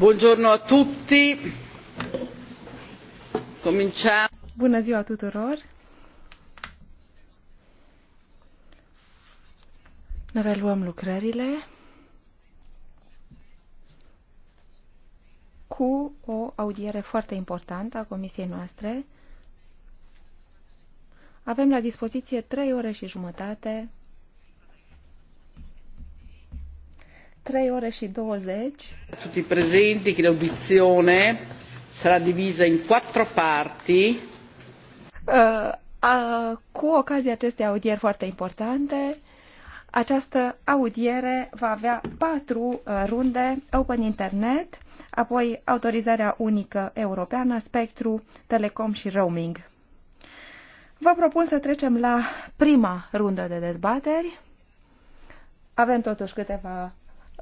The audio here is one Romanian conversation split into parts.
Bună ziua tuturor. Ne reluăm lucrările cu o audiere foarte importantă a comisiei noastre. Avem la dispoziție trei ore și jumătate 3 ore și 20. Tutti presenti che l'audizione sarà divisa in quattro parti. Uh, uh, cu ocazia acestei audieri foarte importante, această audiere va avea patru uh, runde Open Internet, apoi autorizarea unică europeană, spectru, telecom și roaming. Vă propun să trecem la prima rundă de dezbateri. Avem totuși câteva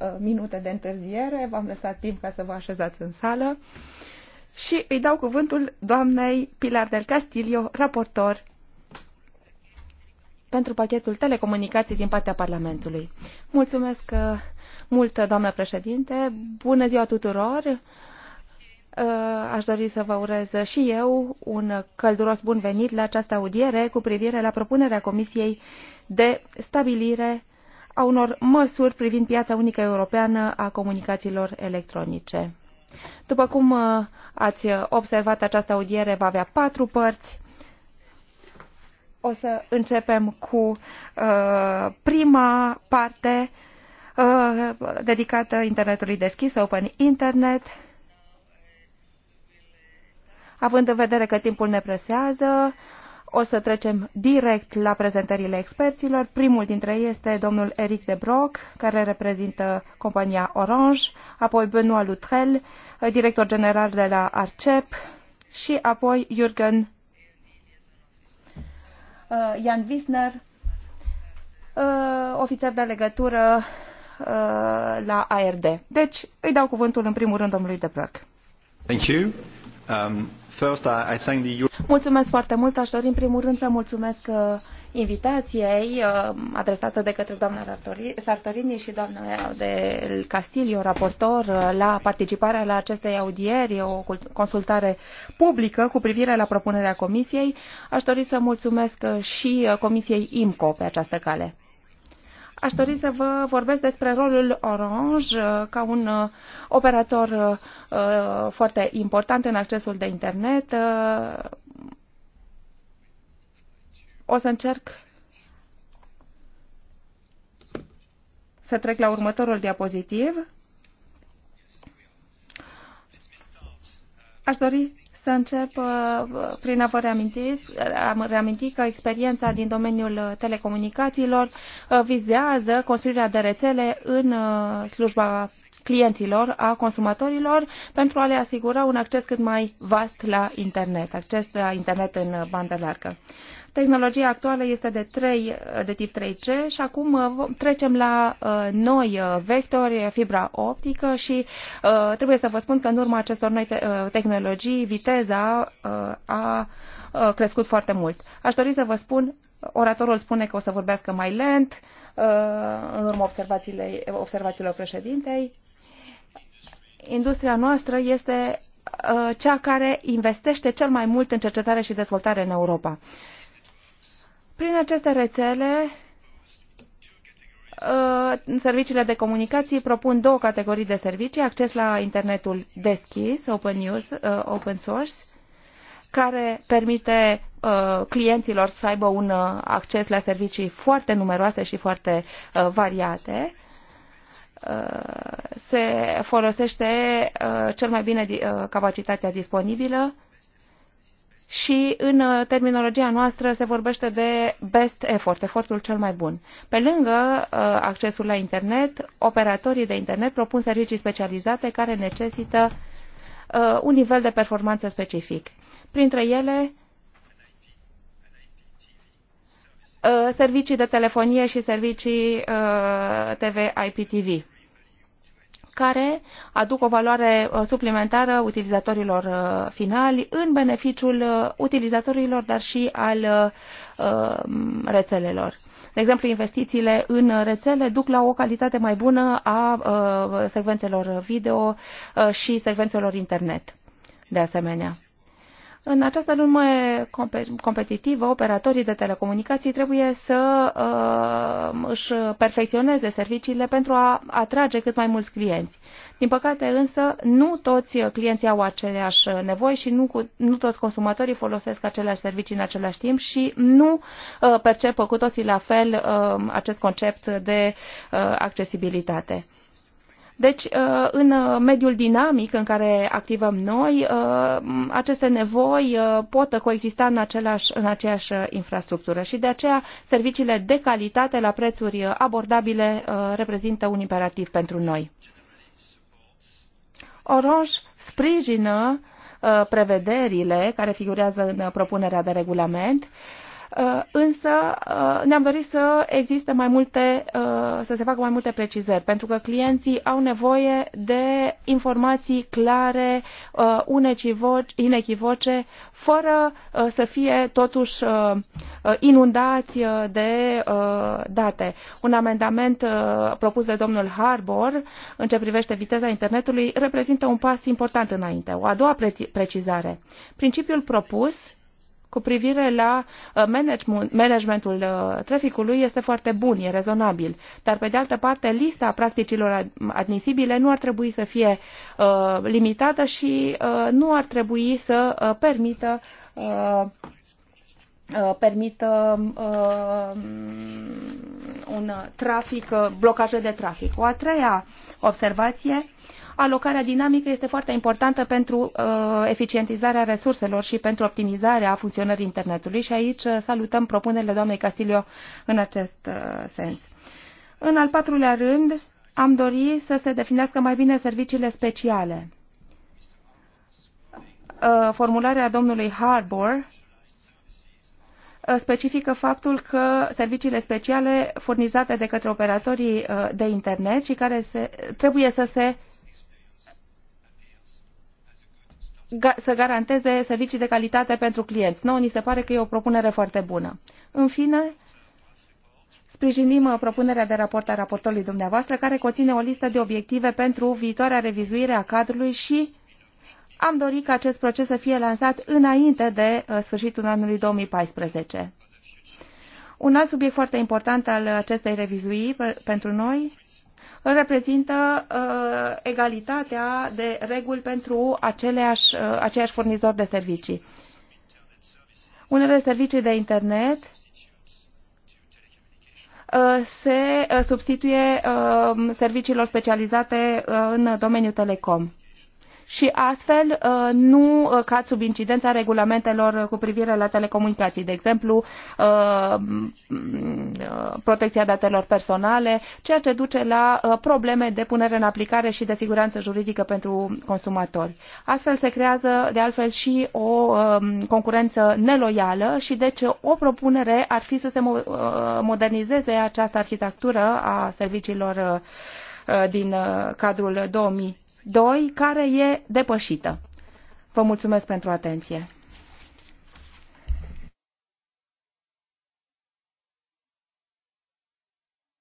Uh, minute de întârziere, v-am lăsat timp ca să vă așezați în sală și îi dau cuvântul doamnei Pilar del Castillo, raportor pentru pachetul telecomunicații din partea Parlamentului. Mulțumesc uh, mult, doamnă președinte. Bună ziua tuturor! Uh, aș dori să vă urez și eu un călduros bun venit la această audiere cu privire la propunerea Comisiei de stabilire a unor măsuri privind piața unică europeană a comunicațiilor electronice. După cum uh, ați observat, această audiere va avea patru părți. O să începem cu uh, prima parte uh, dedicată internetului deschis, Open Internet. Având în vedere că timpul ne presează, o să trecem direct la prezentările experților. Primul dintre ei este domnul Eric de Broc, care reprezintă compania Orange, apoi Benoît Lutrel, director general de la Arcep, și apoi Jürgen uh, Jan Wisner, uh, ofițer de legătură uh, la ARD. Deci, îi dau cuvântul în primul rând domnului de Broc. Thank you. Um... Mulțumesc foarte mult. Aș dori în primul rând să mulțumesc uh, invitației uh, adresată de către doamna Sartorini și doamna de Castilio, raportor, uh, la participarea la acestei audieri, o consultare publică cu privire la propunerea comisiei. Aș dori să mulțumesc și comisiei IMCO pe această cale aș dori să vă vorbesc despre rolul Orange uh, ca un uh, operator uh, foarte important în accesul de internet. O să încerc să trec la următorul diapozitiv. Aș dori să încep uh, prin a vă reaminti, reaminti că experiența din domeniul telecomunicațiilor uh, vizează construirea de rețele în uh, slujba clienților, a consumatorilor, pentru a le asigura un acces cât mai vast la internet, acces la internet în bandă largă. Tehnologia actuală este de, 3, de tip 3G și acum uh, trecem la uh, noi uh, vectori, fibra optică și trebuie să vă spun că în urma acestor noi tehnologii, viteza a crescut foarte mult. Aș dori să vă spun, oratorul spune că o să vorbească mai lent, în urma observațiilor președintei. Industria noastră este cea care investește cel mai mult în cercetare și dezvoltare în Europa. Prin aceste rețele, uh, serviciile de comunicații propun două categorii de servicii, acces la internetul deschis, open, use, uh, open source, care permite uh, clienților să aibă un acces la servicii foarte numeroase și foarte variate. Se folosește cel mai bine capacitatea disponibilă și în uh, terminologia noastră se vorbește de best effort, efortul cel mai bun. Pe lângă uh, accesul la internet, operatorii de internet propun servicii specializate care necesită uh, un nivel de performanță specific. Printre ele, servicii de telefonie și servicii TV IPTV care aduc o valoare uh, suplimentară utilizatorilor uh, finali în beneficiul uh, utilizatorilor, dar și al um, rețelelor. De exemplu, investițiile în rețele duc la o calitate mai bună a secvențelor video și secvențelor internet. De asemenea, în această lume competitivă, operatorii de telecomunicații trebuie să uh, își perfecționeze serviciile pentru a atrage cât mai mulți clienți. Din păcate însă, nu toți clienții au aceleași nevoi și nu, cu, nu toți consumatorii folosesc aceleași servicii în același timp și nu uh, percepă cu toții la fel uh, acest concept de uh, accesibilitate. Deci, uh, în mediul dinamic în care activăm noi, uh, aceste nevoi uh, pot coexista în, același, în aceeași infrastructură și de aceea serviciile de calitate la prețuri abordabile reprezintă un imperativ pentru noi. Orange sprijină prevederile care figurează în propunerea de regulament Uh, însă uh, ne-am dorit să existe mai multe, uh, să se facă mai multe precizări, pentru că clienții au nevoie de informații clare, inechivoce, fără să fie totuși inundați de date. Un amendament propus de domnul Harbour în ce privește viteza internetului reprezintă un pas important înainte. O a doua precizare. Principiul propus cu privire la uh, managementul uh, traficului este foarte bun, e rezonabil. Dar, pe de altă parte, lista practicilor admisibile nu ar trebui să fie uh, limitată și nu ar trebui să permită permită uh, un trafic, blocaje de trafic. O a treia observație uh, alocarea dinamică este foarte importantă pentru uh, eficientizarea resurselor și pentru optimizarea funcționării internetului și aici uh, salutăm propunerile doamnei Castilio în acest uh, sens. În al patrulea rând, am dori să se definească mai bine serviciile speciale. Uh, formularea domnului Harbour uh, specifică faptul că serviciile speciale furnizate de către operatorii de internet și care se, trebuie să se să garanteze servicii de calitate pentru clienți. Nouă ni se pare că e o propunere foarte bună. În fine, sprijinim uh, propunerea de raport a raportorului dumneavoastră, care conține o listă de obiective pentru viitoarea revizuire a cadrului și am dorit ca acest proces să fie lansat înainte de uh, sfârșitul anului 2014. Un alt subiect foarte important al acestei revizuiri pentru noi îl reprezintă uh, egalitatea de reguli pentru aceleași, uh, aceiași furnizori de servicii. Unele servicii de internet uh, se uh, substituie uh, serviciilor specializate în domeniul telecom și astfel uh, nu cad sub incidența regulamentelor cu privire la telecomunicații, de exemplu uh, mm, uh, protecția datelor personale, ceea ce duce la probleme de punere în aplicare și de siguranță juridică pentru consumatori. Astfel se creează de altfel și o um, concurență neloială și deci o propunere ar fi să se modernizeze această arhitectură a serviciilor din cadrul 2000 2 care e depășită. Vă mulțumesc pentru atenție.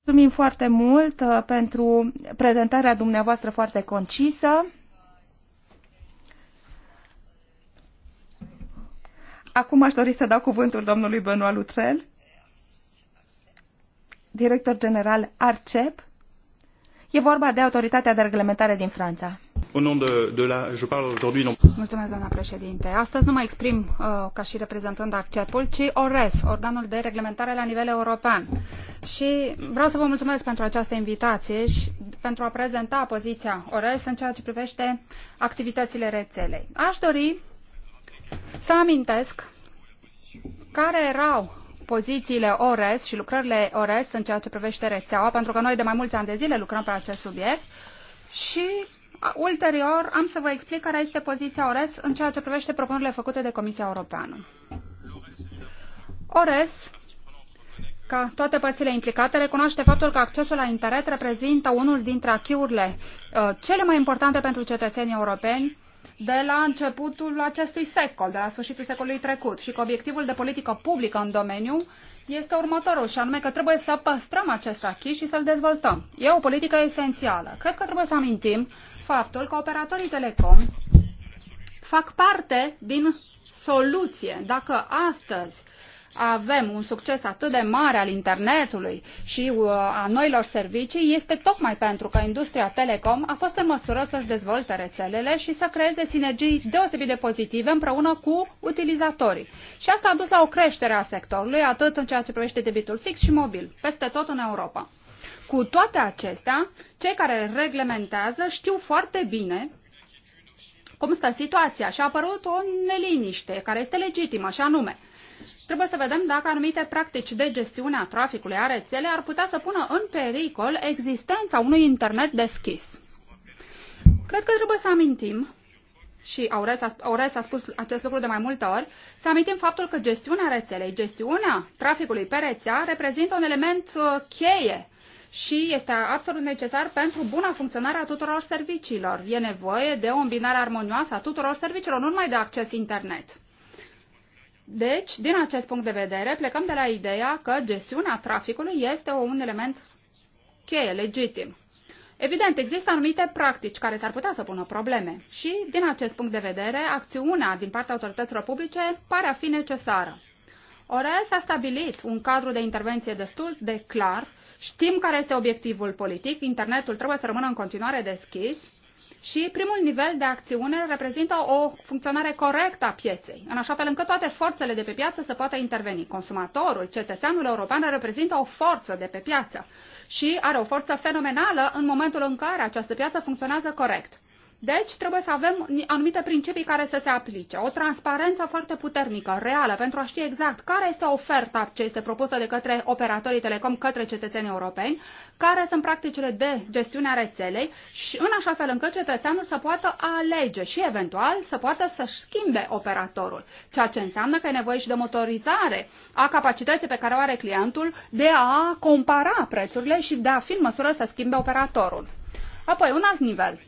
Mulțumim foarte mult uh, pentru prezentarea dumneavoastră foarte concisă. Acum aș dori să dau cuvântul domnului Benoît Lutrel, director general ARCEP, E vorba de autoritatea de reglementare din Franța. Mulțumesc, doamna președinte. Astăzi nu mă exprim uh, ca și reprezentând accepul, ci ORES, organul de reglementare la nivel european. Și vreau să vă mulțumesc pentru această invitație și pentru a prezenta poziția ORES în ceea ce privește activitățile rețelei. Aș dori să amintesc care erau pozițiile ORES și lucrările ORES în ceea ce privește rețeaua, pentru că noi de mai mulți ani de zile lucrăm pe acest subiect și ulterior am să vă explic care este poziția ORES în ceea ce privește propunerile făcute de Comisia Europeană. ORES ca toate părțile implicate recunoaște faptul că accesul la internet reprezintă unul dintre achiurile uh, cele mai importante pentru cetățenii europeni de la începutul acestui secol, de la sfârșitul secolului trecut și că obiectivul de politică publică în domeniu este următorul și anume că trebuie să păstrăm acest achis și să-l dezvoltăm. E o politică esențială. Cred că trebuie să amintim faptul că operatorii telecom fac parte din soluție. Dacă astăzi avem un succes atât de mare al internetului și uh, a noilor servicii este tocmai pentru că industria telecom a fost în măsură să-și dezvolte rețelele și să creeze sinergii deosebit de pozitive împreună cu utilizatorii. Și asta a dus la o creștere a sectorului, atât în ceea ce privește debitul fix și mobil, peste tot în Europa. Cu toate acestea, cei care reglementează știu foarte bine cum stă situația și a apărut o neliniște care este legitimă, și anume, Trebuie să vedem dacă anumite practici de gestiune a traficului a rețelei ar putea să pună în pericol existența unui internet deschis. Cred că trebuie să amintim și Aurel a spus acest lucru de mai multe ori, să amintim faptul că gestiunea rețelei, gestiunea traficului pe rețea reprezintă un element uh, cheie și este absolut necesar pentru buna funcționare a tuturor serviciilor. E nevoie de o îmbinare armonioasă a tuturor serviciilor, nu numai de acces internet. Deci, din acest punct de vedere, plecăm de la ideea că gestiunea traficului este un element cheie, legitim. Evident, există anumite practici care s-ar putea să pună probleme și, din acest punct de vedere, acțiunea din partea autorităților publice pare a fi necesară. Ore s-a stabilit un cadru de intervenție destul de clar, știm care este obiectivul politic, internetul trebuie să rămână în continuare deschis și primul nivel de acțiune reprezintă o funcționare corectă a pieței, în așa fel încât toate forțele de pe piață să poată interveni. Consumatorul, cetățeanul european, reprezintă o forță de pe piață și are o forță fenomenală în momentul în care această piață funcționează corect. Deci trebuie să avem anumite principii care să se aplice. O transparență foarte puternică, reală, pentru a ști exact care este oferta ce este propusă de către operatorii telecom către cetățenii europeni, care sunt practicile de gestiune a rețelei și în așa fel încât cetățeanul să poată alege și eventual să poată să schimbe operatorul, ceea ce înseamnă că e nevoie și de motorizare a capacității pe care o are clientul de a compara prețurile și de a fi în măsură să schimbe operatorul. Apoi, un alt nivel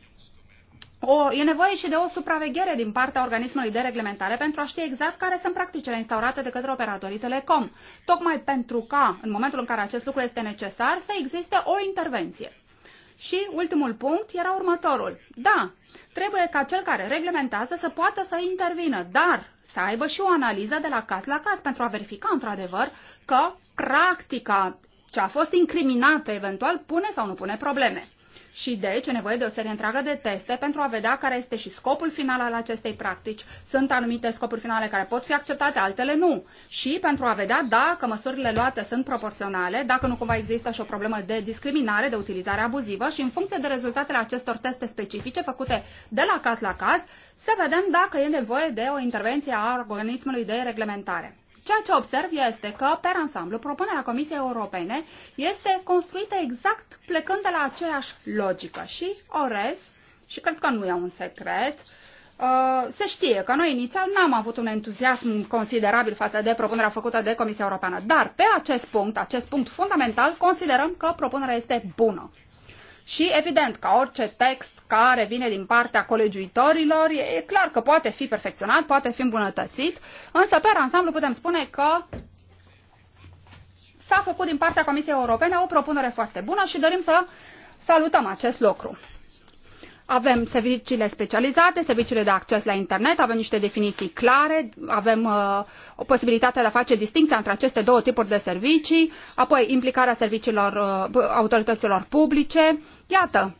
o, e nevoie și de o supraveghere din partea organismului de reglementare pentru a ști exact care sunt practicile instaurate de către operatorii telecom, tocmai pentru ca, în momentul în care acest lucru este necesar, să existe o intervenție. Și ultimul punct era următorul. Da, trebuie ca cel care reglementează să poată să intervină, dar să aibă și o analiză de la caz la caz pentru a verifica într-adevăr că practica ce a fost incriminată eventual pune sau nu pune probleme. Și deci e nevoie de o serie întreagă de teste pentru a vedea care este și scopul final al acestei practici. Sunt anumite scopuri finale care pot fi acceptate, altele nu. Și pentru a vedea dacă măsurile luate sunt proporționale, dacă nu cumva există și o problemă de discriminare, de utilizare abuzivă și în funcție de rezultatele acestor teste specifice făcute de la caz la caz, să vedem dacă e nevoie de o intervenție a organismului de reglementare. Ceea ce observ este că, per ansamblu, propunerea Comisiei Europene este construită exact plecând de la aceeași logică și orez, și cred că nu e un secret, uh, se știe că noi inițial n-am avut un entuziasm considerabil față de propunerea făcută de Comisia Europeană, dar pe acest punct, acest punct fundamental, considerăm că propunerea este bună. Și, evident, ca orice text care vine din partea colegiuitorilor, e clar că poate fi perfecționat, poate fi îmbunătățit, însă, pe ansamblu, putem spune că s-a făcut din partea Comisiei Europene o propunere foarte bună și dorim să salutăm acest lucru. Avem serviciile specializate, serviciile de acces la internet, avem niște definiții clare, avem uh, o posibilitate de a face distinția între aceste două tipuri de servicii, apoi implicarea serviciilor uh, autorităților publice. Iată,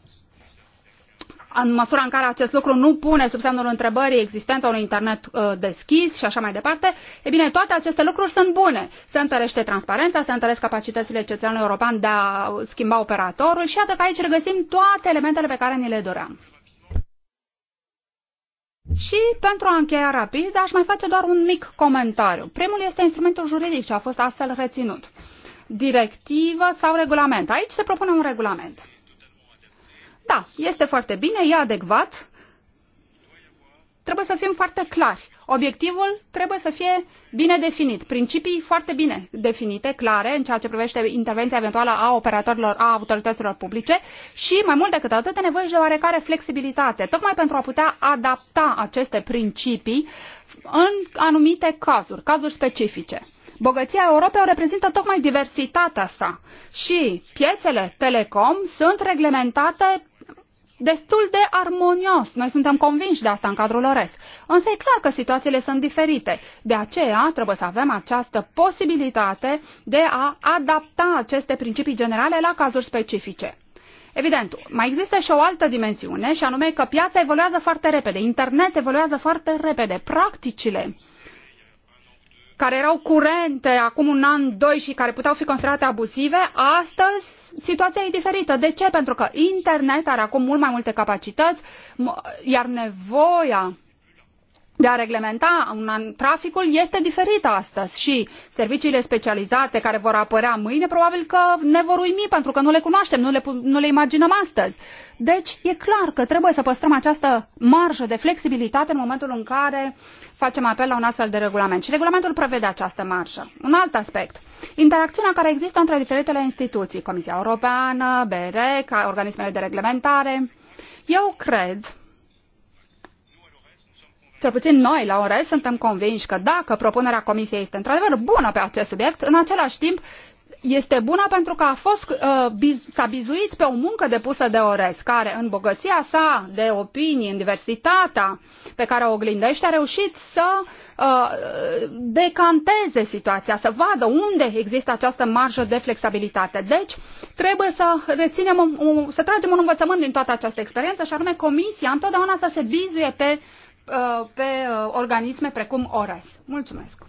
în măsura în care acest lucru nu pune sub semnul întrebării existența unui internet uh, deschis și așa mai departe, e bine, toate aceste lucruri sunt bune. Se întărește transparența, se întăresc capacitățile cetățeanului european de a schimba operatorul și iată că aici regăsim toate elementele pe care ni le doream. Și pentru a încheia rapid, aș mai face doar un mic comentariu. Primul este instrumentul juridic ce a fost astfel reținut. Directivă sau regulament. Aici se propune un regulament. Da, este foarte bine, e adecvat. Trebuie să fim foarte clari. Obiectivul trebuie să fie bine definit. Principii foarte bine definite, clare, în ceea ce privește intervenția eventuală a operatorilor, a autorităților publice și, mai mult decât atât, de nevoie de oarecare flexibilitate, tocmai pentru a putea adapta aceste principii în anumite cazuri, cazuri specifice. Bogăția Europei o reprezintă tocmai diversitatea sa și piețele telecom sunt reglementate destul de armonios. Noi suntem convinși de asta în cadrul ORES. Însă e clar că situațiile sunt diferite. De aceea trebuie să avem această posibilitate de a adapta aceste principii generale la cazuri specifice. Evident, mai există și o altă dimensiune, și anume că piața evoluează foarte repede, internet evoluează foarte repede, practicile uh, care erau curente acum un an, doi și care puteau fi considerate abuzive, astăzi situația e diferită. De ce? Pentru că internet are acum mult mai multe capacități, iar nevoia de a reglementa un, traficul este diferit astăzi și serviciile specializate care vor apărea mâine probabil că ne vor uimi pentru că nu le cunoaștem, nu le, nu le imaginăm astăzi. Deci e clar că trebuie să păstrăm această marjă de flexibilitate în momentul în care facem apel la un astfel de regulament. Și regulamentul prevede această marjă. Un alt aspect. Interacțiunea care există între diferitele instituții, Comisia Europeană, BRE, organismele de reglementare. Eu cred cel puțin noi la Ores suntem convinși că dacă propunerea Comisiei este într-adevăr bună pe acest subiect, în același timp este bună pentru că a fost, uh, biz, s-a bizuit pe o muncă depusă de Ores, care în bogăția sa de opinii, în diversitatea pe care o oglindește, a reușit să uh, decanteze situația, să vadă unde există această marjă de flexibilitate. Deci, trebuie să reținem, să tragem un învățământ din toată această experiență și anume Comisia întotdeauna să se bizuie pe Uh, pe uh, organisme precum ORAS. Mulțumesc!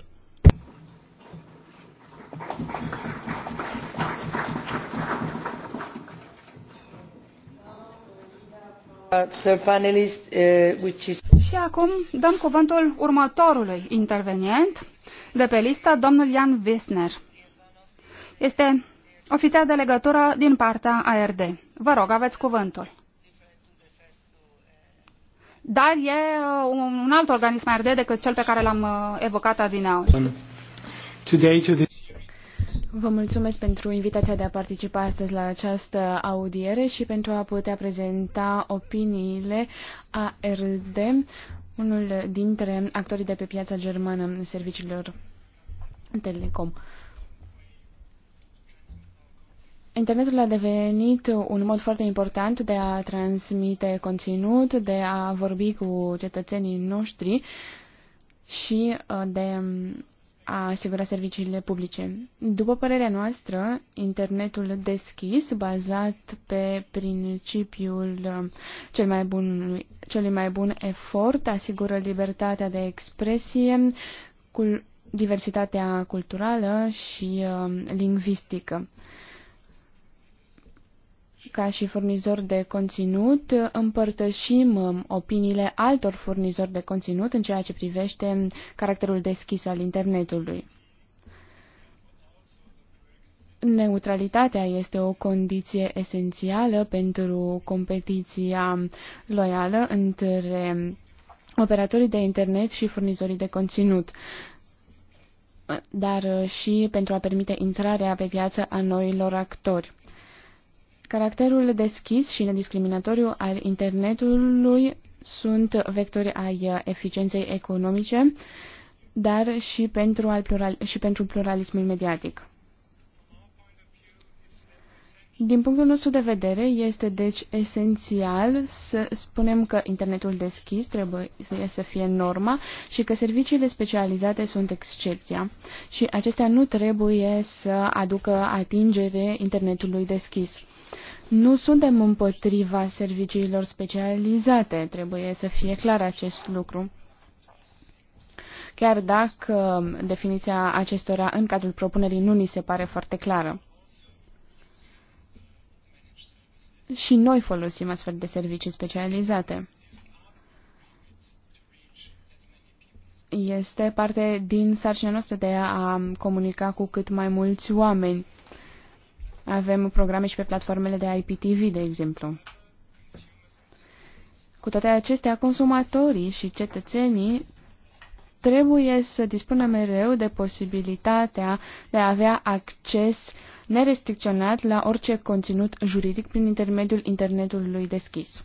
Panelist, uh, which is... Și acum dăm cuvântul următorului intervenient de pe listă, domnul Jan Wisner. Este ofițer de legătură din partea ARD. Vă rog, aveți cuvântul dar e uh, un alt organism ARD decât cel pe care l-am uh, evocat adineauri. Vă mulțumesc pentru invitația de a participa astăzi la această audiere și pentru a putea prezenta opiniile ARD, unul dintre actorii de pe piața germană serviciilor telecom. Internetul a devenit un mod foarte important de a transmite conținut, de a vorbi cu cetățenii noștri și uh, de um, a asigura serviciile publice. După părerea noastră, internetul deschis, bazat pe principiul um, cel mai bun, celui mai bun efort, asigură libertatea de expresie, cul diversitatea culturală și um, lingvistică ca și furnizor de conținut împărtășim um, opiniile altor furnizori de conținut în ceea ce privește caracterul deschis al internetului. Neutralitatea este o condiție esențială pentru competiția loială între operatorii de internet și furnizorii de conținut dar și pentru a permite intrarea pe piață a noilor actori. Caracterul deschis și nediscriminatoriu al internetului sunt vectori ai uh, eficienței economice, dar și pentru, al plural, și pentru pluralismul mediatic. Din punctul nostru de vedere, este deci esențial să spunem că internetul deschis trebuie să fie norma și că serviciile specializate sunt excepția. Și acestea nu trebuie să aducă atingere internetului deschis. Nu suntem împotriva serviciilor specializate, trebuie să fie clar acest lucru chiar dacă definiția acestora în cadrul propunerii nu ni se pare foarte clară. și noi folosim astfel de servicii specializate. Este parte din sarcina noastră de a comunica cu cât mai mulți oameni. Avem programe și pe platformele de IPTV, de exemplu. Cu toate acestea, consumatorii și cetățenii trebuie să dispună mereu de posibilitatea de a avea acces nerestricționat la orice conținut juridic prin intermediul internetului deschis.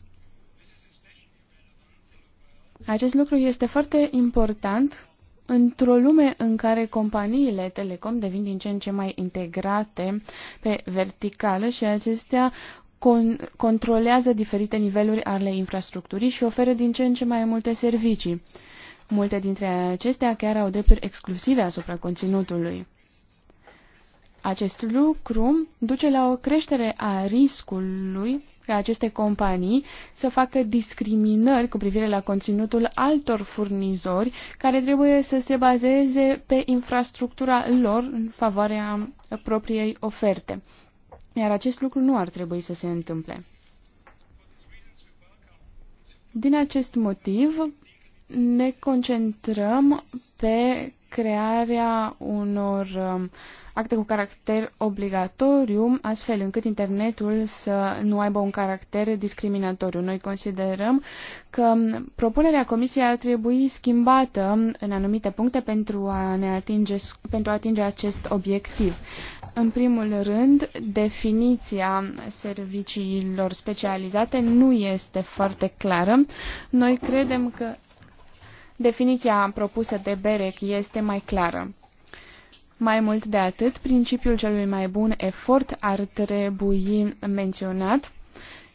Acest lucru este foarte important într-o lume în care companiile telecom devin din ce în ce mai integrate pe verticală și acestea con- controlează diferite niveluri ale infrastructurii și oferă din ce în ce mai multe servicii. Multe dintre acestea chiar au drepturi exclusive asupra conținutului. Acest lucru duce la o creștere a riscului ca aceste companii să facă discriminări cu privire la conținutul altor furnizori care trebuie să se bazeze pe infrastructura lor în favoarea propriei oferte. Iar acest lucru nu ar trebui să se întâmple. Din acest motiv ne concentrăm pe crearea unor um, acte cu caracter obligatoriu, astfel încât internetul să nu aibă un caracter discriminatoriu. Noi considerăm că um, propunerea Comisiei ar trebui schimbată um, în anumite puncte pentru a, ne atinge, pentru a atinge acest obiectiv. În primul rând, definiția serviciilor specializate nu este foarte clară. Noi credem că Definiția propusă de BEREC este mai clară. Mai mult de atât, principiul celui mai bun efort ar trebui menționat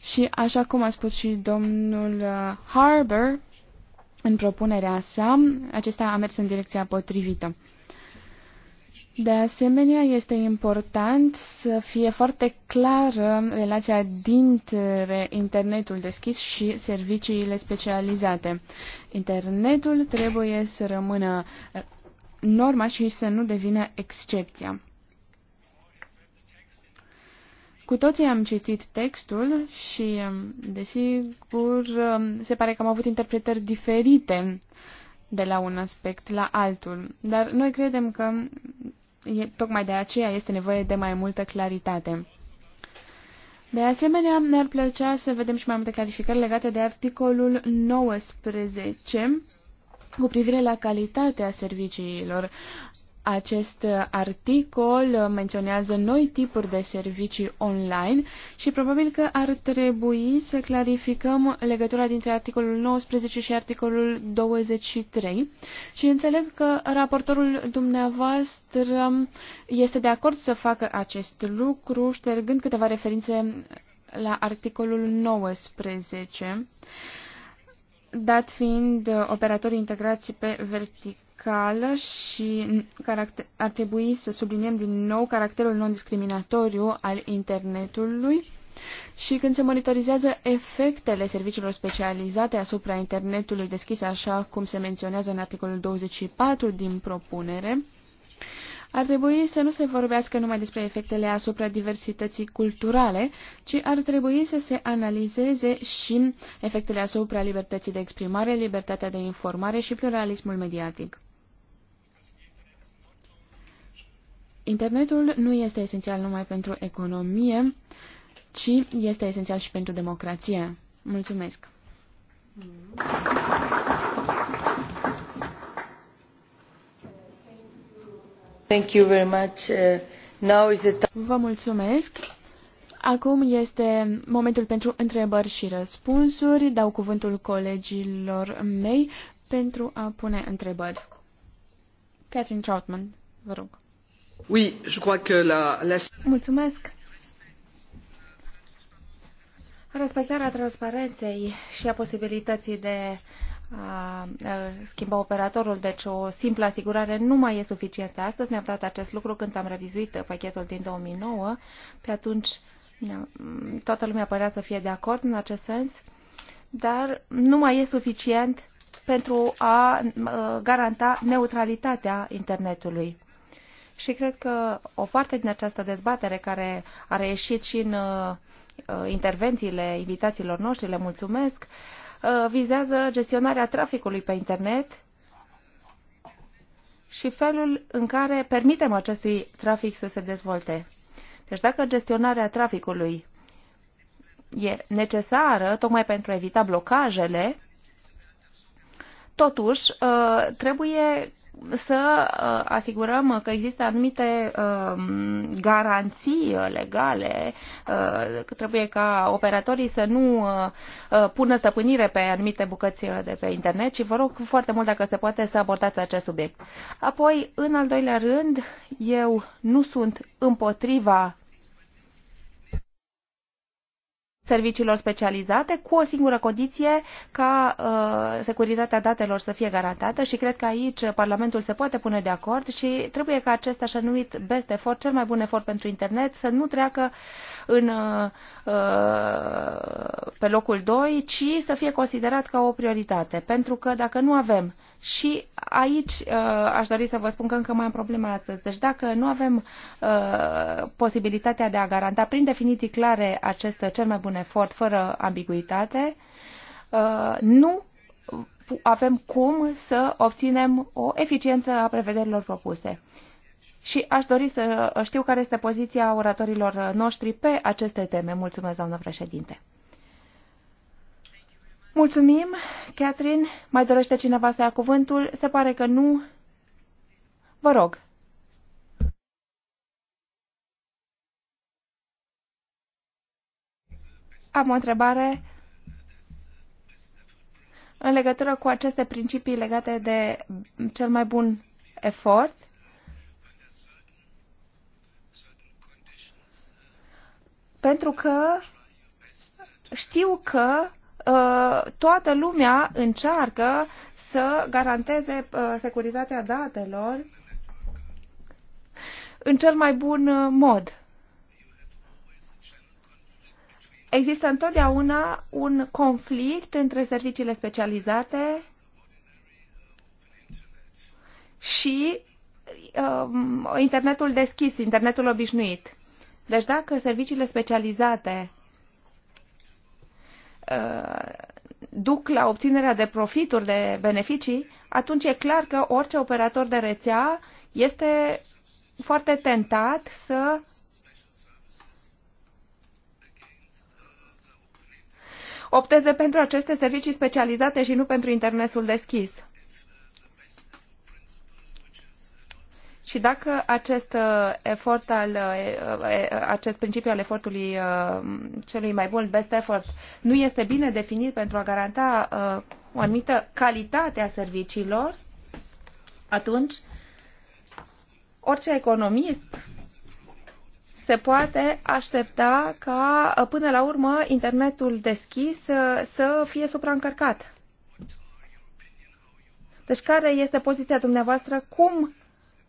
și, așa cum a spus și domnul uh, Harbour, în propunerea sa, acesta a mers în direcția potrivită. De asemenea, este important să fie foarte clară relația dintre internetul deschis și serviciile specializate. Internetul trebuie să rămână norma și să nu devină excepția. Cu toții am citit textul și, desigur, se pare că am avut interpretări diferite de la un aspect la altul. Dar noi credem că tocmai de aceea este nevoie de mai multă claritate. De asemenea, ne-ar plăcea să vedem și mai multe clarificări legate de articolul 19 cu privire la calitatea serviciilor. Acest articol menționează noi tipuri de servicii online și probabil că ar trebui să clarificăm legătura dintre articolul 19 și articolul 23 și înțeleg că raportorul dumneavoastră este de acord să facă acest lucru ștergând câteva referințe la articolul 19 dat fiind operatorii integrați pe vertical radicală și ar trebui să subliniem din nou caracterul non-discriminatoriu al internetului și când se monitorizează efectele serviciilor specializate asupra internetului deschis, așa cum se menționează în articolul 24 din propunere, ar trebui să nu se vorbească numai despre efectele asupra diversității culturale, ci ar trebui să se analizeze și efectele asupra libertății de exprimare, libertatea de informare și pluralismul mediatic. Internetul nu este esențial numai pentru economie, ci este esențial și pentru democrație. Mulțumesc! Thank you very much. Uh, now is the Vă mulțumesc! Acum este momentul pentru întrebări și răspunsuri. Dau cuvântul colegilor mei pentru a pune întrebări. Catherine Troutman, vă rog. Respectarea transparenței și a posibilității de a schimba operatorul, deci o simplă asigurare nu mai e suficientă. Astăzi ne-am dat acest lucru când am revizuit pachetul din 2009. Pe atunci toată lumea părea să fie de acord în acest sens, dar nu mai e suficient pentru a garanta neutralitatea internetului. Și cred că o parte din această dezbatere care a reieșit și în uh, uh, intervențiile invitațiilor noștri, le mulțumesc, uh, vizează gestionarea traficului pe internet și felul în care permitem acestui trafic să se dezvolte. Deci dacă gestionarea traficului e necesară tocmai pentru a evita blocajele, Totuși, ă, trebuie să ă, asigurăm că există anumite ă, garanții legale, că trebuie ca operatorii să nu pună stăpânire pe anumite bucăți de pe internet și vă rog foarte mult dacă se poate să abordați acest subiect. Apoi, în al doilea rând, eu nu sunt împotriva serviciilor specializate, cu o singură condiție ca uh, securitatea datelor să fie garantată și cred că aici Parlamentul se poate pune de acord și trebuie ca acest așa numit best efort, cel mai bun efort pentru internet, să nu treacă în, uh, uh pe locul 2, ci să fie considerat ca o prioritate. Pentru că dacă nu avem și aici uh, aș dori să vă spun că încă mai am probleme astăzi. Deci dacă nu avem uh, posibilitatea de a garanta prin definiții clare acest cel mai bun efort fără ambiguitate, uh, nu avem cum să obținem o eficiență a prevederilor propuse. Și aș dori să știu care este poziția oratorilor noștri pe aceste teme. Mulțumesc, doamnă președinte. Mulțumim, Catherine. Mai dorește cineva să ia cuvântul? Se pare că nu. Vă rog, Am o întrebare în legătură cu aceste principii legate de cel mai bun efort. Pentru că știu că uh, toată lumea încearcă să garanteze uh, securitatea datelor în cel mai bun uh, mod. există întotdeauna un conflict între serviciile specializate și uh, internetul deschis, internetul obișnuit. Deci dacă serviciile specializate uh, duc la obținerea de profituri, de beneficii, atunci e clar că orice operator de rețea este foarte tentat să opteze pentru aceste servicii specializate și nu pentru internetul deschis. Și dacă acest uh, efort al, uh, uh, acest principiu al efortului celui mai bun, best effort, nu este bine definit pentru a garanta o anumită calitate a serviciilor, atunci orice economist se poate aștepta ca, uh, până la urmă, internetul deschis uh, să fie supraîncărcat. Deci care este poziția dumneavoastră? Cum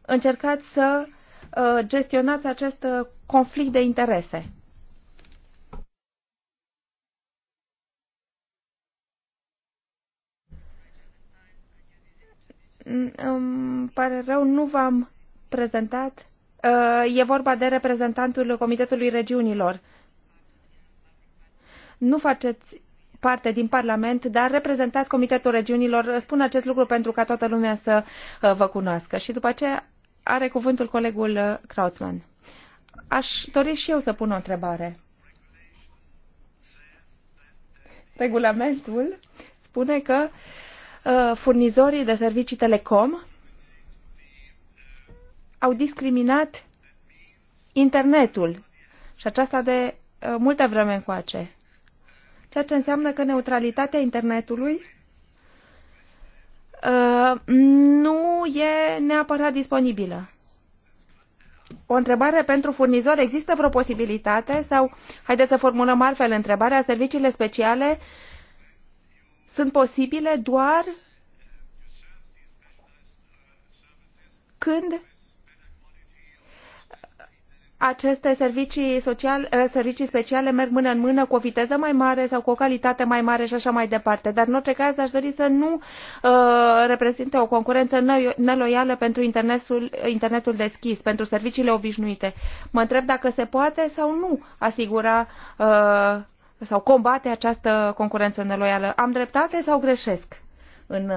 încercați să uh, gestionați acest conflict de interese? Îmi pare rău, nu v-am prezentat Uh, e vorba de reprezentantul Comitetului Regiunilor. Nu faceți parte din Parlament, dar reprezentați Comitetul Regiunilor. Spun acest lucru pentru ca toată lumea să uh, vă cunoască. Și după aceea are cuvântul colegul uh, Krautzmann. Aș dori și eu să pun o întrebare. Regulamentul spune că furnizorii de servicii telecom au discriminat internetul și aceasta de uh, multă vreme încoace. Ceea ce înseamnă că neutralitatea internetului uh, nu e neapărat disponibilă. O întrebare pentru furnizor, există vreo posibilitate sau, haideți să formulăm altfel întrebarea, serviciile speciale sunt posibile doar când aceste servicii, eh, servicii speciale merg mână în mână cu o viteză mai mare sau cu o calitate mai mare și așa mai departe. Dar în orice caz aș dori să nu eh, reprezinte o concurență neloială pentru internetul, internetul deschis, pentru serviciile obișnuite. Mă întreb dacă se poate sau nu asigura eh, sau combate această concurență neloială. Am dreptate sau greșesc în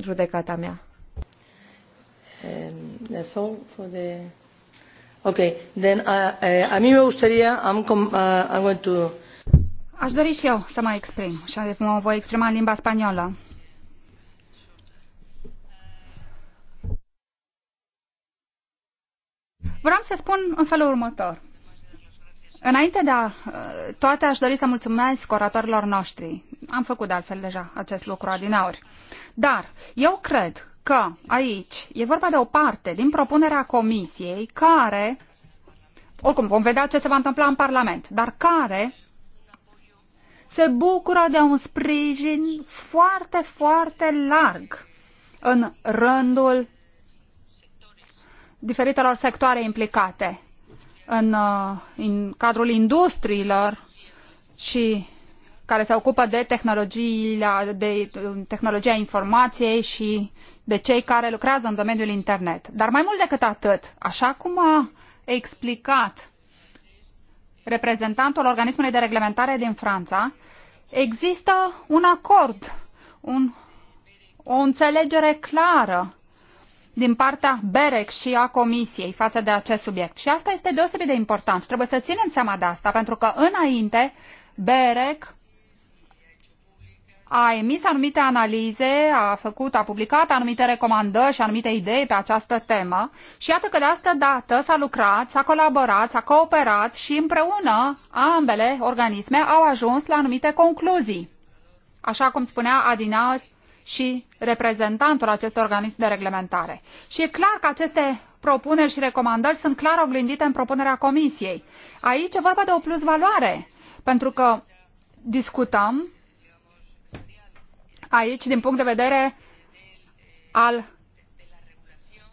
judecata mea? that's all for the Aș dori și eu să mă exprim și mă voi exprima în limba spaniolă. Vreau să spun în felul următor. Înainte de a, uh, toate, aș dori să mulțumesc oratorilor noștri. Am făcut de altfel deja acest lucru adinauri. Dar eu cred că aici e vorba de o parte din propunerea Comisiei care, oricum vom vedea ce se va întâmpla în Parlament, dar care se bucură de un sprijin foarte, foarte larg în rândul diferitelor sectoare implicate, în, uh, în cadrul industriilor și care se ocupă de de tehnologia informației și de cei care lucrează în domeniul internet. Dar mai mult decât atât, așa cum a explicat reprezentantul organismului de reglementare din Franța, există un acord, un, o înțelegere clară din partea BEREC și a Comisiei față de acest subiect. Și asta este deosebit de important. Trebuie să ținem seama de asta, pentru că înainte BEREC a emis anumite analize, a făcut, a publicat anumite recomandări și anumite idei pe această temă și iată că de asta dată s-a lucrat, s-a colaborat, s-a cooperat și împreună ambele organisme au ajuns la anumite concluzii. Așa cum spunea Adina și reprezentantul acestui organism de reglementare. Și e clar că aceste propuneri și recomandări sunt clar oglindite în propunerea Comisiei. Aici e vorba de o plusvaloare, pentru că discutăm aici din punct de vedere al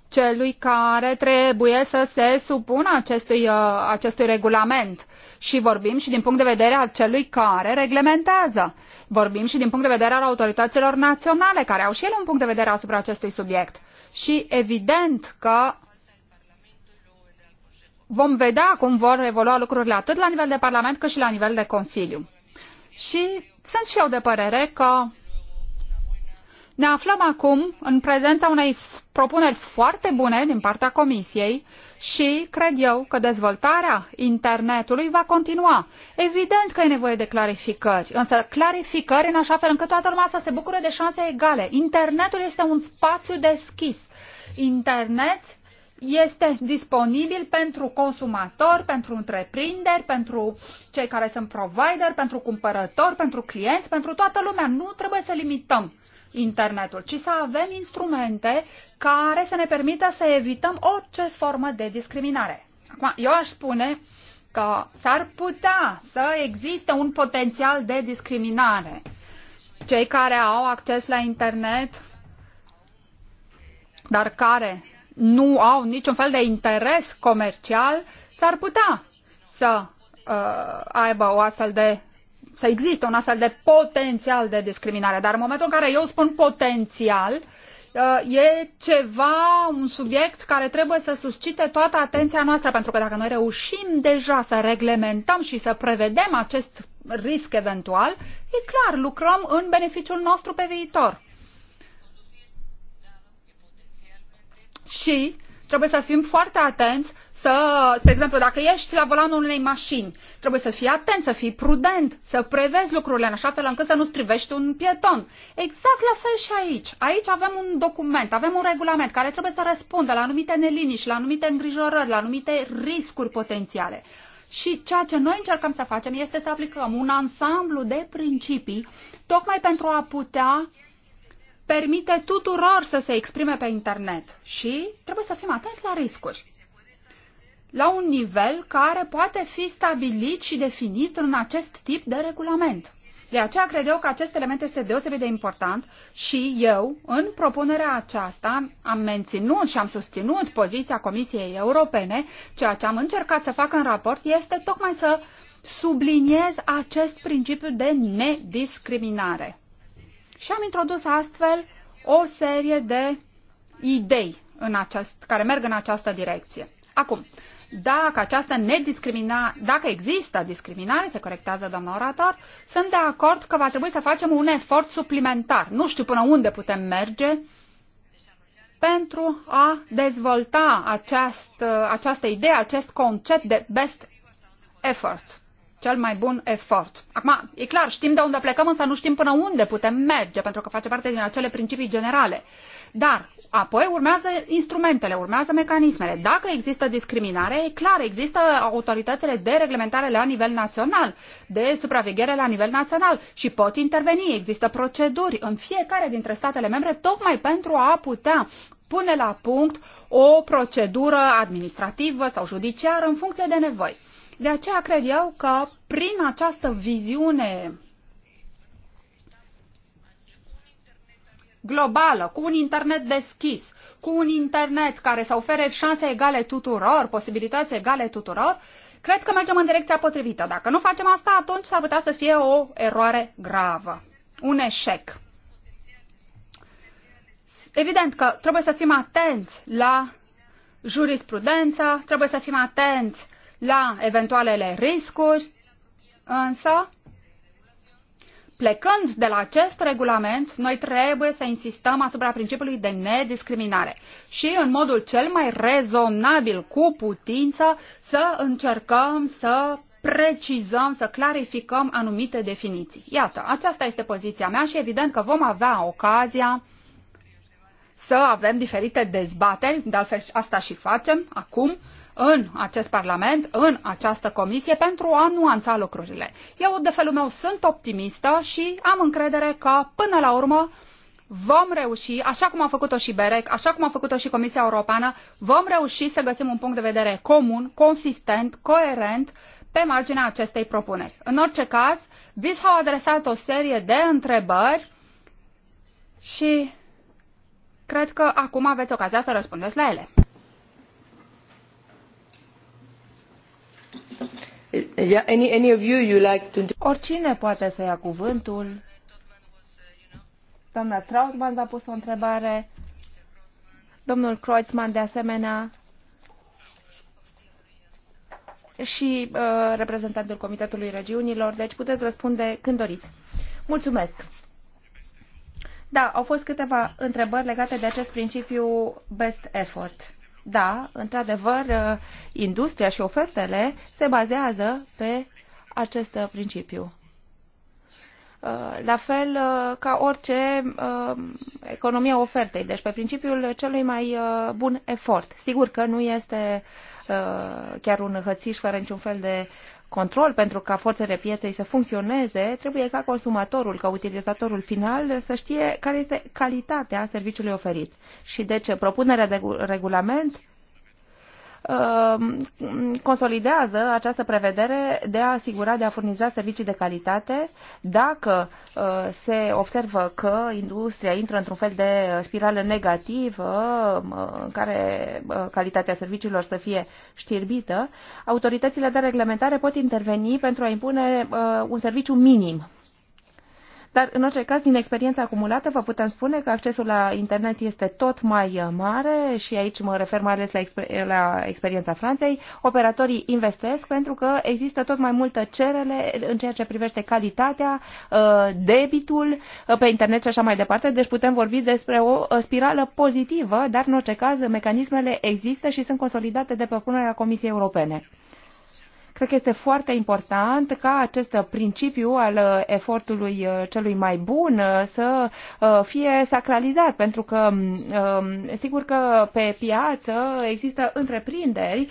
celui care trebuie să se supună acestui, uh, acestui regulament și vorbim și din punct de vedere al celui care reglementează. Vorbim și din punct de vedere al autorităților naționale, care au și ele un punct de vedere asupra acestui subiect. Și evident că vom vedea cum vor evolua lucrurile atât la nivel de Parlament cât și la nivel de Consiliu. Și sunt și eu de părere că ne aflăm acum în prezența unei propuneri foarte bune din partea Comisiei și cred eu că dezvoltarea internetului va continua. Evident că e nevoie de clarificări, însă clarificări în așa fel încât toată lumea să se bucure de șanse egale. Internetul este un spațiu deschis. Internet este disponibil pentru consumatori, pentru întreprinderi, pentru cei care sunt provider, pentru cumpărători, pentru clienți, pentru toată lumea. Nu trebuie să limităm internetul, ci să avem instrumente care să ne permită să evităm orice formă de discriminare. Acum, eu aș spune că s-ar putea să existe un potențial de discriminare. Cei care au acces la internet, dar care nu au niciun fel de interes comercial, s-ar putea să uh, aibă o astfel de să existe un astfel de potențial de discriminare. Dar în momentul în care eu spun potențial, uh, e ceva, un subiect care trebuie să suscite toată atenția noastră, pentru că dacă noi reușim deja să reglementăm și să prevedem acest risc eventual, e clar, lucrăm în beneficiul nostru pe viitor. Și trebuie să fim foarte atenți să, spre exemplu, dacă ești la volanul unei mașini, trebuie să fii atent, să fii prudent, să prevezi lucrurile în așa fel încât să nu strivești un pieton. Exact la fel și aici. Aici avem un document, avem un regulament care trebuie să răspundă la anumite neliniști, la anumite îngrijorări, la anumite riscuri potențiale. Și ceea ce noi încercăm să facem este să aplicăm un ansamblu de principii tocmai pentru a putea permite tuturor să se exprime pe internet și trebuie să fim atenți la riscuri la un nivel care poate fi stabilit și definit în acest tip de regulament. De aceea cred eu că acest element este deosebit de important și eu, în propunerea aceasta, am menținut și am susținut poziția Comisiei Europene. Ceea ce am încercat să fac în raport este tocmai să subliniez acest principiu de nediscriminare. Și am introdus astfel o serie de idei în acest, care merg în această direcție. Acum, dacă această nediscrimina, dacă există discriminare, se corectează doamna orator, sunt de acord că va trebui să facem un efort suplimentar. Nu știu până unde putem merge pentru a dezvolta acest, această idee, acest concept de best effort cel mai bun efort. Acum, e clar, știm de unde plecăm, însă nu știm până unde putem merge, pentru că face parte din acele principii generale. Dar apoi urmează instrumentele, urmează mecanismele. Dacă există discriminare, e clar, există autoritățile de reglementare la nivel național, de supraveghere la nivel național și pot interveni. Există proceduri în fiecare dintre statele membre tocmai pentru a putea pune la punct o procedură administrativă sau judiciară în funcție de nevoi. De aceea cred eu că prin această viziune globală, cu un internet deschis, cu un internet care să ofere șanse egale tuturor, posibilități egale tuturor, cred că mergem în direcția potrivită. Dacă nu facem asta, atunci s-ar putea să fie o eroare gravă, un eșec. Evident că trebuie să fim atenți la jurisprudență, trebuie să fim atenți la eventualele riscuri, însă Plecând de la acest regulament, noi trebuie să insistăm asupra principiului de nediscriminare și, în modul cel mai rezonabil cu putință, să încercăm să precizăm, să clarificăm anumite definiții. Iată, aceasta este poziția mea și evident că vom avea ocazia să avem diferite dezbateri, de altfel asta și facem acum, în acest Parlament, în această comisie, pentru a nuanța lucrurile. Eu, de felul meu, sunt optimistă și am încredere că, până la urmă, vom reuși, așa cum a făcut-o și BEREC, așa cum a făcut-o și Comisia Europeană, vom reuși să găsim un punct de vedere comun, consistent, coerent, pe marginea acestei propuneri. În orice caz, vi s-au adresat o serie de întrebări și cred că acum aveți ocazia să răspundeți la ele. Oricine poate să ia cuvântul. Doamna Trautmann a pus o întrebare. Domnul Kreutzmann, de asemenea, și uh, reprezentantul Comitetului Regiunilor, deci puteți răspunde când doriți. Mulțumesc! Da, au fost câteva întrebări legate de acest principiu best effort. Da, într-adevăr, ă, industria și ofertele se bazează pe acest principiu. Ă, la fel ă, ca orice economie ofertei, deci pe principiul celui mai bun efort. Sigur că nu este chiar un hățiș fără niciun fel de control pentru ca forțele pieței să funcționeze, trebuie ca consumatorul, ca utilizatorul final să știe care este calitatea serviciului oferit. Și deci propunerea de regulament Uh, consolidează această prevedere de a asigura, de a furniza servicii de calitate dacă uh, se observă că industria intră într-un fel de spirală negativă uh, în care calitatea serviciilor să fie știrbită, autoritățile de reglementare pot interveni pentru a impune un serviciu minim dar, în orice caz, din experiența acumulată, vă putem spune că accesul la internet este tot mai uh, mare și aici mă refer mai ales la, exper- la experiența Franței. Operatorii investesc pentru că există tot mai multă cerere în ceea ce privește calitatea, uh, debitul uh, pe internet și așa mai departe. Deci putem vorbi despre o spirală pozitivă, dar, în orice caz, mecanismele există și sunt consolidate de propunerea Comisiei Europene. Cred că este foarte important ca acest principiu al uh, efortului uh, celui mai bun uh, să fie sacralizat, pentru că um, um, sigur că pe piață există întreprinderi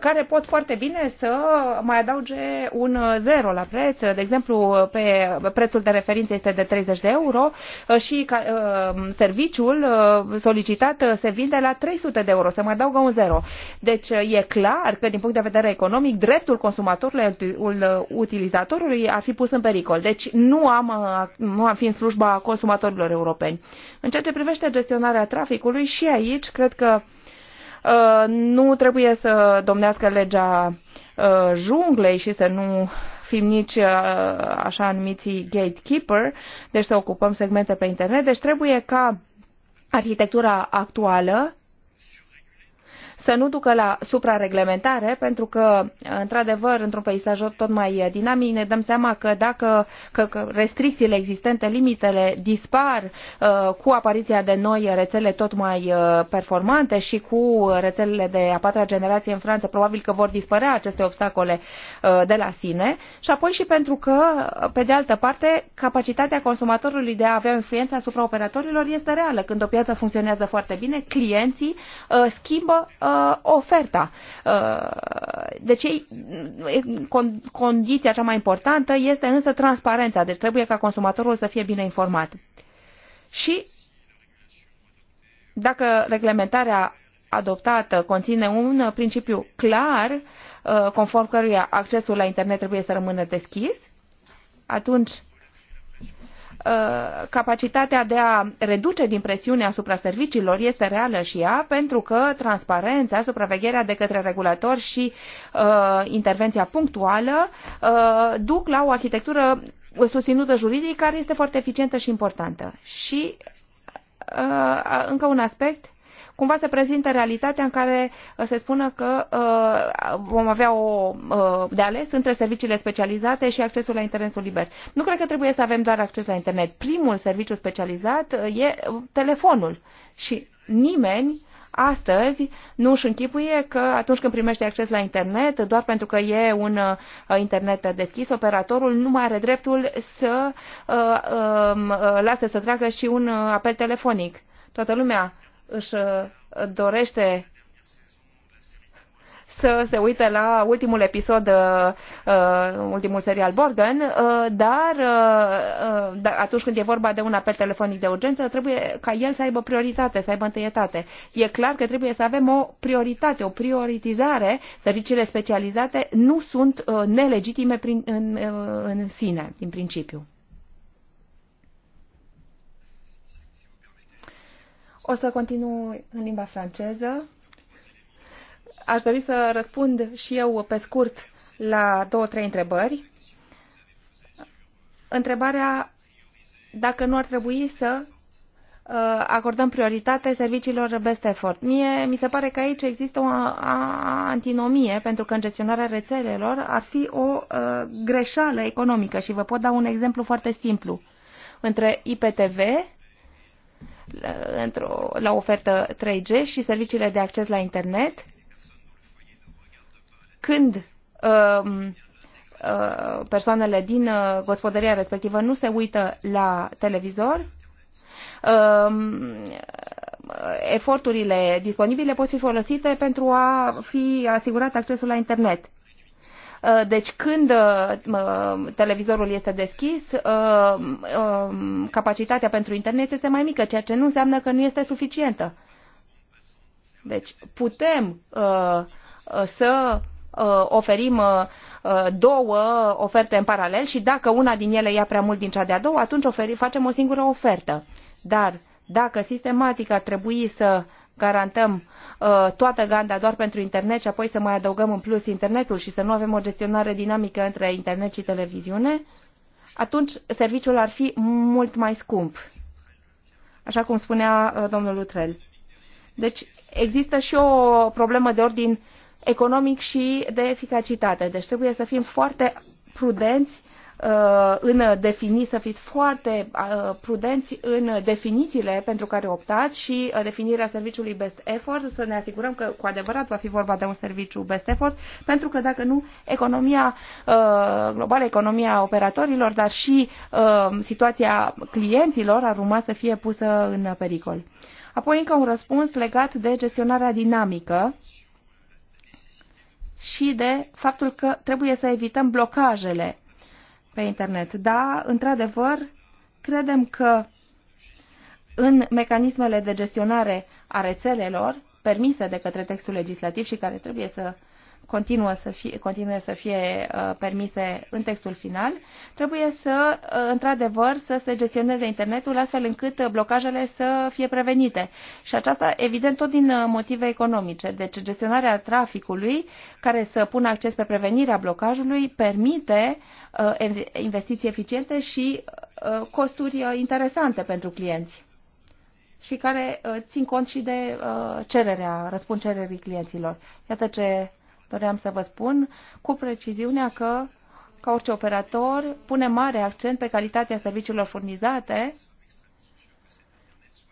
care pot foarte bine să mai adauge un zero la preț. De exemplu, pe prețul de referință este de 30 de euro și serviciul solicitat se vinde la 300 de euro. Se mai adaugă un zero. Deci e clar că din punct de vedere economic, drept dreptul consumatorului, uh, utilizatorului ar fi pus în pericol. Deci nu am, uh, nu am fi în slujba consumatorilor europeni. În ceea ce privește gestionarea traficului, și aici cred că uh, nu trebuie să domnească legea uh, junglei și să nu fim nici uh, așa numiții gatekeeper, deci să ocupăm segmente pe internet. Deci trebuie ca arhitectura actuală să nu ducă la suprareglementare, pentru că, într-adevăr, într-un peisaj tot mai eh, dinamic, ne dăm seama că dacă că, că restricțiile existente, limitele dispar uh, cu apariția de noi rețele tot mai uh, performante și cu rețelele de a patra generație în Franța, probabil că vor dispărea aceste obstacole uh, de la sine și apoi și pentru că, pe de altă parte, capacitatea consumatorului de a avea influența asupra operatorilor este reală. Când o piață funcționează foarte bine, clienții uh, schimbă uh, uh, oferta. Uh, deci con, condiția cea mai importantă este însă transparența, deci trebuie ca consumatorul să fie bine informat. Și dacă reglementarea adoptată conține un principiu clar, uh, conform căruia accesul la internet trebuie să rămână deschis, atunci Uh, capacitatea de a reduce din presiune asupra serviciilor este reală și ea, pentru că transparența, supravegherea de către regulator și uh, intervenția punctuală uh, duc la o arhitectură susținută juridic care este foarte eficientă și importantă. Și uh, încă un aspect cumva se prezinte realitatea în care uh, se spună că uh, vom avea o uh, de ales între serviciile specializate și accesul la internetul liber. Nu cred că trebuie să avem doar acces la internet. Primul serviciu specializat e telefonul și nimeni astăzi nu își închipuie că atunci când primește acces la internet, doar pentru că e un internet deschis, operatorul nu mai are dreptul să uh, um, uh, lase să treacă și un apel telefonic. Toată lumea își uh, dorește să se uite la ultimul episod, uh, uh, ultimul serial Borgen, dar atunci când e vorba de un apel telefonic de urgență, trebuie ca el să aibă prioritate, să aibă întâietate. E clar că trebuie să avem o prioritate, o prioritizare. Serviciile specializate nu sunt nelegitime prin, în, în sine, din principiu. O să continu în limba franceză. Aș dori să răspund și eu pe scurt la două, trei întrebări. Întrebarea dacă nu ar trebui să uh, acordăm prioritate serviciilor best effort. Mie mi se pare că aici există o antinomie, pentru că în gestionarea rețelelor ar fi o uh, greșeală economică și vă pot da un exemplu foarte simplu. Între IPTV la ofertă 3G și serviciile de acces la internet, când um, uh, persoanele din uh, gospodăria respectivă nu se uită la televizor, um, eforturile disponibile pot fi folosite pentru a fi asigurat accesul la internet. Uh, deci când uh, televizorul este deschis, uh, um, capacitatea pentru internet este mai mică, ceea ce nu înseamnă că nu este suficientă. Deci putem să oferim două oferte în paralel și dacă una din ele ia prea mult din cea de-a doua, atunci oferi, facem o singură ofertă. Dar dacă sistematic ar trebui să garantăm Uh, toată ganda doar pentru internet și apoi să mai adăugăm în plus internetul și să nu avem o gestionare dinamică între internet și televiziune, atunci serviciul ar fi mult mai scump, așa cum spunea uh, domnul Lutrel. Deci există și o problemă de ordin economic și de eficacitate. Deci trebuie să fim foarte prudenți Uh, în defini, să fiți foarte uh, prudenți în definițiile pentru care optați și uh, definirea serviciului best effort, să ne asigurăm că cu adevărat va fi vorba de un serviciu best effort, pentru că dacă nu, economia globală, economia operatorilor, dar și situația clienților ar urma să fie pusă în pericol. Apoi încă un răspuns legat de gestionarea dinamică și de faptul că trebuie să evităm blocajele pe internet. Da, într-adevăr, credem că în mecanismele de gestionare a rețelelor permise de către textul legislativ și care trebuie să continuă să fie, continue să fie uh, permise în textul final, trebuie să, uh, într-adevăr, să se gestioneze internetul astfel încât uh, blocajele să fie prevenite. Și aceasta, evident, tot din uh, motive economice. Deci gestionarea traficului, care să pună acces pe prevenirea blocajului, permite uh, investiții eficiente și uh, costuri uh, interesante pentru clienți și care uh, țin cont și de cererea, răspund cererii clienților. Iată ce doream să vă spun cu preciziunea că, ca orice operator, pune mare accent pe calitatea serviciilor furnizate,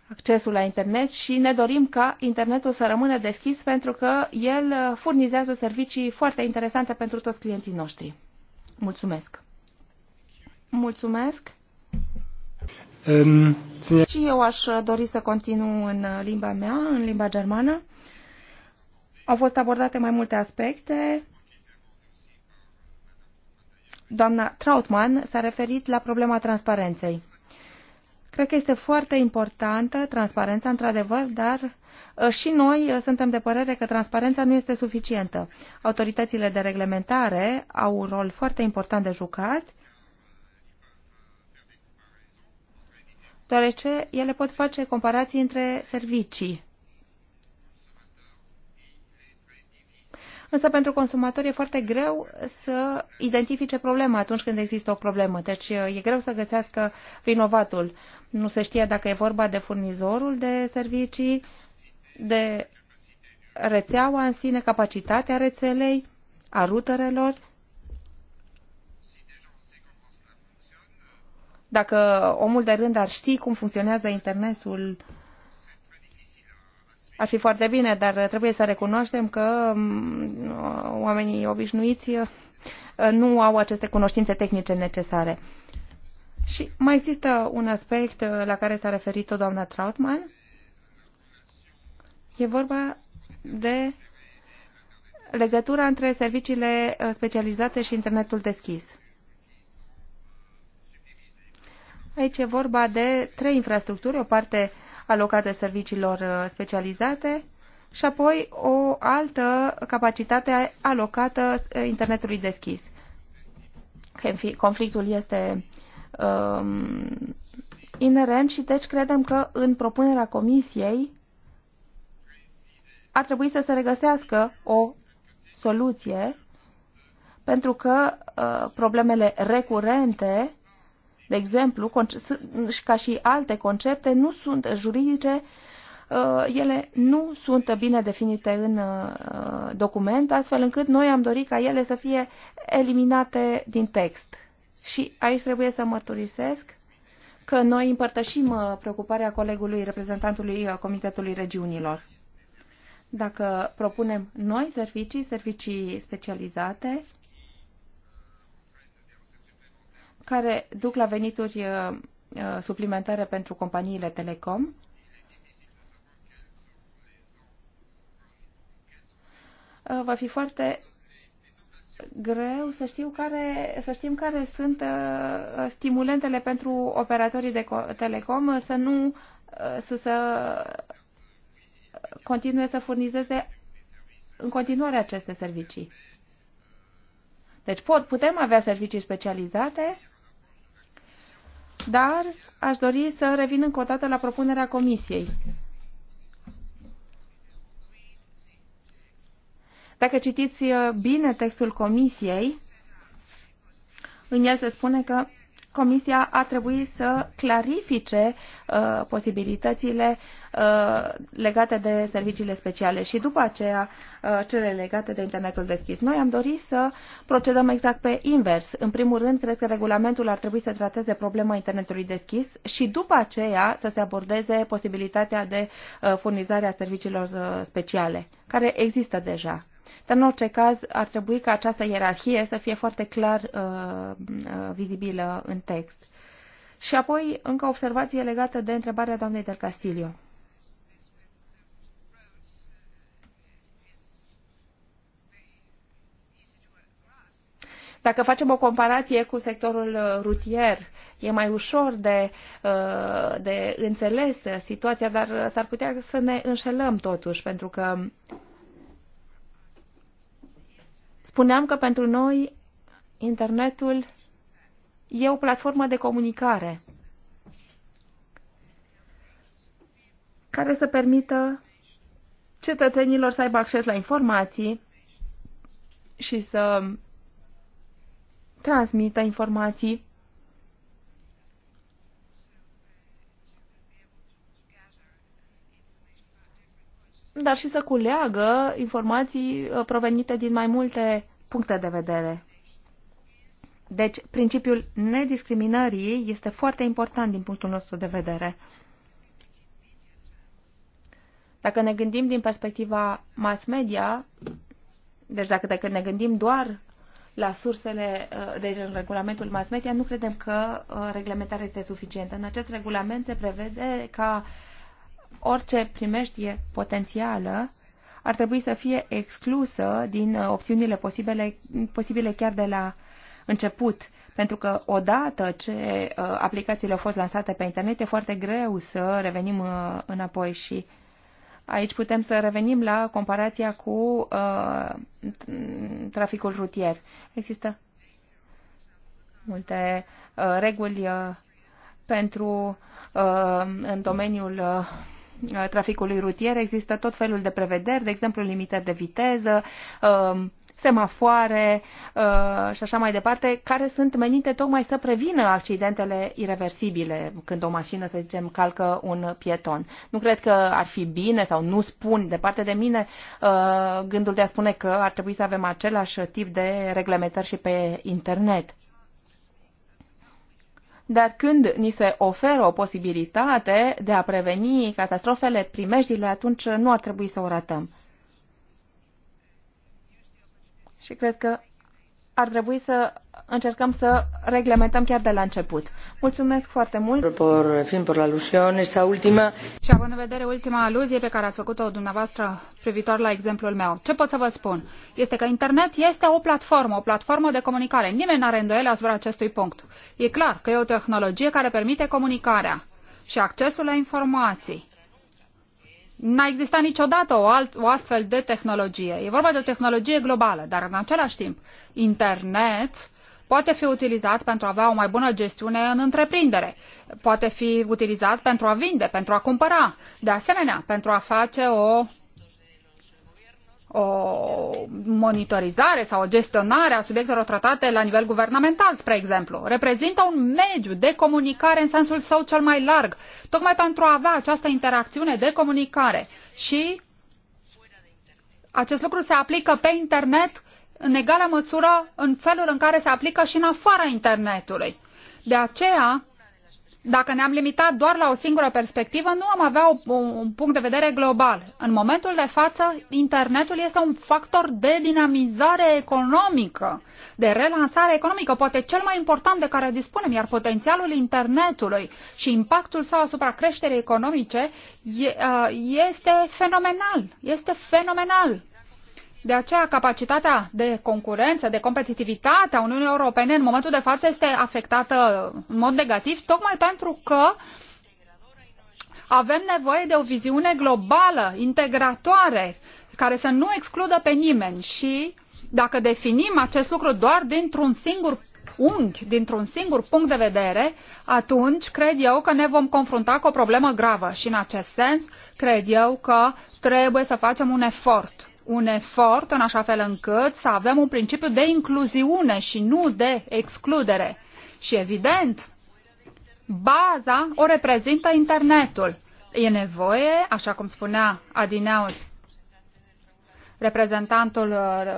accesul la internet și ne dorim ca internetul să rămână deschis pentru că el furnizează servicii foarte interesante pentru toți clienții noștri. Mulțumesc! Mulțumesc! Um, și eu aș dori să continu în limba mea, în limba germană. Au fost abordate mai multe aspecte. Doamna Trautmann s-a referit la problema transparenței. Cred că este foarte importantă transparența, într-adevăr, dar ă, și noi ă, suntem de părere că transparența nu este suficientă. Autoritățile de reglementare au un rol foarte important de jucat, deoarece ele pot face comparații între servicii însă pentru consumator e foarte greu să identifice problema atunci când există o problemă. Deci e greu să găsească vinovatul. Nu se știe dacă e vorba de furnizorul de servicii, de rețeaua în sine, capacitatea rețelei, a ruterelor, dacă omul de rând ar ști cum funcționează internetul ar fi foarte bine, dar trebuie să recunoaștem că mm, oamenii obișnuiți eh, nu au aceste cunoștințe tehnice necesare. Și mai există un aspect eh, la care s-a referit-o doamna Trautmann. E vorba de legătura între serviciile eh, specializate și internetul deschis. Aici e vorba de trei infrastructuri, o parte uh, alocate serviciilor uh, specializate și apoi o altă capacitate alocată uh, internetului deschis. Conflictul este um, inerent și deci credem că în propunerea comisiei ar trebui să se regăsească o soluție pentru că uh, problemele recurente de exemplu, ca și alte concepte nu sunt juridice, uh, ele nu sunt bine definite în uh, document, astfel încât noi am dorit ca ele să fie eliminate din text. Și aici trebuie să mărturisesc că noi împărtășim uh, preocuparea colegului reprezentantului Comitetului Regiunilor. Dacă propunem noi servicii, servicii specializate, care duc la venituri uh, uh, suplimentare pentru companiile telecom. Uh, va fi foarte greu să, știu care, să știm care sunt stimulentele pentru operatorii de telecom să nu să, să continue să furnizeze în continuare aceste servicii. Deci pot, putem avea servicii specializate, dar aș dori să revin încă o dată la propunerea Comisiei. Dacă citiți uh, bine textul Comisiei, în el se spune că Comisia ar trebui să clarifice uh, posibilitățile uh, legate de serviciile speciale și după aceea uh, cele legate de internetul deschis. Noi am dorit să procedăm exact pe invers. În primul rând, cred că regulamentul ar trebui să trateze problema internetului deschis și după aceea să se abordeze posibilitatea de uh, furnizare a serviciilor uh, speciale, care există deja. Dar în orice caz ar trebui ca această ierarhie să fie foarte clar uh, uh vizibilă în text. Și apoi încă observație legată de întrebarea doamnei del Castillo. Dacă facem o comparație cu sectorul uh, rutier, e mai ușor de, uh, de înțeles situația, dar s-ar putea să ne înșelăm totuși, pentru că Spuneam că pentru noi internetul e o platformă de comunicare care să permită cetățenilor să aibă acces la informații și să transmită informații dar și să culeagă informații uh, provenite din mai multe puncte de vedere. Deci, principiul nediscriminării este foarte important din punctul nostru de vedere. Dacă ne gândim din perspectiva mass media, deci dacă, dacă ne gândim doar la sursele, uh, deci în regulamentul mass media, nu credem că uh, reglementarea este suficientă. În acest regulament se prevede ca uh, orice primejdie potențială ar trebui să fie exclusă din uh, opțiunile posibile, posibile chiar de la început, pentru că odată ce uh, aplicațiile au fost lansate pe internet, e foarte greu să revenim uh, înapoi și aici putem să revenim la comparația cu uh, traficul rutier. Există multe uh, reguli uh, pentru uh, în domeniul uh, Uh, traficului rutier există tot felul de prevederi, de exemplu limitări de viteză, um, semafoare uh, și așa mai departe, care sunt menite tocmai să prevină accidentele irreversibile când o mașină, să zicem, calcă un pieton. Nu cred că ar fi bine sau nu spun, de parte de mine, uh, gândul de a spune că ar trebui să avem același tip de reglementări și pe internet dar când ni se oferă o posibilitate de a preveni catastrofele, primejdile, atunci nu ar trebui să o ratăm. Și cred că ar trebui să încercăm să reglementăm chiar de la început. Mulțumesc foarte mult. Por, fin, por la alusión, esta ultima... Și având în vedere ultima aluzie pe care ați făcut-o dumneavoastră privitor la exemplul meu, ce pot să vă spun? Este că internet este o platformă, o platformă de comunicare. Nimeni nu are îndoiele asupra acestui punct. E clar că e o tehnologie care permite comunicarea și accesul la informații n-a existat niciodată o, alt, o astfel de tehnologie. E vorba de o tehnologie globală, dar în același timp internet poate fi utilizat pentru a avea o mai bună gestiune în întreprindere, poate fi utilizat pentru a vinde, pentru a cumpăra, de asemenea pentru a face o o monitorizare sau o gestionare a subiectelor tratate la nivel guvernamental, spre exemplu. Reprezintă un mediu de comunicare în sensul său cel mai larg, tocmai pentru a avea această interacțiune de comunicare. Și acest lucru se aplică pe internet în egală măsură în felul în care se aplică și în afara internetului. De aceea, dacă ne-am limitat doar la o singură perspectivă, nu am avea o, un punct de vedere global. În momentul de față, internetul este un factor de dinamizare economică, de relansare economică, poate cel mai important de care dispunem, iar potențialul internetului și impactul său asupra creșterii economice uh, este fenomenal. Este fenomenal. De aceea, capacitatea de concurență, de competitivitate a Uniunii Europene în momentul de față este afectată în mod negativ, tocmai pentru că avem nevoie de o viziune globală, integratoare, care să nu excludă pe nimeni și dacă definim acest lucru doar dintr-un singur unghi, dintr-un singur punct de vedere, atunci cred eu că ne vom confrunta cu o problemă gravă și în acest sens cred eu că trebuie să facem un efort un efort în așa fel încât să avem un principiu de incluziune și nu de excludere. Și evident, baza o reprezintă internetul. E nevoie, așa cum spunea Adineaul, reprezentantul uh,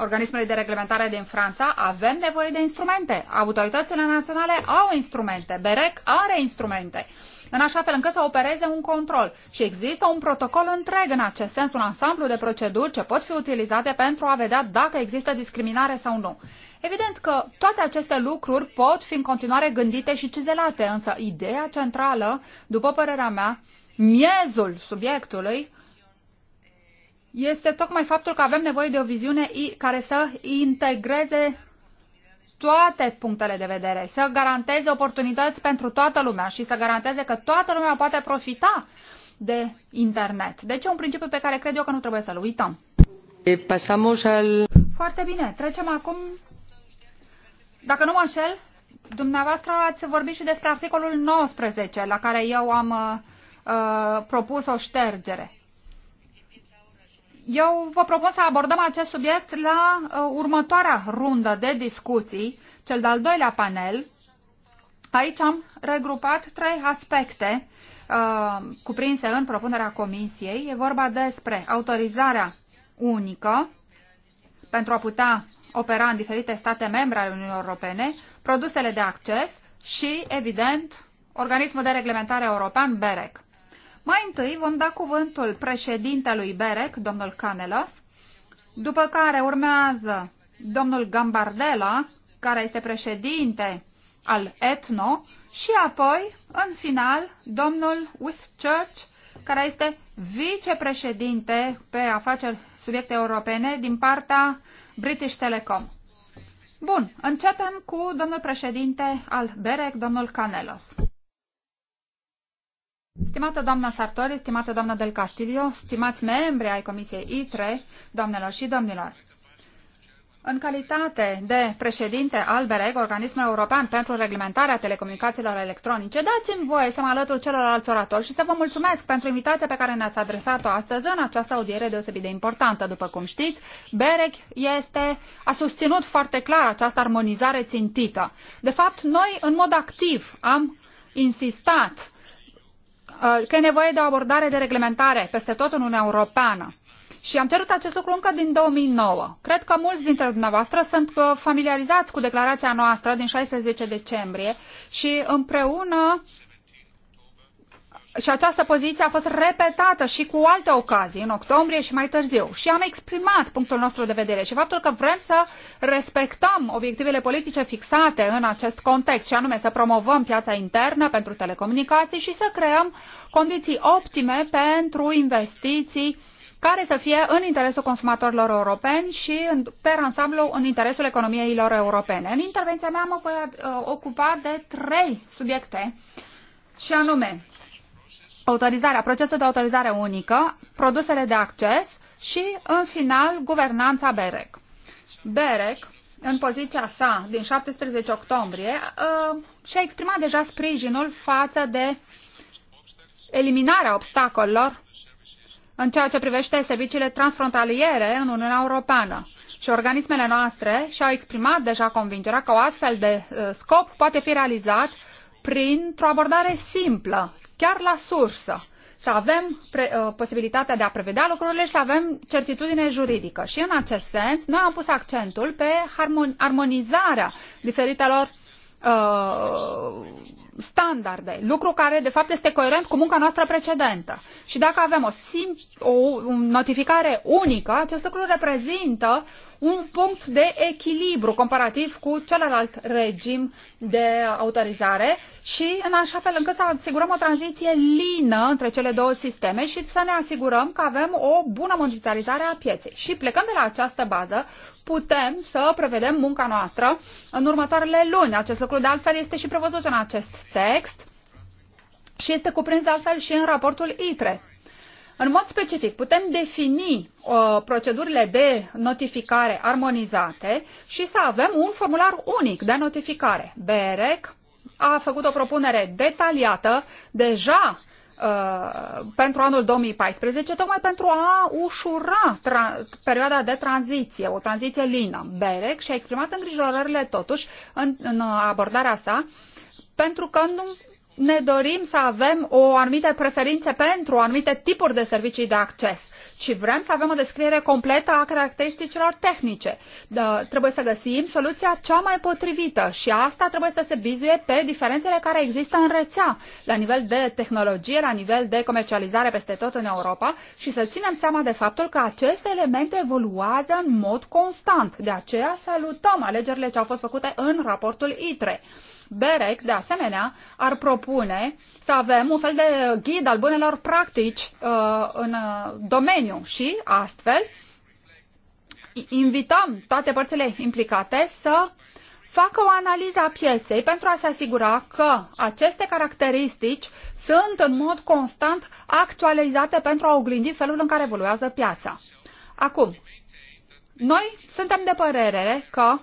organismului de reglementare din Franța, avem nevoie de instrumente. Autoritățile naționale au instrumente, BEREC are instrumente în așa fel încât să opereze un control. Și există un protocol întreg în acest sens, un ansamblu de proceduri ce pot fi utilizate pentru a vedea dacă există discriminare sau nu. Evident că toate aceste lucruri pot fi în continuare gândite și cizelate, însă ideea centrală, după părerea mea, miezul subiectului, este tocmai faptul că avem nevoie de o viziune care să integreze toate punctele de vedere, să garanteze oportunități pentru toată lumea și să garanteze că toată lumea poate profita de internet. Deci e un principiu pe care cred eu că nu trebuie să-l uităm. Pasamos al... Foarte bine, trecem acum, dacă nu mă înșel, dumneavoastră ați vorbit și despre articolul 19, la care eu am uh, uh propus o ștergere. Eu vă propun să abordăm acest subiect la uh, următoarea rundă de discuții, cel de-al doilea panel. Aici am regrupat trei aspecte uh, cuprinse în propunerea comisiei. E vorba despre autorizarea unică pentru a putea opera în diferite state membre ale Uniunii Europene, produsele de acces și, evident, organismul de reglementare european BEREC. Mai întâi vom da cuvântul președintelui Berec, domnul Canelos, după care urmează domnul Gambardella, care este președinte al Etno, și apoi, în final, domnul Church, care este vicepreședinte pe afaceri subiecte europene din partea British Telecom. Bun, începem cu domnul președinte al BEREC, domnul Canelos. Stimată doamna Sartori, stimată doamna Del Castillo, stimați membri ai Comisiei ITRE, doamnelor și domnilor, în calitate de președinte al BEREG, Organismul European pentru Reglementarea Telecomunicațiilor Electronice, dați-mi voie să mă alătur celorlalți oratori și să vă mulțumesc pentru invitația pe care ne-ați adresat-o astăzi în această audiere deosebit de importantă. După cum știți, BEREG este, a susținut foarte clar această armonizare țintită. De fapt, noi, în mod activ, am insistat Uh, că e nevoie de o abordare de reglementare peste tot în Uniunea Europeană. Și am cerut acest lucru încă din 2009. Cred că mulți dintre dumneavoastră sunt uh, familiarizați cu declarația noastră din 16 decembrie și împreună și această poziție a fost repetată și cu alte ocazii, în octombrie și mai târziu. Și am exprimat punctul nostru de vedere și faptul că vrem să respectăm obiectivele politice fixate în acest context, și anume să promovăm piața internă pentru telecomunicații și să creăm condiții optime pentru investiții care să fie în interesul consumatorilor europeni și, în, per ansamblu, în interesul economiilor europene. În intervenția mea am uh, ocupat de trei subiecte, și anume autorizarea, procesul de autorizare unică, produsele de acces și, în final, guvernanța BEREC. BEREC, în poziția sa din 17 octombrie, uh, și-a exprimat deja sprijinul față de eliminarea obstacolelor în ceea ce privește serviciile transfrontaliere în Uniunea Europeană. Și organismele noastre și-au exprimat deja convingerea că o astfel de uh, scop poate fi realizat printr-o abordare simplă, chiar la sursă, să avem pre, uh, posibilitatea de a prevedea lucrurile și să avem certitudine juridică. Și în acest sens, noi am pus accentul pe armonizarea diferitelor Uh, standarde, lucru care de fapt este coerent cu munca noastră precedentă. Și dacă avem o, sim- o notificare unică, acest lucru reprezintă un punct de echilibru comparativ cu celălalt regim de autorizare și în așa fel încât să asigurăm o tranziție lină între cele două sisteme și să ne asigurăm că avem o bună monitorizare a pieței. Și plecăm de la această bază, putem să prevedem munca noastră în următoarele luni. Acest lucru de altfel este și prevăzut în acest text și este cuprins de altfel și în raportul ITRE. În mod specific, putem defini uh, procedurile de notificare armonizate și să avem un formular unic de notificare. BEREC a făcut o propunere detaliată deja uh, Uh, pentru anul 2014, tocmai pentru a ușura perioada de tranziție, o tranziție lină. Berec și-a exprimat îngrijorările totuși în, în abordarea sa pentru că nu ne dorim să avem o anumite preferințe pentru anumite tipuri de servicii de acces, ci vrem să avem o descriere completă a caracteristicilor tehnice. Dă, trebuie să găsim soluția cea mai potrivită și asta trebuie să se bizuie pe diferențele care există în rețea, la nivel de tehnologie, la nivel de comercializare peste tot în Europa și să ținem seama de faptul că aceste elemente evoluează în mod constant. De aceea salutăm alegerile ce au fost făcute în raportul ITRE. BEREC, de asemenea, ar propune să avem un fel de ghid al bunelor practici uh, în uh, domeniu și, astfel, invităm toate părțile implicate să facă o analiză a pieței pentru a se asigura că aceste caracteristici sunt în mod constant actualizate pentru a oglindi felul în care evoluează piața. Acum, noi suntem de părere că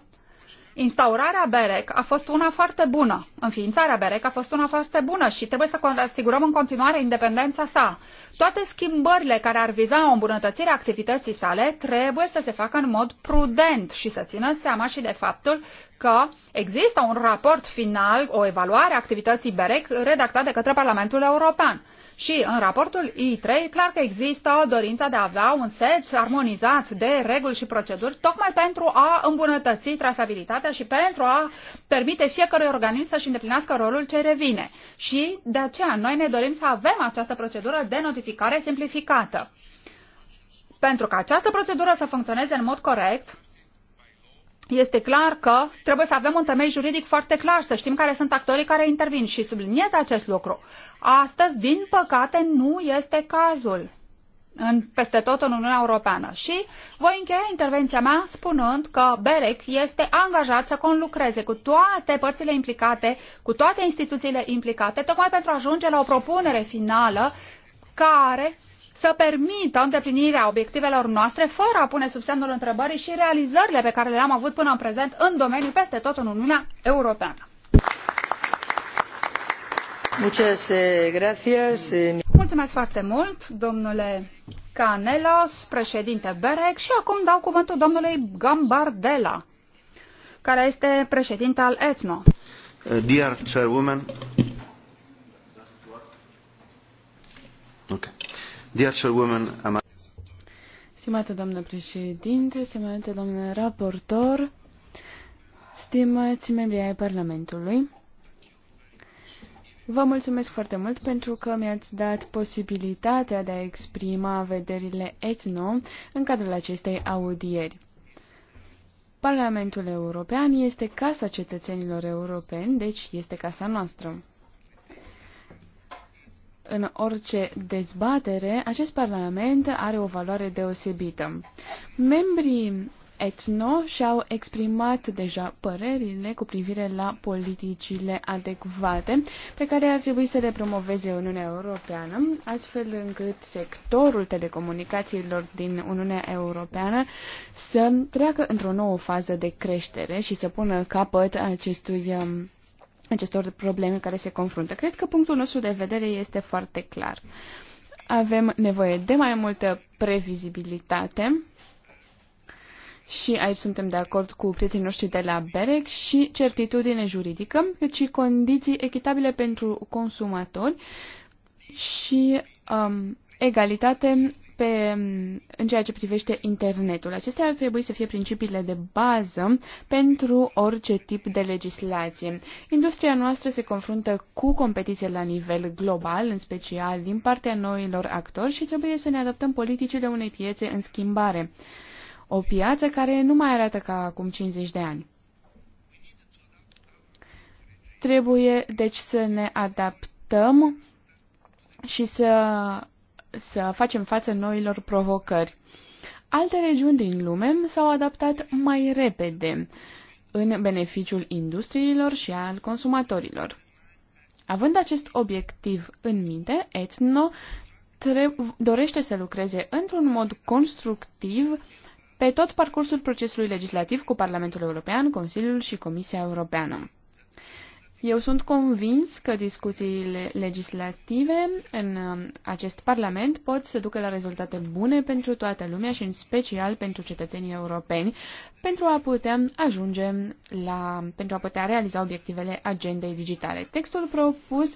instaurarea BEREC a fost una foarte bună. Înființarea BEREC a fost una foarte bună și trebuie să asigurăm în continuare independența sa. Toate schimbările care ar viza o îmbunătățire a activității sale trebuie să se facă în mod prudent și să țină seama și de faptul că există un raport final, o evaluare a activității BEREC redactat de către Parlamentul European. Și în raportul I3, clar că există dorința de a avea un set armonizat de reguli și proceduri, tocmai pentru a îmbunătăți trasabilitatea și pentru a permite fiecărui organism să-și îndeplinească rolul ce revine. Și de aceea noi ne dorim să avem această procedură de notificare simplificată. Pentru că această procedură să funcționeze în mod corect, este clar că trebuie să avem un temei juridic foarte clar, să știm care sunt actorii care intervin și subliniez acest lucru. Astăzi, din păcate, nu este cazul în, peste tot în Uniunea Europeană. Și voi încheia intervenția mea spunând că BEREC este angajat să conlucreze cu toate părțile implicate, cu toate instituțiile implicate, tocmai pentru a ajunge la o propunere finală care să permită îndeplinirea obiectivelor noastre fără a pune sub semnul întrebării și realizările pe care le-am avut până în prezent în domeniu peste tot în Uniunea Europeană. Eh, eh, Mulțumesc foarte mult, domnule Canelas, președinte Berec, și acum dau cuvântul domnului Gambardella, care este președinte al ETNO. Uh, dear Chairwoman, Dear Chairwoman, am... Stimate domnule președinte, stimate domnule raportor, stimați membrii ai Parlamentului, Vă mulțumesc foarte mult pentru că mi-ați dat posibilitatea de a exprima vederile etno în cadrul acestei audieri. Parlamentul European este casa cetățenilor europeni, deci este casa noastră. În orice dezbatere, acest parlament are o valoare deosebită. Membrii etno și-au exprimat deja părerile cu privire la politicile adecvate pe care ar trebui să le promoveze Uniunea Europeană, astfel încât sectorul telecomunicațiilor din Uniunea Europeană să treacă într-o nouă fază de creștere și să pună capăt acestui um, acestor probleme care se confruntă. Cred că punctul nostru de vedere este foarte clar. Avem nevoie de mai multă previzibilitate și aici suntem de acord cu prietenii noștri de la BEREC și certitudine juridică, cât și condiții echitabile pentru consumatori și um, egalitate pe, în ceea ce privește internetul. Acestea ar trebui să fie principiile de bază pentru orice tip de legislație. Industria noastră se confruntă cu competiție la nivel global, în special din partea noilor actori și trebuie să ne adaptăm politicile unei piețe în schimbare o piață care nu mai arată ca acum 50 de ani. Trebuie, deci, să ne adaptăm și să, să facem față noilor provocări. Alte regiuni din lume s-au adaptat mai repede în beneficiul industriilor și al consumatorilor. Având acest obiectiv în minte, Etno dorește să lucreze într-un mod constructiv pe tot parcursul procesului legislativ cu Parlamentul European, Consiliul și Comisia Europeană. Eu sunt convins că discuțiile legislative în um, acest Parlament pot să ducă la rezultate bune pentru toată lumea și în special pentru cetățenii europeni, pentru a putea ajunge la, pentru a putea realiza obiectivele agendei digitale. Textul propus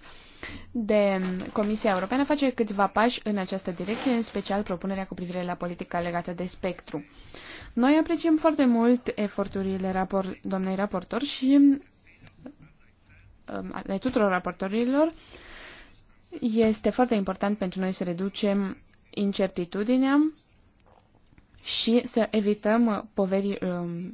de Comisia Europeană face câțiva pași în această direcție, în special propunerea cu privire la politica legată de spectru. Noi apreciem foarte mult eforturile rapor, doamnei raportor și Um, ale tuturor raportorilor. Este foarte important pentru noi să reducem incertitudinea și să evităm uh, poveri um,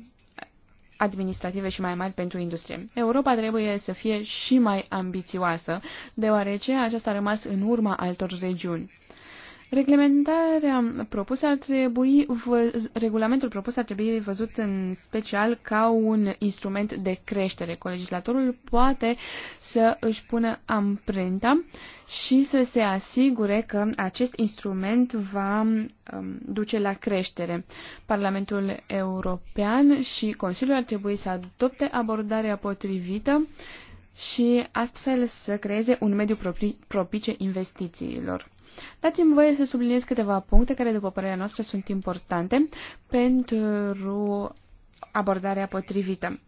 administrative și mai mari pentru industrie. Europa trebuie să fie și mai ambițioasă, deoarece aceasta a rămas în urma altor regiuni. Reglementarea propusă ar trebui, regulamentul propus ar trebui văzut în special ca un instrument de creștere. Colegislatorul poate să își pună amprenta și să se asigure că acest instrument va um, duce la creștere. Parlamentul European și Consiliul ar trebui să adopte abordarea potrivită și astfel să creeze un mediu propice investițiilor. Dați-mi voie să subliniez câteva puncte care, după părerea noastră, sunt importante pentru abordarea potrivită.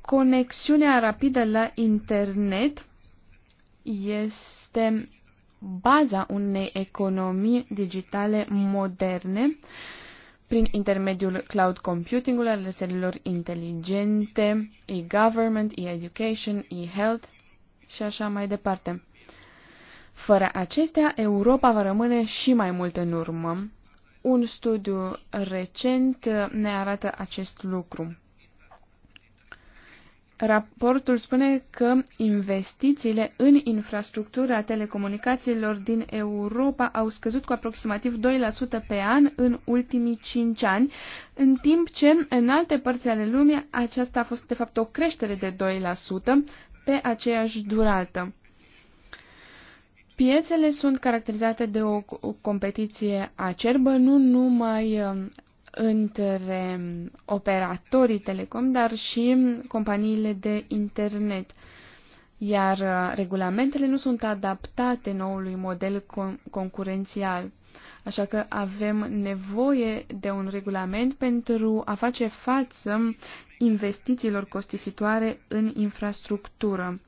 Conexiunea rapidă la internet este baza unei economii digitale moderne prin intermediul cloud computing-ului, al rețelelor inteligente, e-government, e-education, e-health și așa mai departe. Fără acestea, Europa va rămâne și mai mult în urmă. Un studiu recent ne arată acest lucru. Raportul spune că investițiile în infrastructura telecomunicațiilor din Europa au scăzut cu aproximativ 2% pe an în ultimii 5 ani, în timp ce în alte părți ale lumii aceasta a fost de fapt o creștere de 2% pe aceeași durată. Piețele sunt caracterizate de o, competiție acerbă, nu numai um, între operatorii telecom, dar și companiile de internet. Iar uh, regulamentele nu sunt adaptate noului model concurențial. Așa că avem nevoie de un regulament pentru a face față investițiilor costisitoare în infrastructură.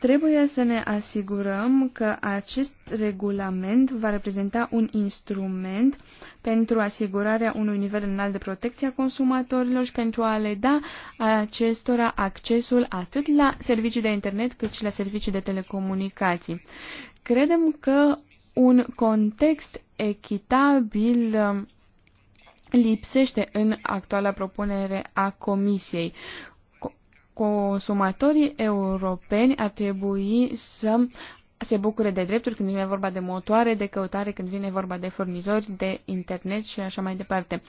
Trebuie să ne asigurăm că acest regulament va reprezenta un instrument pentru asigurarea unui nivel înalt de protecție a consumatorilor și pentru a le da acestora accesul atât la servicii de internet cât și la servicii de telecomunicații. Credem că un context echitabil um, lipsește în actuala propunere a Comisiei consumatorii europeni ar trebui să se bucure de drepturi când vine vorba de motoare, de căutare, când vine vorba de furnizori, de internet și așa mai departe.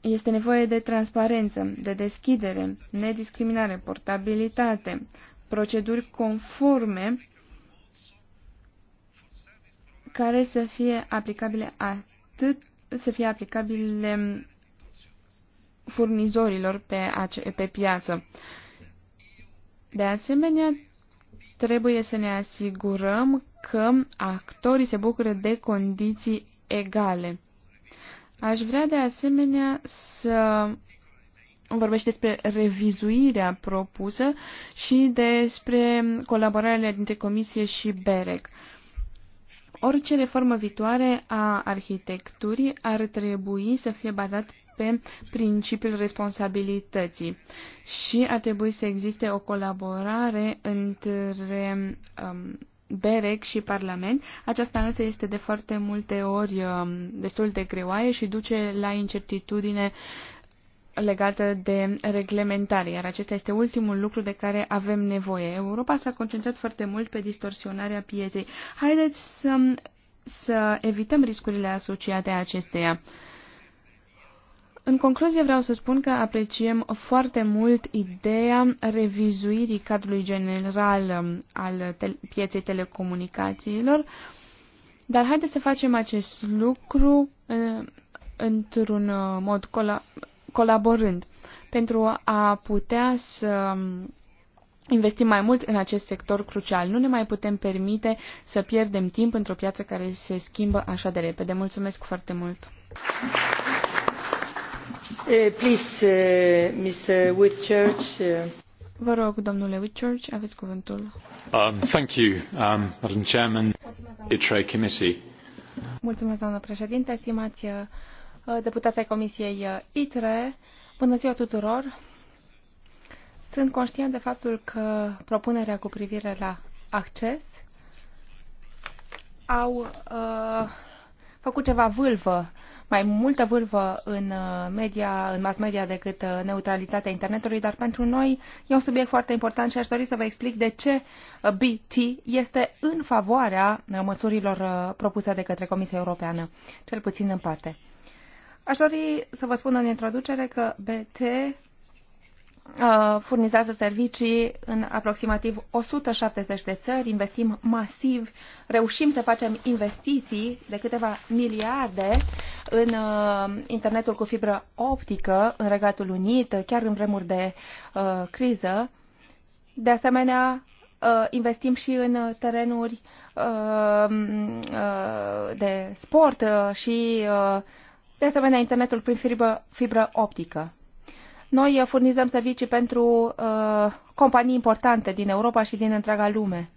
Este nevoie de transparență, de deschidere, nediscriminare, portabilitate, proceduri conforme care să fie aplicabile atât să fie aplicabile furnizorilor pe, pe piață. De asemenea, trebuie să ne asigurăm că actorii se bucură de condiții egale. Aș vrea de asemenea să vorbește despre revizuirea propusă și despre colaborarea dintre Comisie și BEREC. Orice reformă viitoare a arhitecturii ar trebui să fie bazată pe principiul responsabilității și ar trebui să existe o colaborare între um, BEREC și Parlament. Aceasta însă este de foarte multe ori um, destul de greoaie și duce la incertitudine legată de reglementare, iar acesta este ultimul lucru de care avem nevoie. Europa s-a concentrat foarte mult pe distorsionarea pieței. Haideți să, să evităm riscurile asociate acesteia. În concluzie vreau să spun că apreciem foarte mult ideea revizuirii cadrului general um, al te pieței telecomunicațiilor, dar haideți să facem acest lucru uh, într-un uh, mod col colaborând pentru a putea să um, investim mai mult în acest sector crucial. Nu ne mai putem permite să pierdem timp într-o piață care se schimbă așa de repede. Mulțumesc foarte mult! Uh, please, uh, Mr. Uh. Vă rog, domnule Whitchurch, aveți cuvântul. Um, thank you, um, Madam Chairman, ITRE Committee. Mulțumesc, doamnă președinte, stimați deputați ai Comisiei ITRE. Bună ziua tuturor! Sunt conștient de faptul că propunerea cu privire la acces au uh, făcut ceva vâlvă mai multă vârvă în uh, media, în mass media decât uh, neutralitatea internetului, dar pentru noi e un subiect foarte important și aș dori să vă explic de ce uh, BT este în favoarea măsurilor propuse de către Comisia Europeană, cel puțin în parte. Aș dori să vă spun în introducere că BT Uh, furnizează servicii în aproximativ 170 de țări, investim masiv, reușim să facem investiții de câteva miliarde în uh, internetul cu fibră optică în Regatul Unit, chiar în vremuri de uh, criză. De asemenea, uh, investim și în terenuri uh, uh, de sport uh, și, uh, de asemenea, internetul prin fibră, fibră optică. Noi uh, furnizăm servicii pentru uh, companii importante din Europa și din întreaga lume.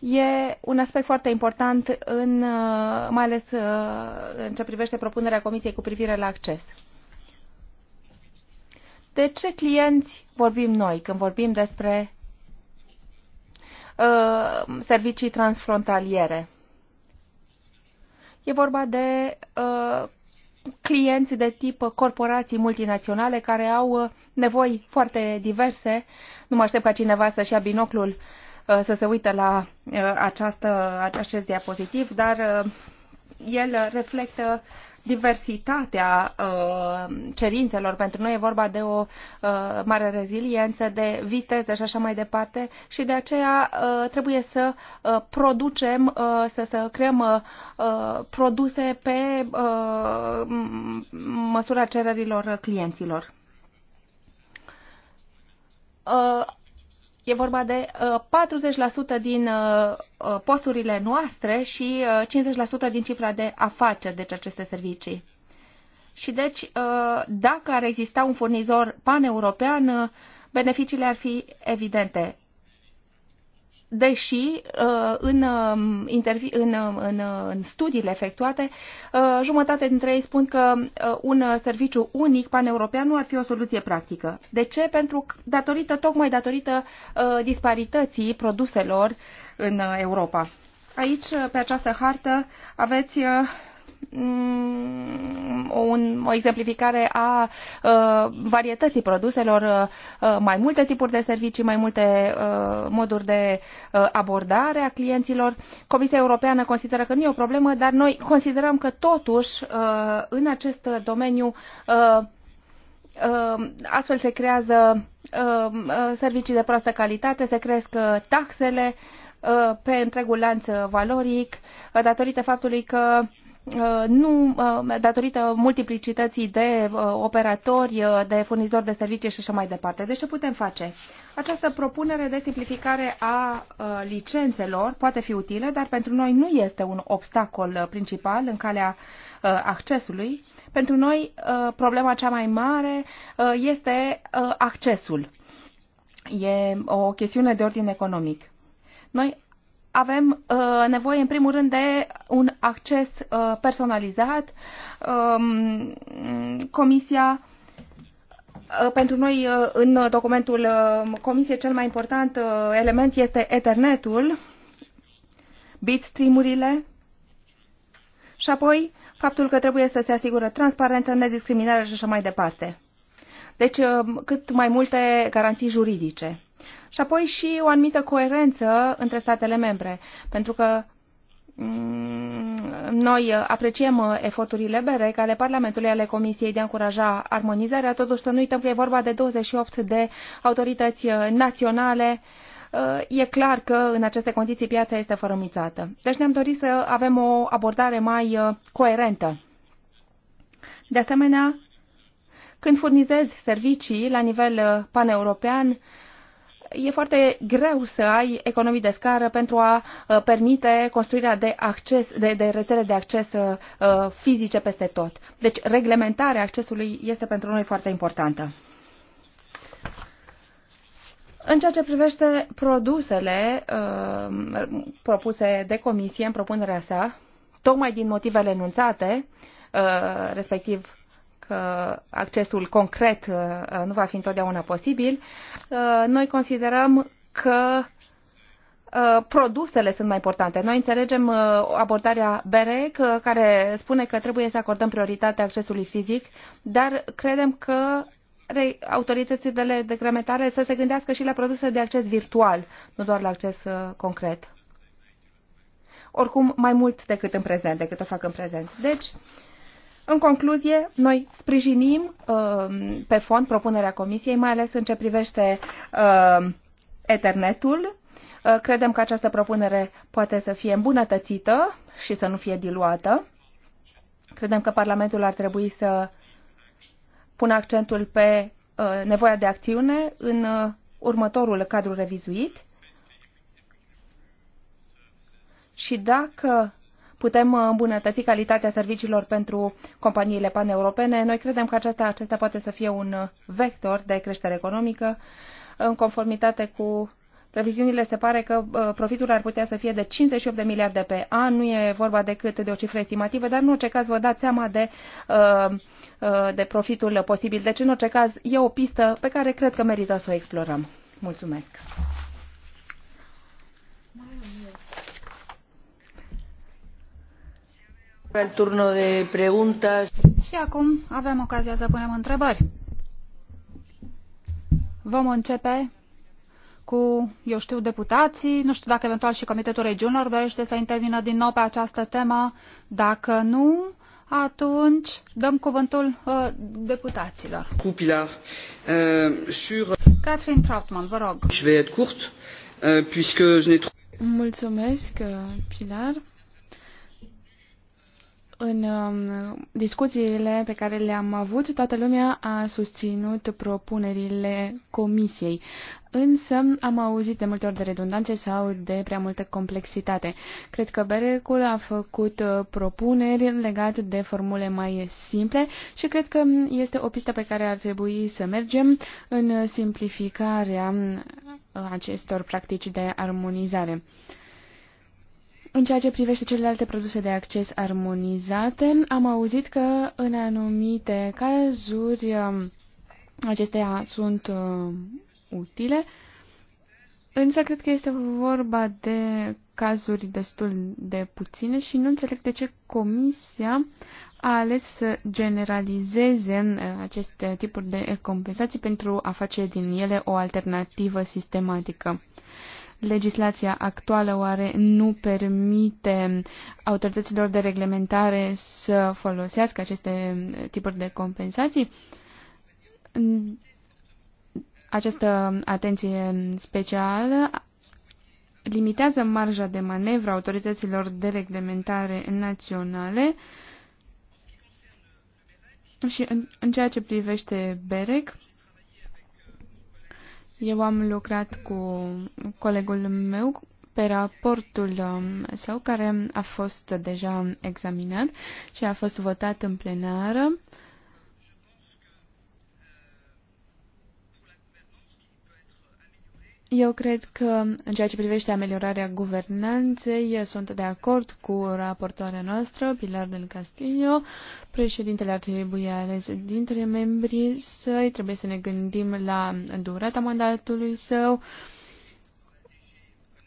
E un aspect foarte important, în, uh, mai ales uh, în ce privește propunerea Comisiei cu privire la acces. De ce clienți vorbim noi când vorbim despre uh, servicii transfrontaliere? E vorba de uh, clienți de tip corporații multinaționale care au uh, nevoi foarte diverse. Nu mă aștept ca cineva să-și ia binoclul uh, să se uite la uh, această, acest diapozitiv, dar el reflectă diversitatea uh, cerințelor. Pentru noi e vorba de o uh, mare reziliență, de viteză și așa mai departe și de aceea uh, trebuie să producem, să, să creăm produse pe măsura cererilor clienților E vorba de 40% uh, din uh, uh, posturile noastre și 50% din cifra de afaceri, deci aceste servicii. Și deci, dacă ar exista un furnizor paneuropean, beneficiile ar fi evidente deși uh, în, um, intervi- în, um, în, uh, în studiile efectuate, uh, jumătate dintre ei spun că un serviciu unic paneuropean nu ar fi o soluție practică. De ce? Pentru că datorită, tocmai datorită disparității produselor în Europa. Aici, pe această hartă, aveți Mm, un, o exemplificare a uh, varietății produselor, uh, uh, mai multe tipuri de servicii, mai multe uh, moduri de uh, abordare a clienților. Comisia Europeană consideră că nu e o problemă, dar noi considerăm că totuși uh, în acest domeniu uh, uh astfel se creează uh, servicii de proastă calitate, se cresc taxele pe întregul lanț valoric, datorită faptului că Uh, nu, uh, datorită multiplicității de uh, operatori, de furnizori de servicii și așa mai departe. Deci ce putem face? Această propunere de simplificare a licențelor poate fi utilă, dar pentru noi nu este un obstacol principal în calea accesului. Pentru noi problema cea mai mare este accesul. E o chestiune de ordin economic. Noi avem uh, nevoie, în primul rând, de un acces uh, personalizat. Um, comisia uh, pentru noi, uh, în documentul uh, Comisiei, cel mai important element este Ethernetul, bitstream-urile și apoi faptul că trebuie să se asigură transparență, nediscriminare și așa mai departe. Deci, cât mai multe garanții juridice și apoi și o anumită coerență între statele membre, pentru că mm, noi apreciem eforturile BEREC ale Parlamentului, ale Comisiei de a încuraja armonizarea, totuși să nu uităm că e vorba de 28 de autorități naționale. E clar că în aceste condiții piața este fărămițată. Deci ne-am dorit să avem o abordare mai coerentă. De asemenea, când furnizezi servicii la nivel paneuropean, e foarte greu să ai economii de scară pentru a uh, permite construirea de, acces, de, de rețele de acces uh, uh, fizice peste tot. Deci reglementarea accesului este pentru noi foarte importantă. În ceea ce privește produsele uh, propuse de comisie în propunerea sa, tocmai din motivele enunțate, uh, respectiv accesul concret uh, uh, nu va fi întotdeauna posibil, uh, noi considerăm că produsele sunt mai importante. Noi înțelegem abordarea BEREC care spune că trebuie să acordăm prioritate accesului fizic, dar credem că autoritățile de grămetare să se gândească și la produse de acces virtual, nu doar la acces concret. Oricum, mai mult decât în prezent, decât o fac în prezent. Deci, uh, în concluzie, noi sprijinim uh, pe fond propunerea Comisiei, mai ales în ce privește uh, Ethernetul. Uh, credem că această propunere poate să fie îmbunătățită și să nu fie diluată. Credem că Parlamentul ar trebui să pună accentul pe uh, nevoia de acțiune în uh, următorul cadru revizuit. Și dacă putem uh, îmbunătăți calitatea serviciilor pentru companiile paneuropene. Noi credem că aceasta, acesta poate să fie un uh, vector de creștere economică în conformitate cu Previziunile se pare că uh, profitul ar putea să fie de 58 de miliarde pe an, nu e vorba decât de o cifră estimativă, dar în orice caz vă dați seama de, de profitul posibil. Deci, în orice caz, e o pistă pe care cred că merită să o explorăm. Mulțumesc! El turno de preguntas. Și acum avem ocazia să punem întrebări. Vom începe cu, eu știu, deputații, nu știu dacă eventual și Comitetul Regiunilor dorește să intervină din nou pe această temă. Dacă nu, atunci dăm cuvântul uh, deputaților. Cu Pilar. Uh, sur... Catherine Trautmann, vă rog. Je vais être courte, uh, puisque je Mulțumesc, uh, Pilar. În um, discuțiile pe care le-am avut, toată lumea a susținut propunerile comisiei, însă am auzit de multe ori de redundanțe sau de prea multă complexitate. Cred că Berecul a făcut uh, propuneri legate de formule mai simple și cred că este o pistă pe care ar trebui să mergem în simplificarea uh, acestor practici de armonizare. În ceea ce privește celelalte produse de acces armonizate, am auzit că în anumite cazuri um, acestea sunt uh, utile, însă cred că este vorba de cazuri destul de puține și nu înțeleg de ce Comisia a ales să generalizeze uh, aceste tipuri de compensații pentru a face din ele o alternativă sistematică. Legislația actuală oare nu permite autorităților de reglementare să folosească aceste tipuri de compensații? Această atenție specială limitează marja de manevră autorităților de reglementare naționale și în, în ceea ce privește BEREC, eu am lucrat cu colegul meu pe raportul um, său care a fost deja examinat și a fost votat în plenară. Eu cred că, în ceea ce privește ameliorarea guvernanței, sunt de acord cu raportoarea noastră, Pilar del Castillo. Președintele ar trebui ales dintre membrii săi, trebuie să ne gândim la durata mandatului său,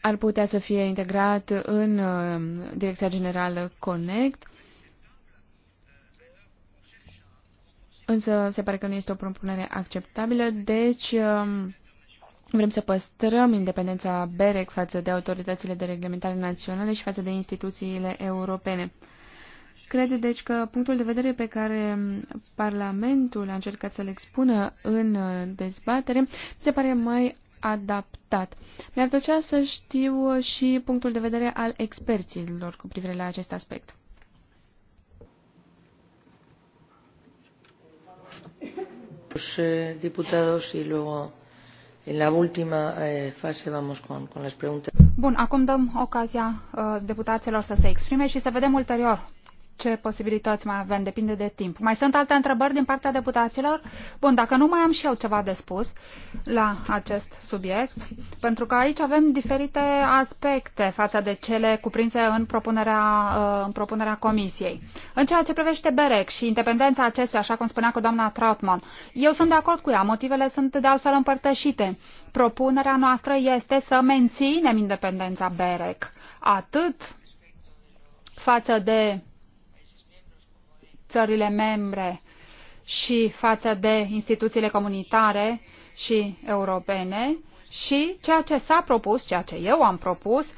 ar putea să fie integrat în uh, Direcția Generală Connect. Însă se pare că nu este o propunere acceptabilă, deci um, Vrem să păstrăm independența BEREC față de autoritățile de reglementare naționale și față de instituțiile europene. Cred, deci, că punctul de vedere pe care Parlamentul a încercat să-l expună în dezbatere se pare mai adaptat. Mi-ar plăcea să știu și punctul de vedere al experților cu privire la acest aspect. Los diputados luego Bun, acum dăm ocazia eh, deputaților să se exprime și să vedem ulterior ce posibilități mai avem, depinde de timp. Mai sunt alte întrebări din partea deputaților? Bun, dacă nu mai am și eu ceva de spus la acest subiect, pentru că aici avem diferite aspecte față de cele cuprinse în propunerea, uh, în propunerea comisiei. În ceea ce privește BEREC și independența acesteia, așa cum spunea cu doamna Trautmann, eu sunt de acord cu ea, motivele sunt de altfel împărtășite. Propunerea noastră este să menținem independența BEREC, atât față de țările membre și față de instituțiile comunitare și europene și ceea ce s-a propus, ceea ce eu am propus,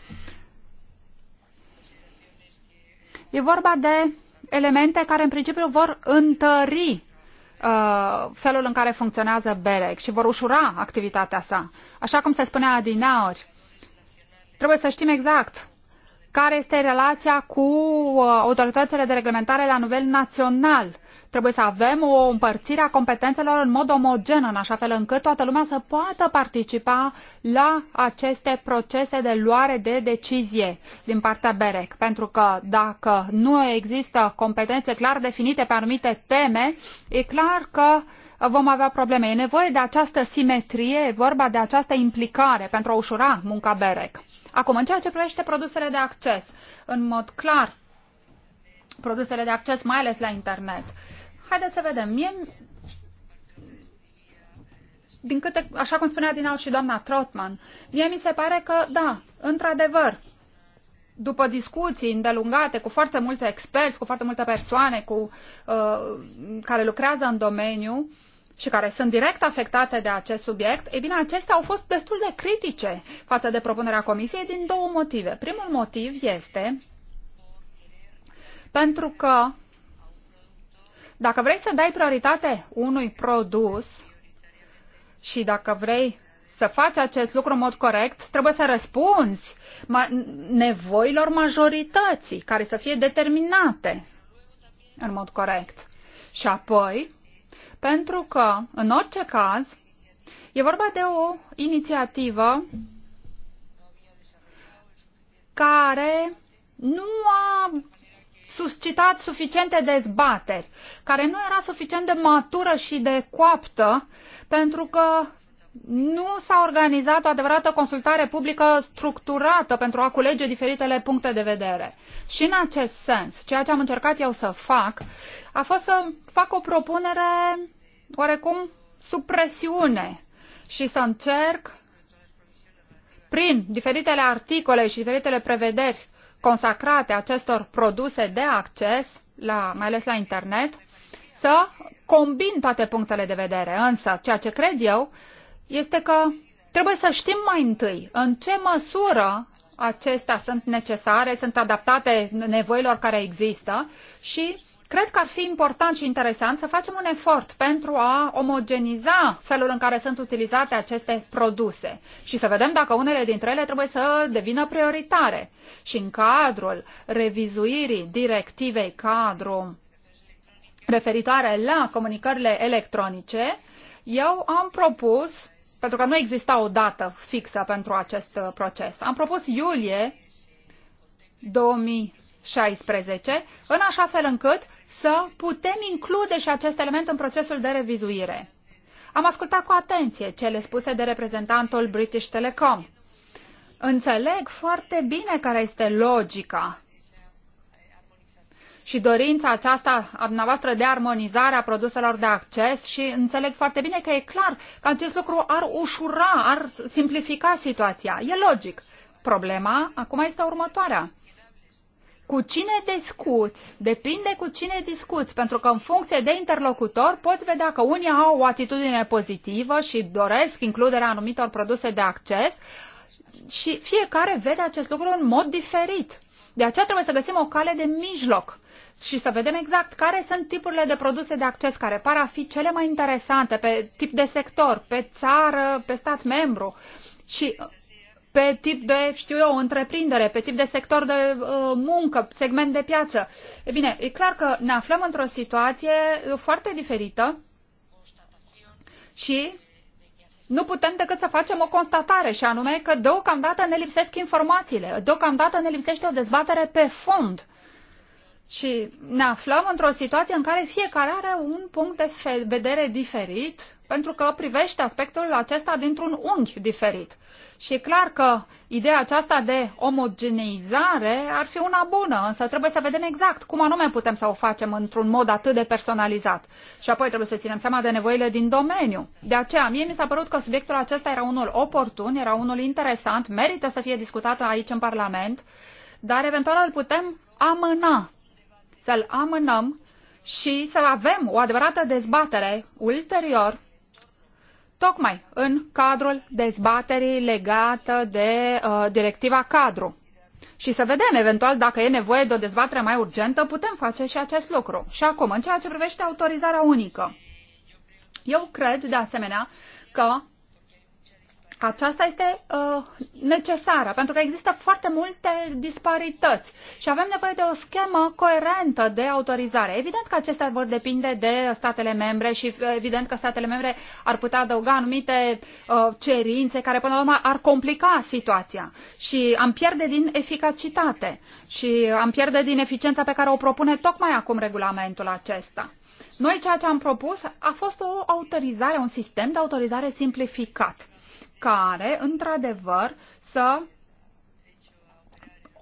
e vorba de elemente care în principiu vor întări uh, felul în care funcționează BEREC și vor ușura activitatea sa. Așa cum se spunea adinaori, trebuie să știm exact care este relația cu uh, autoritățile de reglementare la nivel național. Trebuie să avem o împărțire a competențelor în mod omogen, în așa fel încât toată lumea să poată participa la aceste procese de luare de decizie din partea BEREC. Pentru că dacă nu există competențe clar definite pe anumite teme, e clar că vom avea probleme. E nevoie de această simetrie, e vorba de această implicare pentru a ușura munca BEREC. Acum, în ceea ce privește produsele de acces, în mod clar, produsele de acces, mai ales la internet. Haideți să vedem. Mie, din câte, așa cum spunea din alt și doamna Trotman, mie mi se pare că, da, într-adevăr, după discuții îndelungate cu foarte mulți experți, cu foarte multe persoane cu, uh, care lucrează în domeniu, uh, și care sunt direct afectate de acest subiect, e bine, acestea au fost destul de critice față de propunerea Comisiei din două motive. Primul motiv este pentru că dacă vrei să dai prioritate unui produs și dacă vrei să faci acest lucru în mod corect, trebuie să răspunzi nevoilor majorității care să fie determinate în mod corect. Și apoi, pentru că, în orice caz, e vorba de o inițiativă care nu a suscitat suficiente dezbateri, care nu era suficient de matură și de coaptă, pentru că nu s-a organizat o adevărată consultare publică structurată pentru a culege diferitele puncte de vedere. Și în acest sens, ceea ce am încercat eu să fac a fost să fac o propunere oarecum sub presiune și să încerc prin diferitele articole și diferitele prevederi consacrate acestor produse de acces, la, mai ales la internet, să combin toate punctele de vedere. Însă, ceea ce cred eu este că trebuie să știm mai întâi în ce măsură acestea sunt necesare, sunt adaptate nevoilor care există și cred că ar fi important și interesant să facem un efort pentru a omogeniza felul în care sunt utilizate aceste produse și să vedem dacă unele dintre ele trebuie să devină prioritare. Și în cadrul revizuirii directivei cadru referitoare la comunicările electronice, eu am propus pentru că nu exista o dată fixă pentru acest uh, proces. Am propus iulie 2016, în așa fel încât să putem include și acest element în procesul de revizuire. Am ascultat cu atenție cele spuse de reprezentantul British Telecom. Înțeleg foarte bine care este logica și dorința aceasta a dumneavoastră de armonizare a produselor de acces și înțeleg foarte bine că e clar că acest lucru ar ușura, ar simplifica situația. E logic. Problema acum este următoarea. Cu cine discuți? Depinde cu cine discuți, pentru că în funcție de interlocutor poți vedea că unii au o atitudine pozitivă și doresc includerea anumitor produse de acces și fiecare vede acest lucru în mod diferit. De aceea trebuie să găsim o cale de mijloc și să vedem exact care sunt tipurile de produse de acces care par a fi cele mai interesante pe tip de sector, pe țară, pe stat membru și pe tip de, știu eu, întreprindere, pe tip de sector de uh, muncă, segment de piață. E bine, e clar că ne aflăm într-o situație uh, foarte diferită și nu putem decât să facem o constatare și anume că deocamdată ne lipsesc informațiile, deocamdată ne lipsește o dezbatere pe fond uh, și ne aflăm într-o situație în care fiecare are un punct de vedere diferit, pentru că privește aspectul acesta dintr-un unghi diferit. Și e clar că ideea aceasta de omogeneizare ar fi una bună, însă trebuie să vedem exact cum anume putem să o facem într-un mod atât de personalizat. Și apoi trebuie să ținem seama de nevoile din domeniu. De aceea, mie mi s-a părut că subiectul acesta era unul oportun, era unul interesant, merită să fie discutat aici în Parlament, dar eventual îl putem amâna să-l amânăm și să avem o adevărată dezbatere ulterior, tocmai în cadrul dezbaterii legată de uh, directiva cadru. Și să vedem, eventual, dacă e nevoie de o dezbatere mai urgentă, putem face și acest lucru. Și acum, în ceea ce privește autorizarea unică. Eu cred, de asemenea, că aceasta este uh, necesară, pentru că există foarte multe disparități și avem nevoie de o schemă coerentă de autorizare. Evident că acestea vor depinde de statele membre și uh, evident că statele membre ar putea adăuga anumite uh, cerințe care până la urmă ar complica situația și am pierde din eficacitate și am pierde din eficiența pe care o propune tocmai acum regulamentul acesta. Noi ceea ce am propus a fost o autorizare, un sistem de autorizare simplificat care, într-adevăr, să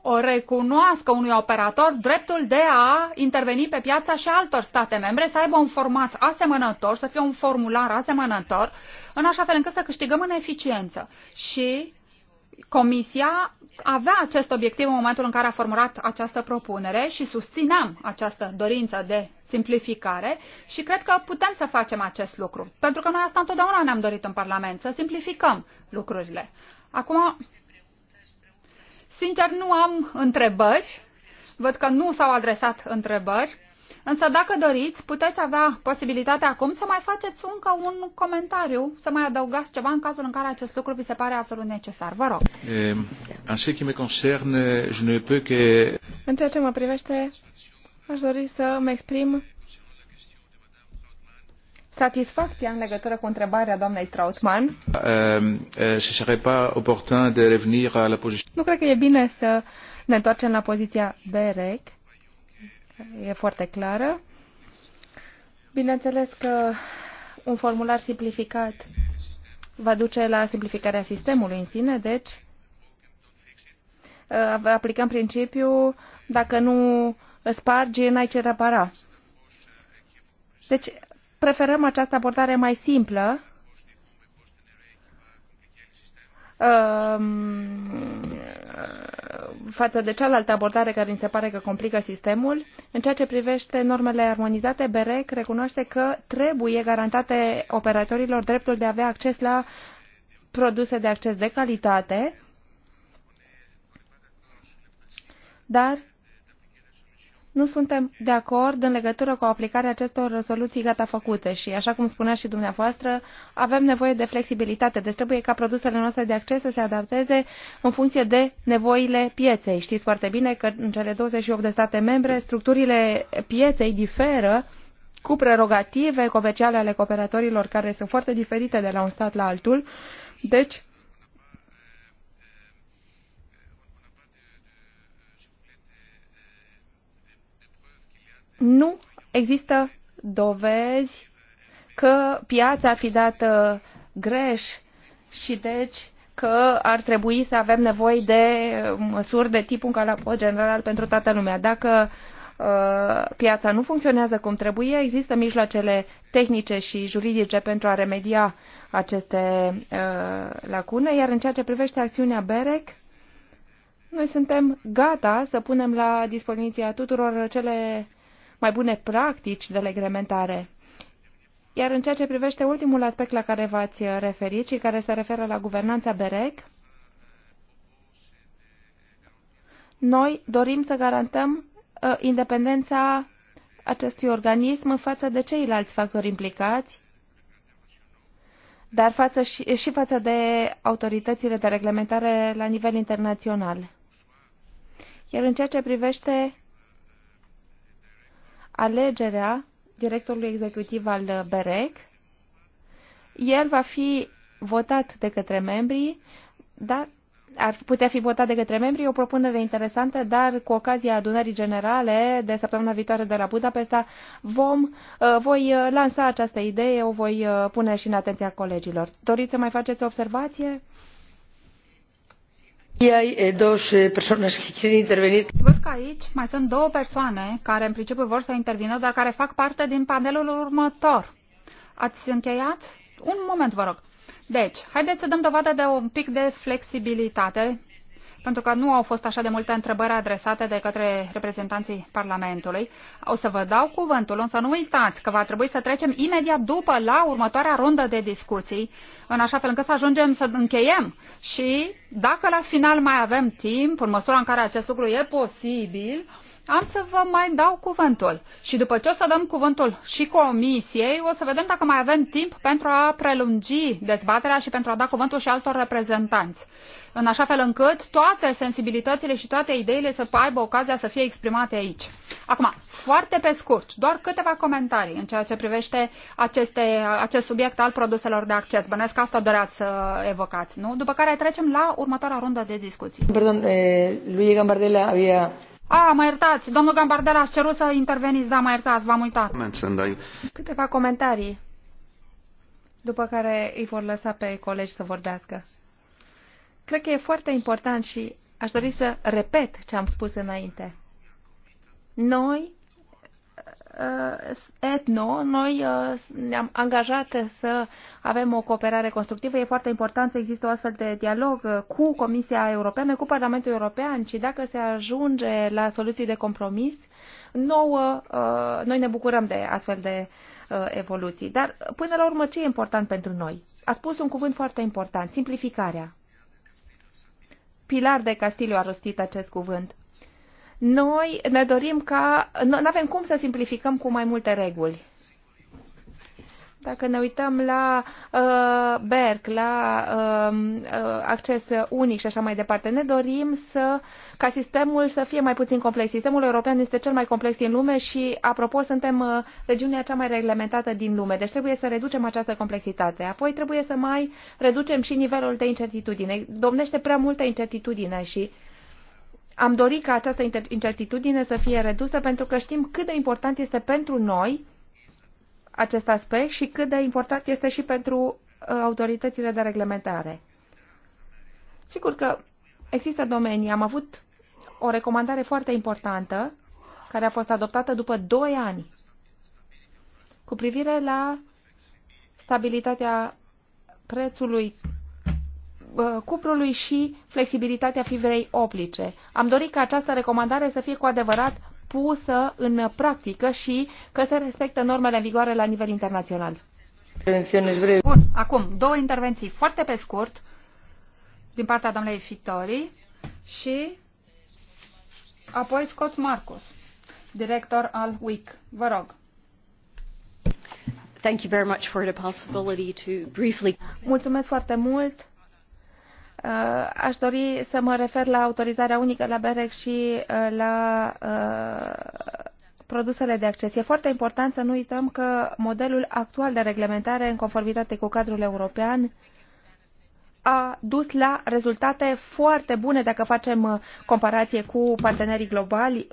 o recunoască unui operator dreptul de a interveni pe piața și altor state membre, să aibă un format asemănător, să fie un formular asemănător, în așa fel încât să câștigăm în eficiență. Și Comisia avea acest obiectiv în momentul în care a formulat această propunere și susțineam această dorință de simplificare și cred că putem să facem acest lucru. Pentru că noi asta întotdeauna ne-am dorit în Parlament, să simplificăm lucrurile. Acum, sincer, nu am întrebări. Văd că nu s-au adresat întrebări. Însă, dacă doriți, puteți avea posibilitatea acum să mai faceți încă un comentariu, să mai adăugați ceva în cazul în care acest lucru vi se pare absolut necesar. Vă rog. Eh, în ceea ce mă privește, Aș dori să îmi exprim satisfacția în legătură cu întrebarea doamnei Trautmann. Um, uh, nu cred că e bine să ne întoarcem la poziția BEREC. E foarte clară. Bineînțeles că un formular simplificat va duce la simplificarea sistemului în sine, deci uh, aplicăm principiul dacă nu spargi, n-ai ce repara. Deci, preferăm această abordare mai simplă, ehm, față de cealaltă abordare care mi se pare că complică sistemul. În ceea ce privește normele armonizate, BEREC recunoaște că trebuie garantate operatorilor dreptul de a avea acces la produse de acces de calitate, dar nu suntem de acord în legătură cu aplicarea acestor soluții gata făcute și, așa cum spunea și dumneavoastră, avem nevoie de flexibilitate. Deci trebuie ca produsele noastre de acces să se adapteze în funcție de nevoile pieței. Știți foarte bine că în cele 28 de state membre structurile pieței diferă cu prerogative comerciale ale cooperatorilor care sunt foarte diferite de la un stat la altul. Deci, nu există dovezi că piața ar fi dată uh, greș și deci că ar trebui să avem nevoie de uh, măsuri de tipul calapod general pentru toată lumea. Dacă uh, piața nu funcționează cum trebuie, există mijloacele tehnice și juridice pentru a remedia aceste uh, lacune, iar în ceea ce privește acțiunea BEREC, noi suntem gata să punem la dispoziția tuturor cele mai bune practici de reglementare. Iar în ceea ce privește ultimul aspect la care v-ați referit și care se referă la guvernanța BEREC, noi dorim să garantăm uh, independența acestui organism în față de ceilalți factori implicați, dar față și, și față de autoritățile de reglementare la nivel internațional. Iar în ceea ce privește alegerea directorului executiv al uh, BEREC. El va fi votat de către membrii, dar ar putea fi votat de către membrii. o propunere interesantă, dar cu ocazia adunării generale de săptămâna viitoare de la Budapesta vom, uh, voi uh, lansa această idee, o voi pune și în atenția colegilor. Doriți să mai faceți o observație? Văd că aici mai sunt două persoane care în principiu vor să intervină, dar care fac parte din panelul următor. Ați încheiat? Un moment, vă rog. Deci, haideți să dăm dovadă de un pic de flexibilitate pentru că nu au fost așa de multe întrebări adresate de către reprezentanții Parlamentului. O să vă dau cuvântul, însă nu uitați că va trebui să trecem imediat după la următoarea rundă de discuții, în așa fel încât să ajungem să încheiem. Și dacă la final mai avem timp, în măsura în care acest lucru e posibil, am să vă mai dau cuvântul și după ce o să dăm cuvântul și comisiei, o să vedem dacă mai avem timp pentru a prelungi dezbaterea și pentru a da cuvântul și altor reprezentanți, în așa fel încât toate sensibilitățile și toate ideile să aibă ocazia să fie exprimate aici. Acum, foarte pe scurt, doar câteva comentarii în ceea ce privește aceste, acest subiect al produselor de acces. Bănesc asta doreați să evocați, nu? După care trecem la următoarea rundă de discuții. Pardon, eh, Luigi Gambardella avea a, mă iertați, domnul Gambardella, ați cerut să interveniți, da, mă iertați, v-am uitat. Câteva comentarii, după care îi vor lăsa pe colegi să vorbească. Cred că e foarte important și aș dori să repet ce am spus înainte. Noi Uh, etno, noi uh, ne-am angajat să avem o cooperare constructivă. E foarte important să există o astfel de dialog uh, cu Comisia Europeană, cu Parlamentul European și dacă se ajunge la soluții de compromis, nouă, noi ne bucurăm de astfel de evoluții. Dar, până la urmă, ce e important pentru noi? A spus un cuvânt foarte important, simplificarea. Pilar de Castillo a rostit acest cuvânt. Noi ne dorim ca... Nu avem cum să simplificăm cu mai multe reguli. Dacă ne uităm la uh, BERC, la um, uh, acces unic și așa mai departe, ne dorim să, ca sistemul să fie mai puțin complex. Sistemul european este cel mai complex din lume și, apropo, suntem uh, regiunea cea mai reglementată din lume. Deci trebuie să reducem această complexitate. Apoi trebuie să mai reducem și nivelul de incertitudine. Domnește prea multă incertitudine și uh, am dorit ca această incertitudine să fie redusă pentru că știm cât de important este pentru noi acest aspect și cât de important este și pentru uh, autoritățile de reglementare. Sigur că există domenii. Am avut o recomandare foarte importantă care a fost adoptată după 2 ani cu privire la stabilitatea prețului Uh, cuprului și flexibilitatea fibrei oplice. Am dorit ca această recomandare să fie cu adevărat pusă în practică și că se respectă normele în vigoare la nivel internațional. Bun, acum două intervenții foarte pe scurt din partea doamnei Fitori și apoi Scott Marcus, director al WIC. Vă rog. Thank you very much for the possibility to briefly... Mulțumesc foarte mult Aș dori să mă refer la autorizarea unică la BEREC și uh, la uh, produsele de acces. E foarte important să nu uităm că modelul actual de reglementare, în conformitate cu cadrul european, a dus la rezultate foarte bune dacă facem uh, comparație cu partenerii globali,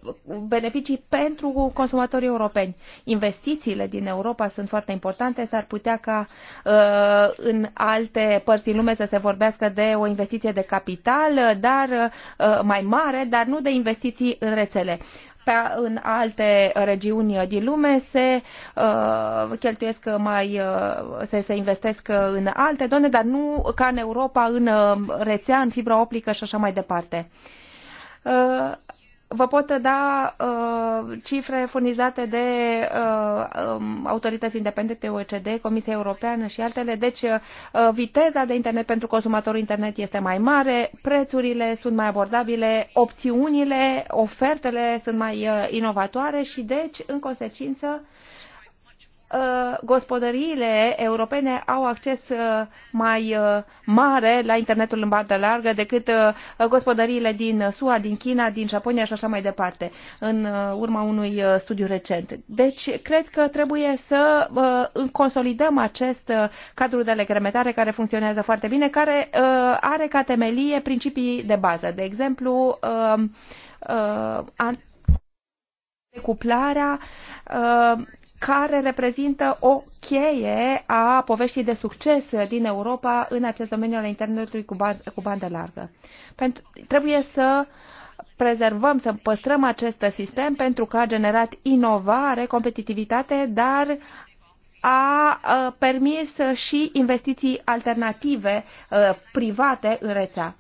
beneficii pentru consumatorii europeni. Investițiile din Europa sunt foarte importante, s-ar putea ca uh, în alte părți din lume să se vorbească de o investiție de capital, uh, dar mai mare, dar nu de investiții în rețele pe, în alte regiuni din lume se uh, cheltuiesc mai, uh, se, se investesc în alte zone, dar nu ca în Europa, în uh, rețea, în fibra optică și așa mai departe. Uh, Vă pot da uh, cifre furnizate de uh, um, autorități independente OECD, Comisia Europeană și altele. Deci, uh, viteza de internet pentru consumatorul internet este mai mare, prețurile sunt mai abordabile, opțiunile, ofertele sunt mai uh, inovatoare și, deci, în consecință, uh, Uh, gospodăriile europene au acces uh, mai uh, mare la internetul în bandă largă decât gospodăriile din SUA, din China, din Japonia și așa mai departe, în urma unui studiu recent. Deci, cred că trebuie să consolidăm acest cadru de reglementare care funcționează foarte bine, care are ca temelie principii de bază. De exemplu, decuplarea uh, care reprezintă o cheie a poveștii de succes din Europa în acest domeniu al internetului cu, baz, cu bandă largă. Pentru, trebuie să prezervăm, să păstrăm acest sistem pentru că a generat inovare, competitivitate, dar a uh, permis și investiții alternative uh, private în rețea.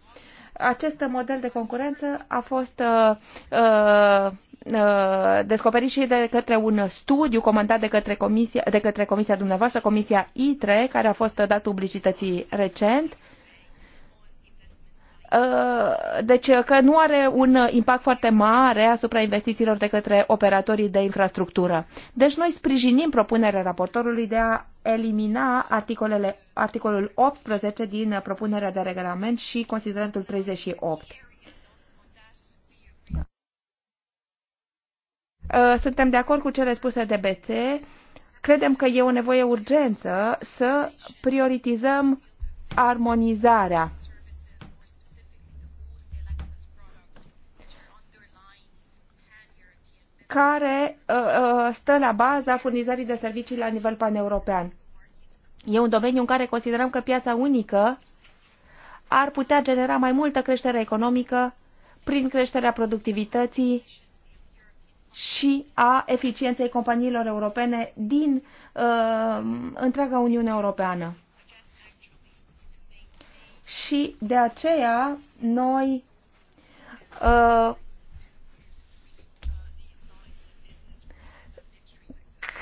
Acest model de concurență a fost uh, uh, uh, descoperit și de către un studiu comandat de către comisia, de către comisia dumneavoastră, comisia ITRE, care a fost dat publicității recent. Uh, Uh, deci uh, că nu are un uh, impact foarte mare asupra investițiilor de către operatorii de infrastructură. Deci noi sprijinim propunerea raportorului de a elimina articolele, articolul 18 din propunerea de regulament și considerentul 38. Suntem de acord cu cele spuse de BT. Credem că e o nevoie urgență să prioritizăm armonizarea care uh, uh, stă la baza furnizării de servicii la nivel paneuropean. E un domeniu în care considerăm că piața unică ar putea genera mai multă creștere economică prin creșterea productivității și a eficienței companiilor europene din uh, întreaga Uniune Europeană. Și de aceea noi uh,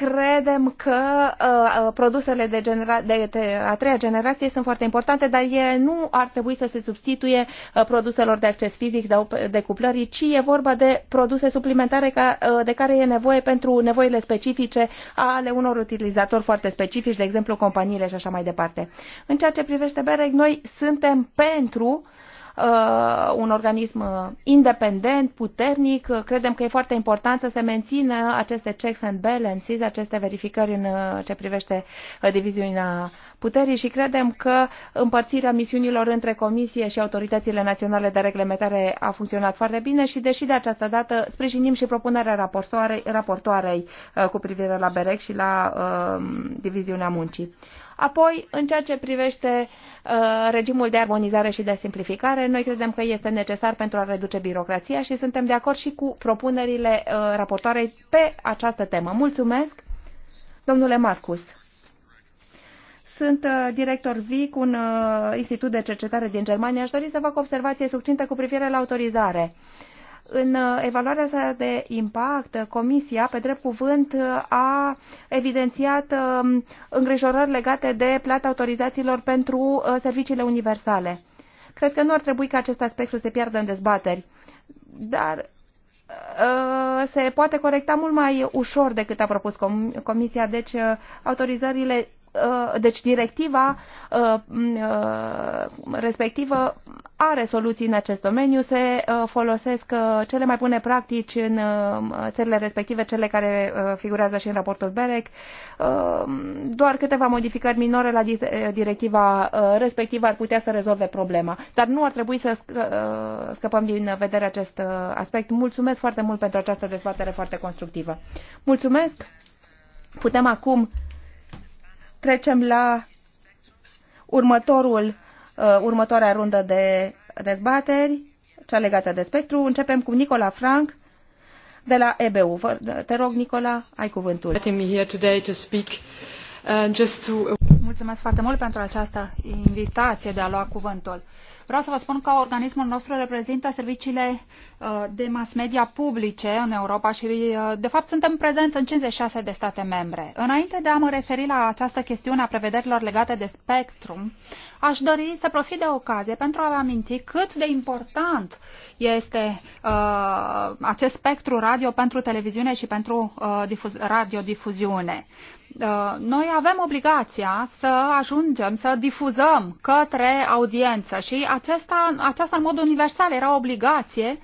credem că uh, uh, produsele de, genera- de, de a treia generație sunt foarte importante, dar ele nu ar trebui să se substituie uh, produselor de acces fizic sau de cuplării, ci e vorba de produse suplimentare ca, uh, de care e nevoie pentru nevoile specifice ale unor utilizatori foarte specifici, de exemplu companiile și așa mai departe. În ceea ce privește BEREC, noi suntem pentru uh, Uh, un organism uh, independent, puternic. Uh, credem că e foarte important să se mențină aceste checks and balances, aceste verificări în ce privește diviziunea puterii și credem că împărțirea misiunilor între Comisie și autoritățile naționale de reglementare a funcționat foarte bine și, deși de această dată sprijinim și propunerea raportoarei, raportoarei cu privire la BEREC și la uh, diviziunea muncii. Apoi, în ceea ce privește uh, regimul de armonizare și de simplificare, noi credem că este necesar pentru a reduce birocrația și suntem de acord și cu propunerile uh, raportoarei pe această temă. Mulțumesc, domnule Marcus. Sunt uh, director VIC, un uh, institut de cercetare din Germania. Aș dori să fac observație succintă cu privire la autorizare. Uh, în uh, evaluarea sa de impact, Comisia, pe drept cuvânt, uh, a evidențiat um, îngrijorări legate de plata autorizațiilor pentru uh, serviciile universale. Cred că nu ar trebui ca acest aspect să se piardă în dezbateri, dar se poate corecta mult mai ușor decât a propus Comisia, deci autorizările Uh, deci directiva uh, uh, respectivă are soluții în acest domeniu, se folosesc cele mai bune practici în țările respective, cele care figurează și în raportul BEREC, doar câteva modificări minore la directiva respectivă ar putea să rezolve problema. Dar nu ar trebui să scăpăm din vedere acest aspect. Mulțumesc foarte mult pentru această dezbatere foarte constructivă. Mulțumesc! Putem acum Trecem la următorul, uh, următoarea rundă de dezbateri, cea legată de spectru. Începem cu Nicola Frank de la EBU. Vă, te rog, Nicola, ai cuvântul. Uh, Mulțumesc foarte mult pentru această invitație de a lua cuvântul. Vreau să vă spun că organismul nostru reprezintă serviciile uh, de mass media publice în Europa și, uh, de fapt, suntem prezenți în 56 de state membre. Înainte de a mă referi la această chestiune a prevederilor legate de spectrum, aș dori să profit de ocazie pentru a vă aminti cât de important este uh, acest spectru radio pentru televiziune și pentru uh, difuz- radiodifuziune. Uh, noi avem obligația să ajungem, să difuzăm către audiență și acesta, aceasta în mod universal era obligație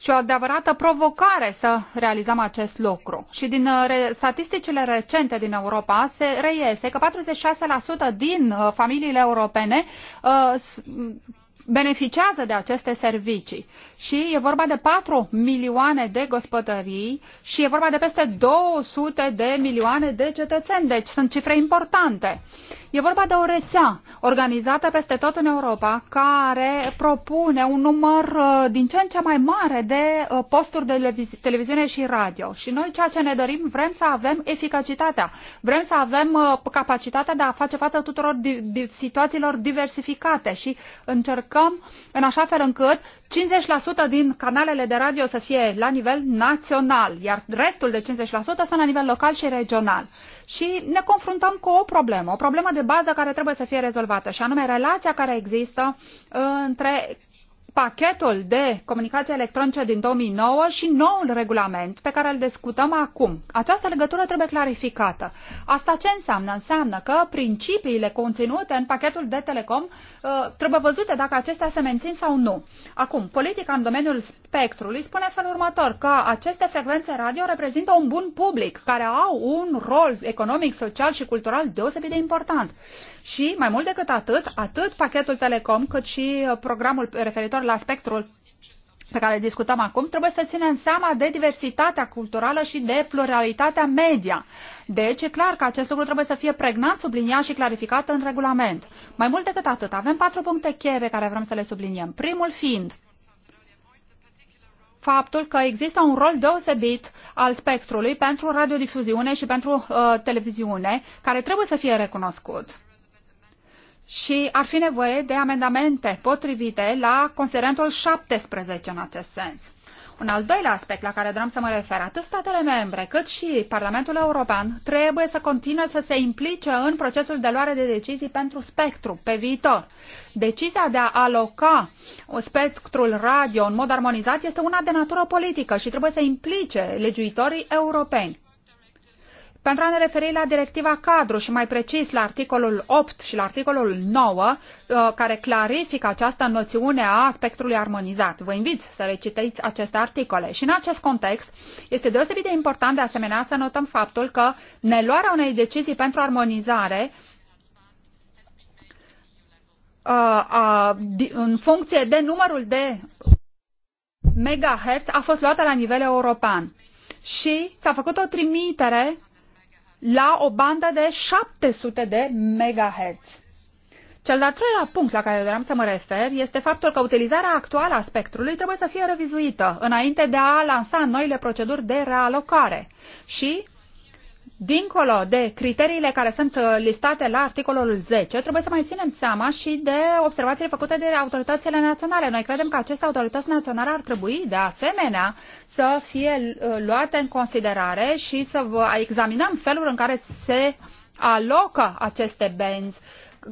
și o adevărată provocare să realizăm acest lucru. Și din uh, statisticile recente din Europa se reiese că 46% din uh, familiile europene beneficiază de aceste servicii. Și e vorba de 4 milioane de gospodării și e vorba de peste 200 de milioane de cetățeni. Deci sunt cifre importante. Uh, E vorba de o rețea organizată peste tot în Europa care propune un număr uh, din ce în ce mai mare de uh, posturi de televiziune și radio. Și noi ceea ce ne dorim vrem să avem eficacitatea, vrem să avem uh, capacitatea de a face față tuturor situațiilor diversificate și încercăm în așa fel încât 50% din canalele de radio să fie la nivel național, iar restul de 50% sunt la nivel local și regional și ne confruntăm cu o problemă, o problemă de bază care trebuie să fie rezolvată, și anume relația care există între pachetul de comunicații electronice din 2009 și noul regulament pe care îl discutăm acum. Această legătură trebuie clarificată. Asta ce înseamnă? Înseamnă că principiile conținute în pachetul de telecom uh, trebuie văzute dacă acestea se mențin sau nu. Acum, politica în domeniul spectrului spune felul următor că aceste frecvențe radio reprezintă un bun public care au un rol economic, social și cultural deosebit de important. Uh, și mai mult decât atât, atât pachetul Telecom cât și uh, programul referitor la spectrul pe care îl discutăm acum, trebuie să ținem seama de diversitatea culturală și de pluralitatea media. Deci, e clar că acest lucru trebuie să fie pregnant subliniat și clarificat în regulament. Mai mult decât atât, avem patru puncte cheie pe care vrem să le subliniem. Primul fiind faptul că există un rol deosebit al spectrului pentru radiodifuziune și pentru uh, televiziune, care trebuie să fie recunoscut și ar fi nevoie de amendamente potrivite la considerentul 17 în acest sens. Un al doilea aspect la care doream să mă refer, atât statele membre cât și Parlamentul European trebuie să continue să se implice în procesul de luare de decizii pentru spectru pe viitor. Decizia de a aloca spectrul radio în mod armonizat este una de natură politică și trebuie să implice legiuitorii europeni pentru a ne referi la directiva cadru și mai precis la articolul 8 și la articolul 9, uh, care clarifică această noțiune a spectrului armonizat. Vă invit să recitiți aceste articole. Și în acest context, este deosebit de important de asemenea să notăm faptul că neluarea unei decizii pentru armonizare uh, în funcție de numărul de megahertz a fost luată la nivel european și s-a făcut o trimitere la o bandă de 700 de megahertz. Cel de-al treilea punct la care doream să mă refer este faptul că utilizarea actuală a spectrului trebuie să fie revizuită înainte de a lansa noile proceduri de realocare și dincolo de criteriile care sunt uh, listate la articolul 10, trebuie să mai ținem seama și de observațiile făcute de autoritățile naționale. Noi credem că aceste autorități naționale ar trebui, de asemenea, să fie uh, luate în considerare și să vă examinăm felul în care se alocă aceste benzi,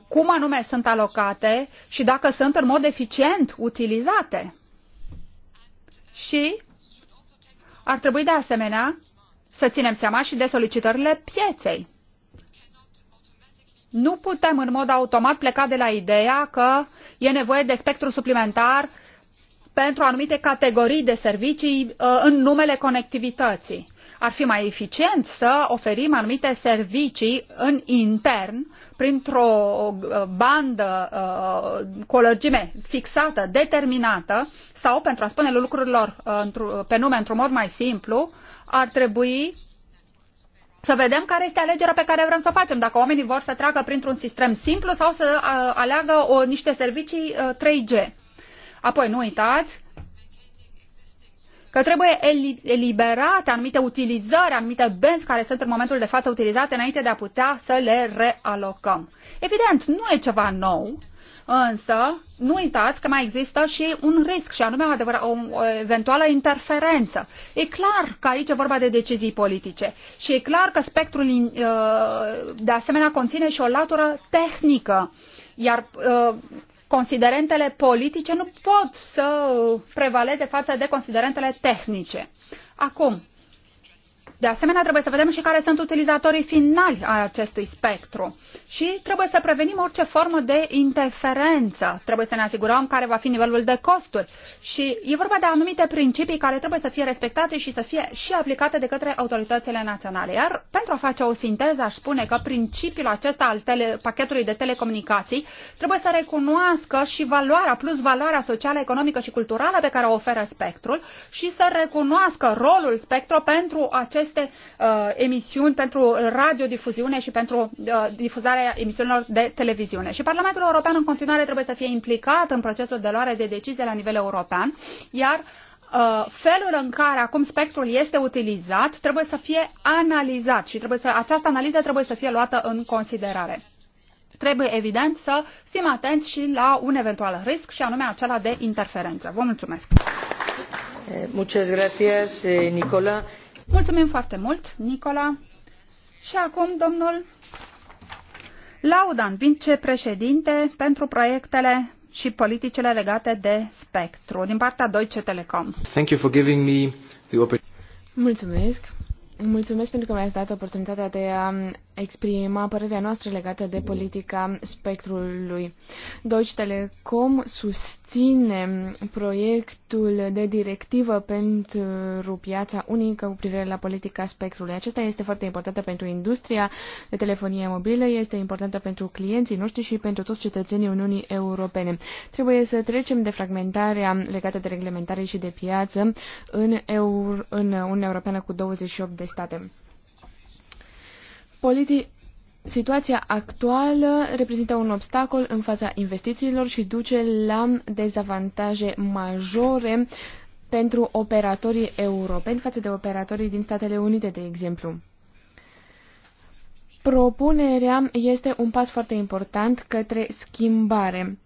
cum anume sunt alocate și dacă sunt în mod eficient utilizate. Și ar trebui, de asemenea, să ținem seama și de solicitările pieței. Nu putem în mod automat pleca de la ideea că e nevoie de spectru suplimentar pentru anumite categorii de servicii uh, în numele conectivității ar fi mai eficient să oferim anumite servicii în intern printr-o uh, bandă uh, cu o lărgime fixată, determinată sau, pentru a spune lucrurilor uh, pe nume într-un mod mai simplu, ar trebui să vedem care este alegerea pe care vrem să o facem, dacă oamenii vor să treacă printr-un sistem simplu sau să aleagă o, niște servicii 3G. Apoi, nu uitați că trebuie eliberate anumite utilizări, anumite benzi care sunt în momentul de față utilizate înainte de a putea să le realocăm. Evident, nu e ceva nou, însă nu uitați că mai există și un risc și anume adevărat, o, o eventuală interferență. E clar că aici e vorba de decizii politice și e clar că spectrul uh, de asemenea conține și o latură tehnică. Iar uh, considerentele politice nu pot să prevaleze față de considerentele tehnice. Acum, de asemenea, trebuie să vedem și care sunt utilizatorii finali ai acestui spectru și trebuie să prevenim orice formă de interferență. Trebuie să ne asigurăm care va fi nivelul de costuri și e vorba de anumite principii care trebuie să fie respectate și să fie și aplicate de către autoritățile naționale. Iar pentru a face o sinteză, aș spune că principiul acesta al tele, pachetului de telecomunicații trebuie să recunoască și valoarea plus valoarea socială, economică și culturală pe care o oferă spectrul și să recunoască rolul spectru pentru acest aceste uh, emisiuni pentru radiodifuziune și pentru uh, difuzarea emisiunilor de televiziune. Și Parlamentul European în continuare trebuie să fie implicat în procesul de luare de decizii la nivel european, iar Uh, felul în care acum spectrul este utilizat trebuie să fie analizat și trebuie să, această analiză trebuie să fie luată în considerare. Trebuie, evident, să fim atenți și la un eventual risc, și anume acela de interferență. Vă mulțumesc! Eh, muchas gracias, eh, Nicola. Mulțumim foarte mult, Nicola. Și acum, domnul Laudan, vicepreședinte pentru proiectele și politicile legate de spectru, din partea Deutsche Telekom. Thank you for giving me the Mulțumesc. Mulțumesc pentru că mi-ați dat oportunitatea de a exprima părerea noastră legată de politica spectrului. Deutsche Telekom susține proiectul de directivă pentru piața unică cu privire la politica spectrului. Acesta este foarte importantă pentru industria de telefonie mobilă, este importantă pentru clienții noștri și pentru toți cetățenii Uniunii Europene. Trebuie să trecem de fragmentarea legată de reglementare și de piață în, Euro- în Uniunea Europeană cu 28 de state. Politi situația actuală reprezintă un obstacol în fața investițiilor și duce la dezavantaje majore pentru operatorii europeni față de operatorii din Statele Unite, de exemplu. Propunerea este un pas foarte important către schimbare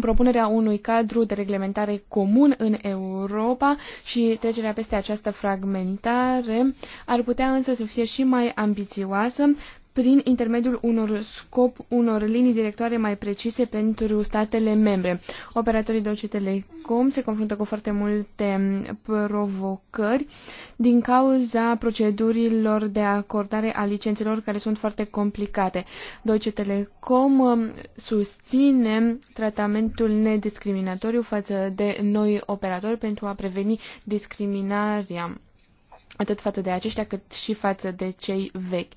propunerea unui cadru de reglementare comun în Europa și trecerea peste această fragmentare ar putea însă să fie și mai ambițioasă prin intermediul unor scop, unor linii directoare mai precise pentru statele membre. Operatorii de Telecom se confruntă cu foarte multe provocări din cauza procedurilor de acordare a licențelor care sunt foarte complicate. Deutsche Telecom um, susține tratamentul nediscriminatoriu față de noi operatori pentru a preveni discriminarea atât față de aceștia cât și față de cei vechi.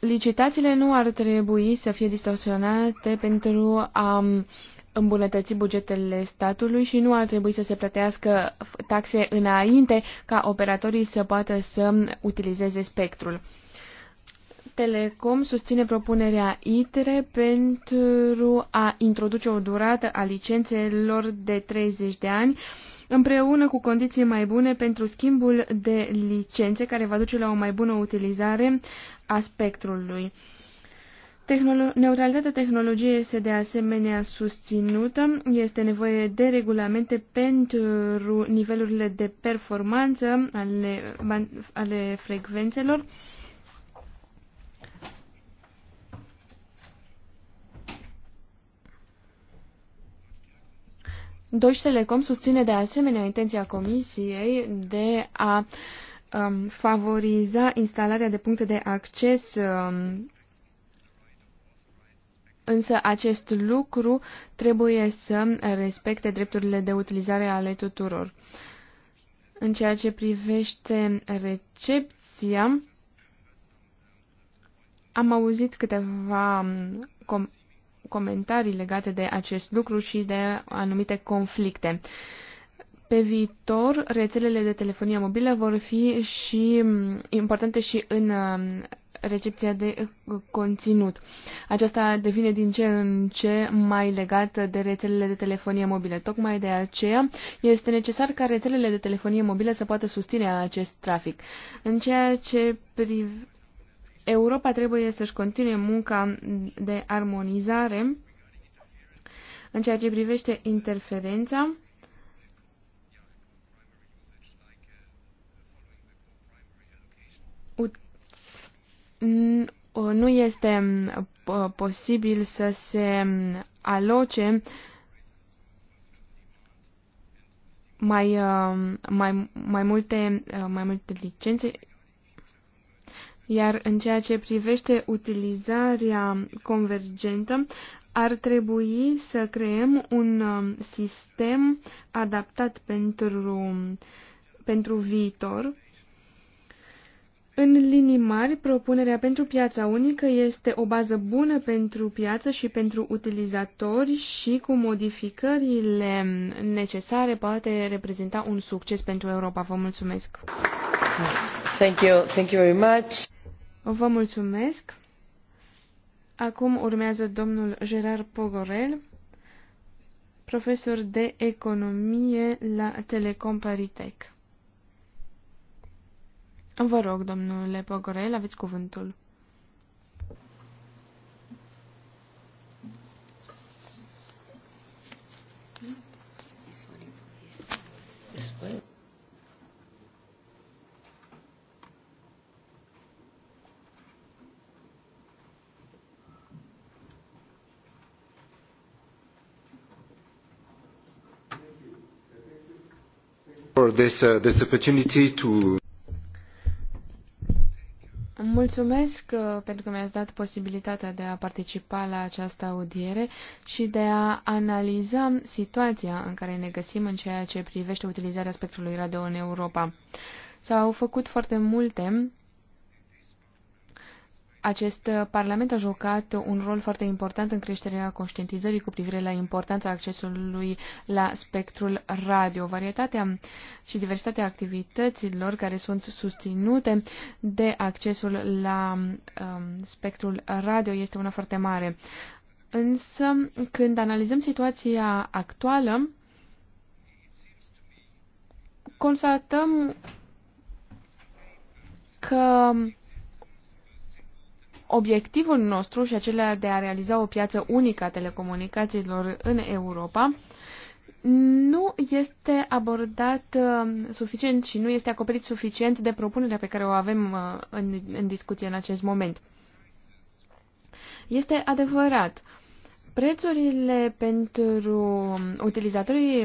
Licitațiile nu ar trebui să fie distorsionate pentru a îmbunătăți bugetele statului și nu ar trebui să se plătească taxe înainte ca operatorii să poată să utilizeze spectrul. Telecom susține propunerea ITRE pentru a introduce o durată a licențelor de 30 de ani împreună cu condiții mai bune pentru schimbul de licențe care va duce la o mai bună utilizare a spectrului. Tehnolo neutralitatea tehnologiei este de asemenea susținută. Este nevoie de regulamente pentru nivelurile de performanță ale, ale frecvențelor. Deutsche Telekom susține de asemenea intenția Comisiei de a uh, um, favoriza instalarea de puncte de acces, um, însă acest lucru trebuie să respecte drepturile de utilizare ale tuturor. În ceea ce privește recepția, am auzit câteva um, com comentarii legate de acest lucru și de anumite conflicte. Uh, pe viitor, rețelele de telefonie mobilă vor fi și mm, importante și în mm, recepția de uh, conținut. Aceasta devine din ce în ce mai legată de rețelele de telefonie mobilă. Tocmai de aceea este necesar ca rețelele de telefonie mobilă să poată susține acest trafic. În ceea ce priv... Europa trebuie să-și continue munca de armonizare în ceea ce privește interferența Uh, nu este uh, posibil să se um, aloce mai, um, mai, mai, multe, uh, mai multe licențe, iar în ceea ce privește utilizarea convergentă, ar trebui să creăm un um, sistem adaptat pentru, pentru viitor în linii mari, propunerea pentru piața unică este o bază bună pentru piață și pentru utilizatori și cu modificările necesare poate reprezenta un succes pentru Europa. Vă mulțumesc! Thank you. Thank you very much. Vă mulțumesc! Acum urmează domnul Gerard Pogorel, profesor de economie la Telecom Paritech. Vă rog, domnule Pogorel, aveți cuvântul. for this, uh, this opportunity to Mulțumesc uh, pentru că mi-ați dat posibilitatea de a participa la această audiere și de a analiza situația în care ne găsim în ceea ce privește utilizarea spectrului radio în Europa. S-au făcut foarte multe acest parlament a jucat un rol foarte important în creșterea conștientizării cu privire la importanța accesului la spectrul radio. Varietatea și diversitatea activităților care sunt susținute de accesul la um, spectrul radio este una foarte mare. Însă, când analizăm situația actuală, constatăm că Obiectivul nostru și acela de a realiza o piață unică a telecomunicațiilor în Europa nu este abordat uh, suficient și nu este acoperit suficient de propunerea pe care o avem uh, în, în discuție în acest moment. Este adevărat, prețurile pentru utilizatorii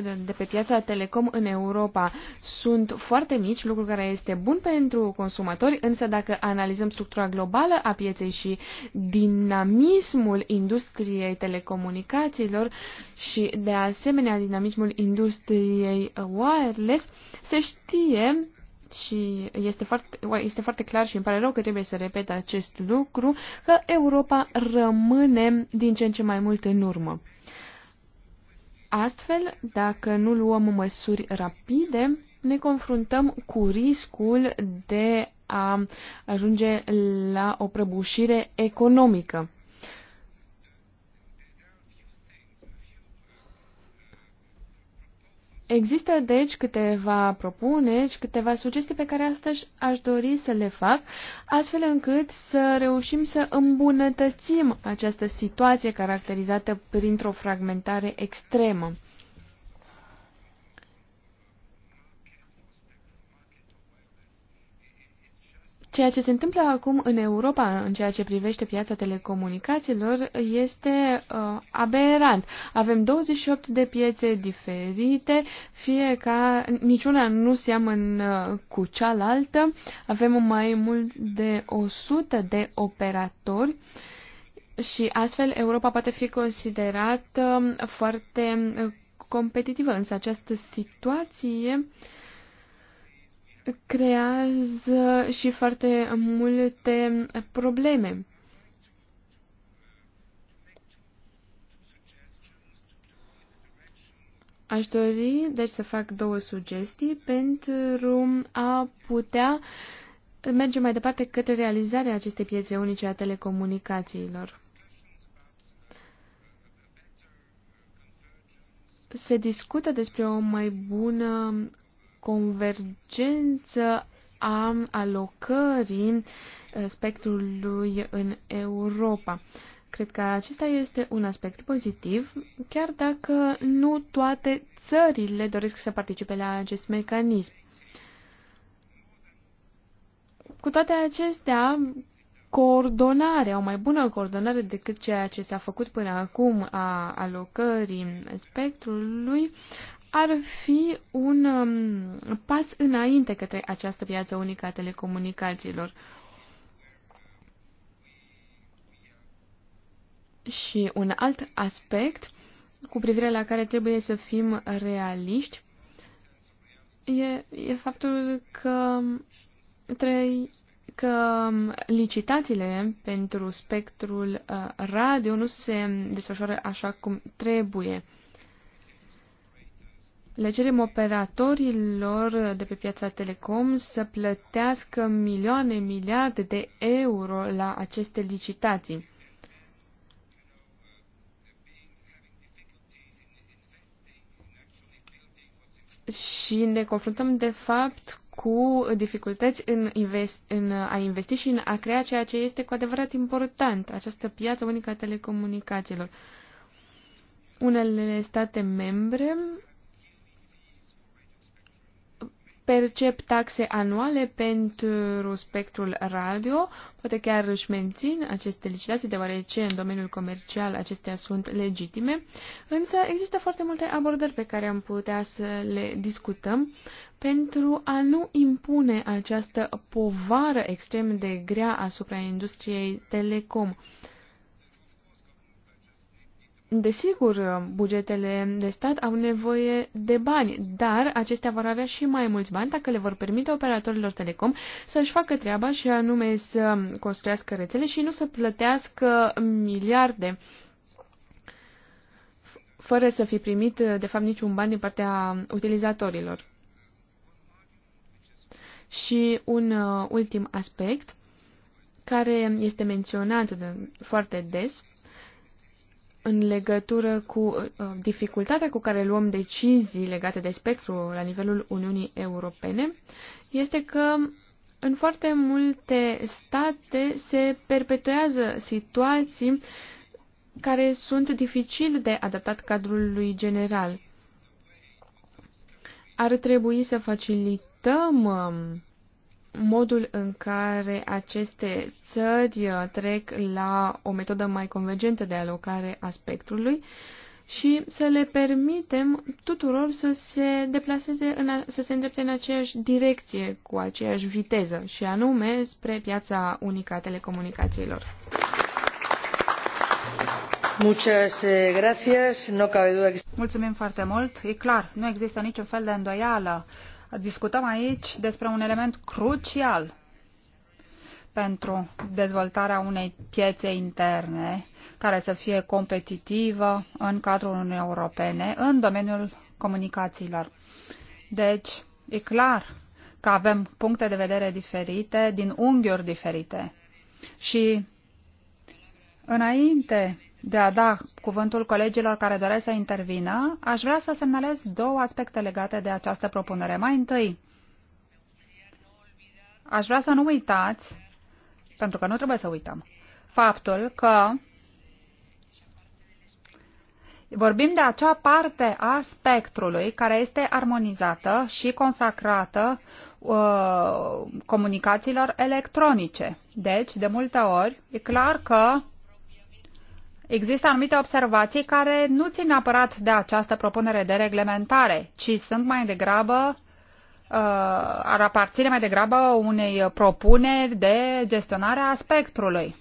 de pe piața Telecom în Europa sunt foarte mici, lucru care este bun pentru consumatori, însă dacă analizăm structura globală a pieței și dinamismul industriei telecomunicațiilor și de asemenea dinamismul industriei wireless, se știe și este foarte, este foarte clar și îmi pare rău că trebuie să repet acest lucru, că Europa rămâne din ce în ce mai mult în urmă. Astfel, dacă nu luăm măsuri rapide, ne confruntăm cu riscul de a ajunge la o prăbușire economică. Există, deci, câteva propuneri, câteva sugestii pe care astăzi aș dori să le fac, astfel încât să reușim să îmbunătățim această situație caracterizată printr-o fragmentare extremă. Ceea ce se întâmplă acum în Europa în ceea ce privește piața telecomunicațiilor este uh, aberant. Avem 28 de piețe diferite, fie ca niciuna nu seamănă cu cealaltă. Avem mai mult de 100 de operatori și astfel Europa poate fi considerată um, foarte uh, competitivă, însă această situație uh, creează și foarte multe probleme. Aș dori, deci, să fac două sugestii pentru a putea merge mai departe către realizarea acestei piețe unice a telecomunicațiilor. Se discută despre o mai bună convergență a alocării uh, spectrului în Europa. Cred că acesta este un aspect pozitiv, chiar dacă nu toate țările doresc să participe la acest mecanism. Cu toate acestea, coordonarea o mai bună coordonare decât ceea ce s-a făcut până acum a alocării spectrului, ar fi un um, pas înainte către această piață unică a telecomunicațiilor. Și un alt aspect cu privire la care trebuie să fim realiști e, e faptul că, trei, că um, licitațiile pentru spectrul uh, radio nu se desfășoară așa cum trebuie. Le cerem operatorilor de pe piața Telecom să plătească milioane, miliarde de euro la aceste licitații. Și ne confruntăm, de fapt, cu dificultăți în, invest, în a investi și în a crea ceea ce este cu adevărat important, această piață unică a telecomunicațiilor. Unele state membre percep taxe anuale pentru spectrul radio, poate chiar își mențin aceste licitații, deoarece în domeniul comercial acestea sunt legitime, însă există foarte multe abordări pe care am putea să le discutăm pentru a nu impune această povară extrem de grea asupra industriei telecom. Desigur, bugetele de stat au nevoie de bani, dar acestea vor avea și mai mulți bani dacă le vor permite operatorilor telecom să-și facă treaba și anume să construiască rețele și nu să plătească miliarde fără să fi primit, de fapt, niciun ban din partea utilizatorilor. Și un uh, ultim aspect care este menționat de, foarte des în legătură cu uh, dificultatea cu care luăm decizii legate de spectru la nivelul Uniunii Europene este că în foarte multe state se perpetuează situații care sunt dificil de adaptat cadrului general. Ar trebui să facilităm um, modul în care aceste țări uh, trec la o metodă mai convergentă de alocare a spectrului și să le permitem tuturor să se deplaseze, în a, să se îndrepte în aceeași direcție, cu aceeași viteză, și anume spre piața unică a telecomunicațiilor. Eh, Mulțumim foarte mult. E clar, nu există niciun fel de îndoială discutăm aici despre un element crucial pentru dezvoltarea unei piețe interne care să fie competitivă în cadrul Uniunii Europene în domeniul comunicațiilor. Deci, e clar că avem puncte de vedere diferite, din unghiuri diferite. Și înainte de a da cuvântul colegilor care doresc să intervină, aș vrea să semnalez două aspecte legate de această propunere. Mai întâi, aș vrea să nu uitați, pentru că nu trebuie să uităm, faptul că vorbim de acea parte a spectrului care este armonizată și consacrată uh, comunicațiilor electronice. Deci, de multe ori, e clar că Există anumite observații care nu țin neapărat de această propunere de reglementare, ci sunt mai degrabă uh, ar aparține mai degrabă unei propuneri de gestionare a spectrului.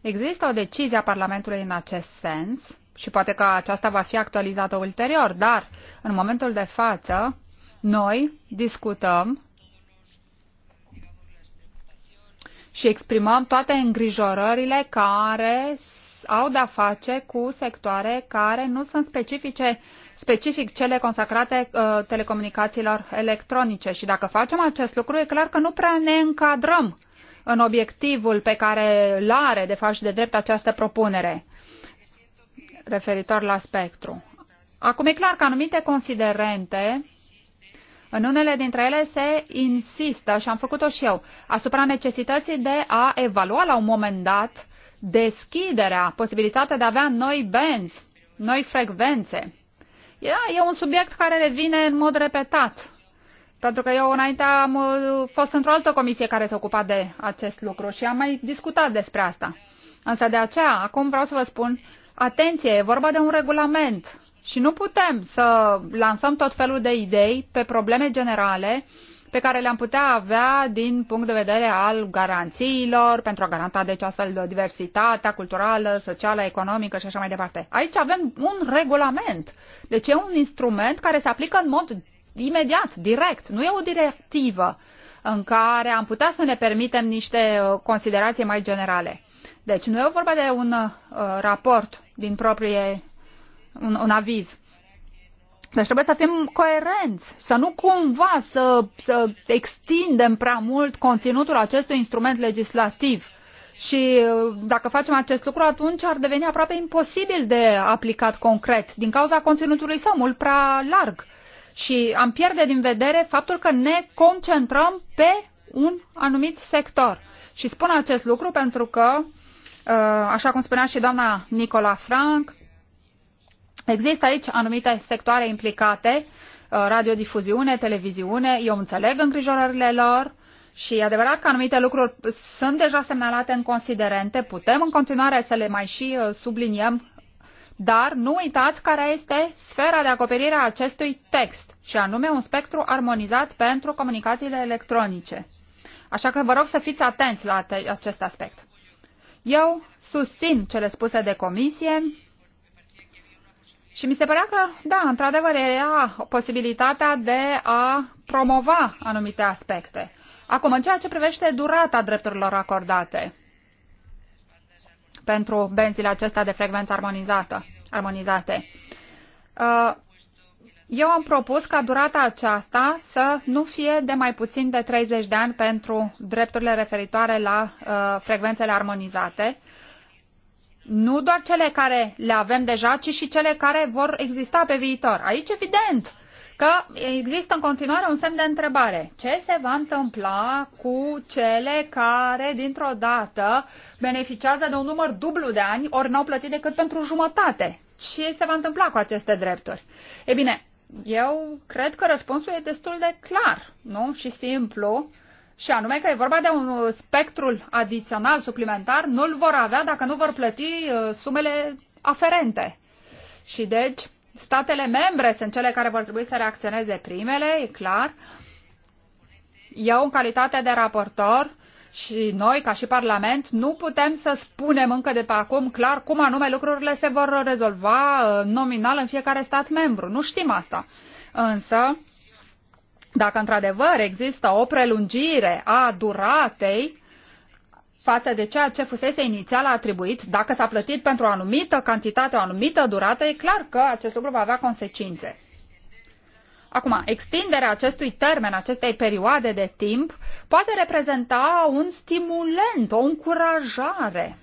Există o decizie a Parlamentului în acest sens și poate că aceasta va fi actualizată ulterior, dar în momentul de față noi discutăm și exprimăm toate îngrijorările care au de-a face cu sectoare care nu sunt specifice, specific cele consacrate uh, telecomunicațiilor electronice. Și dacă facem acest lucru, e clar că nu prea ne încadrăm în obiectivul pe care îl are, de fapt, și de drept această propunere referitor la spectru. Acum e clar că anumite considerente în unele dintre ele se insistă, și am făcut-o și eu, asupra necesității de a evalua la un moment dat deschiderea, posibilitatea de a avea noi benzi, noi frecvențe. Da, e un subiect care revine în mod repetat. Pentru că eu înainte am uh, fost într-o altă comisie care s-a ocupat de acest lucru și am mai discutat despre asta. Însă de aceea, acum vreau să vă spun, atenție, e vorba de un regulament și nu putem să lansăm tot felul de idei pe probleme generale uh, pe care le-am putea avea din punct de vedere al garanțiilor, pentru a garanta deci astfel de diversitatea culturală, socială, economică și așa mai departe. Aici avem un regulament, deci e un instrument care se aplică în mod imediat, direct, nu e o directivă în care am putea să ne permitem niște uh, considerații mai generale. Deci nu e vorba de un uh, raport din proprie, un, un aviz. Deci trebuie să fim coerenți, să nu cumva să, să extindem prea mult conținutul acestui instrument legislativ. Și uh, dacă facem acest lucru, atunci ar deveni aproape imposibil de aplicat concret, din cauza conținutului său mult prea larg. Și am pierde din vedere faptul că ne concentrăm pe un anumit sector. Și spun acest lucru pentru că, uh, așa cum spunea și doamna Nicola Frank, Există aici anumite sectoare implicate, uh, radiodifuziune, televiziune, eu înțeleg îngrijorările lor și e adevărat că anumite lucruri sunt deja semnalate în considerente, putem în continuare să le mai și uh, subliniem, dar nu uitați care este sfera de acoperire a acestui text, și anume un spectru armonizat pentru comunicațiile electronice. Așa că vă rog să fiți atenți la acest aspect. Eu susțin cele spuse de comisie, și mi se părea că, da, într-adevăr, era posibilitatea de a promova anumite aspecte. Acum, în ceea ce privește durata drepturilor acordate pentru benzile acestea de frecvență armonizată, armonizate, uh, eu am propus ca durata aceasta să nu fie de mai puțin de 30 de ani pentru drepturile referitoare la uh, frecvențele armonizate, nu doar cele care le avem deja, ci și cele care vor exista pe viitor. Aici, evident, că există în continuare un semn de întrebare. Ce se va întâmpla cu cele care, dintr-o dată, beneficiază de un număr dublu de ani, ori n-au plătit decât pentru jumătate? Ce se va întâmpla cu aceste drepturi? E bine, eu cred că răspunsul e destul de clar, nu? Și simplu și anume că e vorba de un spectrul adițional, suplimentar, nu-l vor avea dacă nu vor plăti uh, sumele aferente. Și deci, statele membre sunt cele care vor trebui să reacționeze primele, e clar. Eu, în calitate de raportor, și noi, ca și Parlament, nu putem să spunem încă de pe acum clar cum anume lucrurile se vor rezolva uh, nominal în fiecare stat membru. Nu știm asta. Însă, dacă într-adevăr există o prelungire a duratei față de ceea ce fusese inițial atribuit, dacă s-a plătit pentru o anumită cantitate, o anumită durată, e clar că acest lucru va avea consecințe. Acum, extinderea acestui termen, acestei perioade de timp, poate reprezenta un stimulent, o încurajare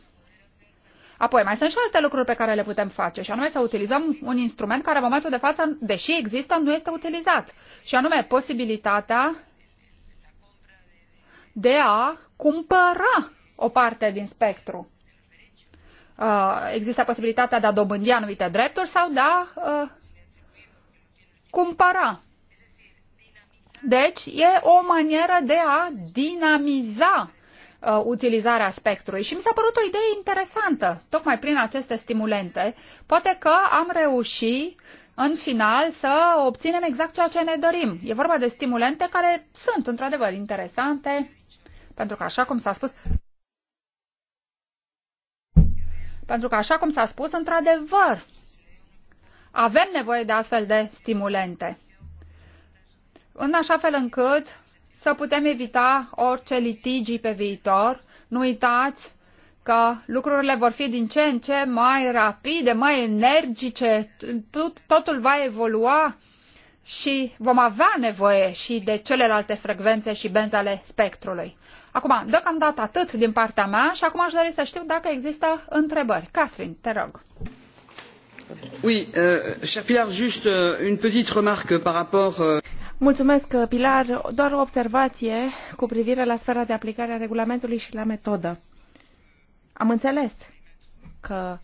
Apoi, mai sunt și alte lucruri pe care le putem face, și anume să utilizăm un instrument care în momentul de față, deși există, nu este utilizat. Și anume, posibilitatea de a cumpăra o parte din spectru. Uh, există posibilitatea de a dobândi anumite drepturi sau de a uh, cumpăra. Deci, e o manieră de a dinamiza uh, utilizarea spectrului. Și mi s-a părut o idee interesantă, tocmai prin aceste stimulente. Poate că am reușit în final să obținem exact ceea ce ne dorim. E vorba de stimulente care sunt într-adevăr interesante, pentru că așa cum s-a spus, pentru că așa cum s-a spus, într-adevăr, avem nevoie de astfel de stimulente. În așa fel încât să putem evita orice litigii pe viitor. Nu uitați că lucrurile vor fi din ce în ce mai rapide, mai energice, tot, totul va evolua și vom avea nevoie și de celelalte frecvențe și benzi ale spectrului. Acum, deocamdată atât din partea mea și acum aș dori să știu dacă există întrebări. Catherine, te rog. Oui, euh, cher juste euh, une petite remarque par rapport. Euh... Mulțumesc, Pilar. Doar o observație cu privire la sfera de aplicare a regulamentului și la metodă. Am înțeles că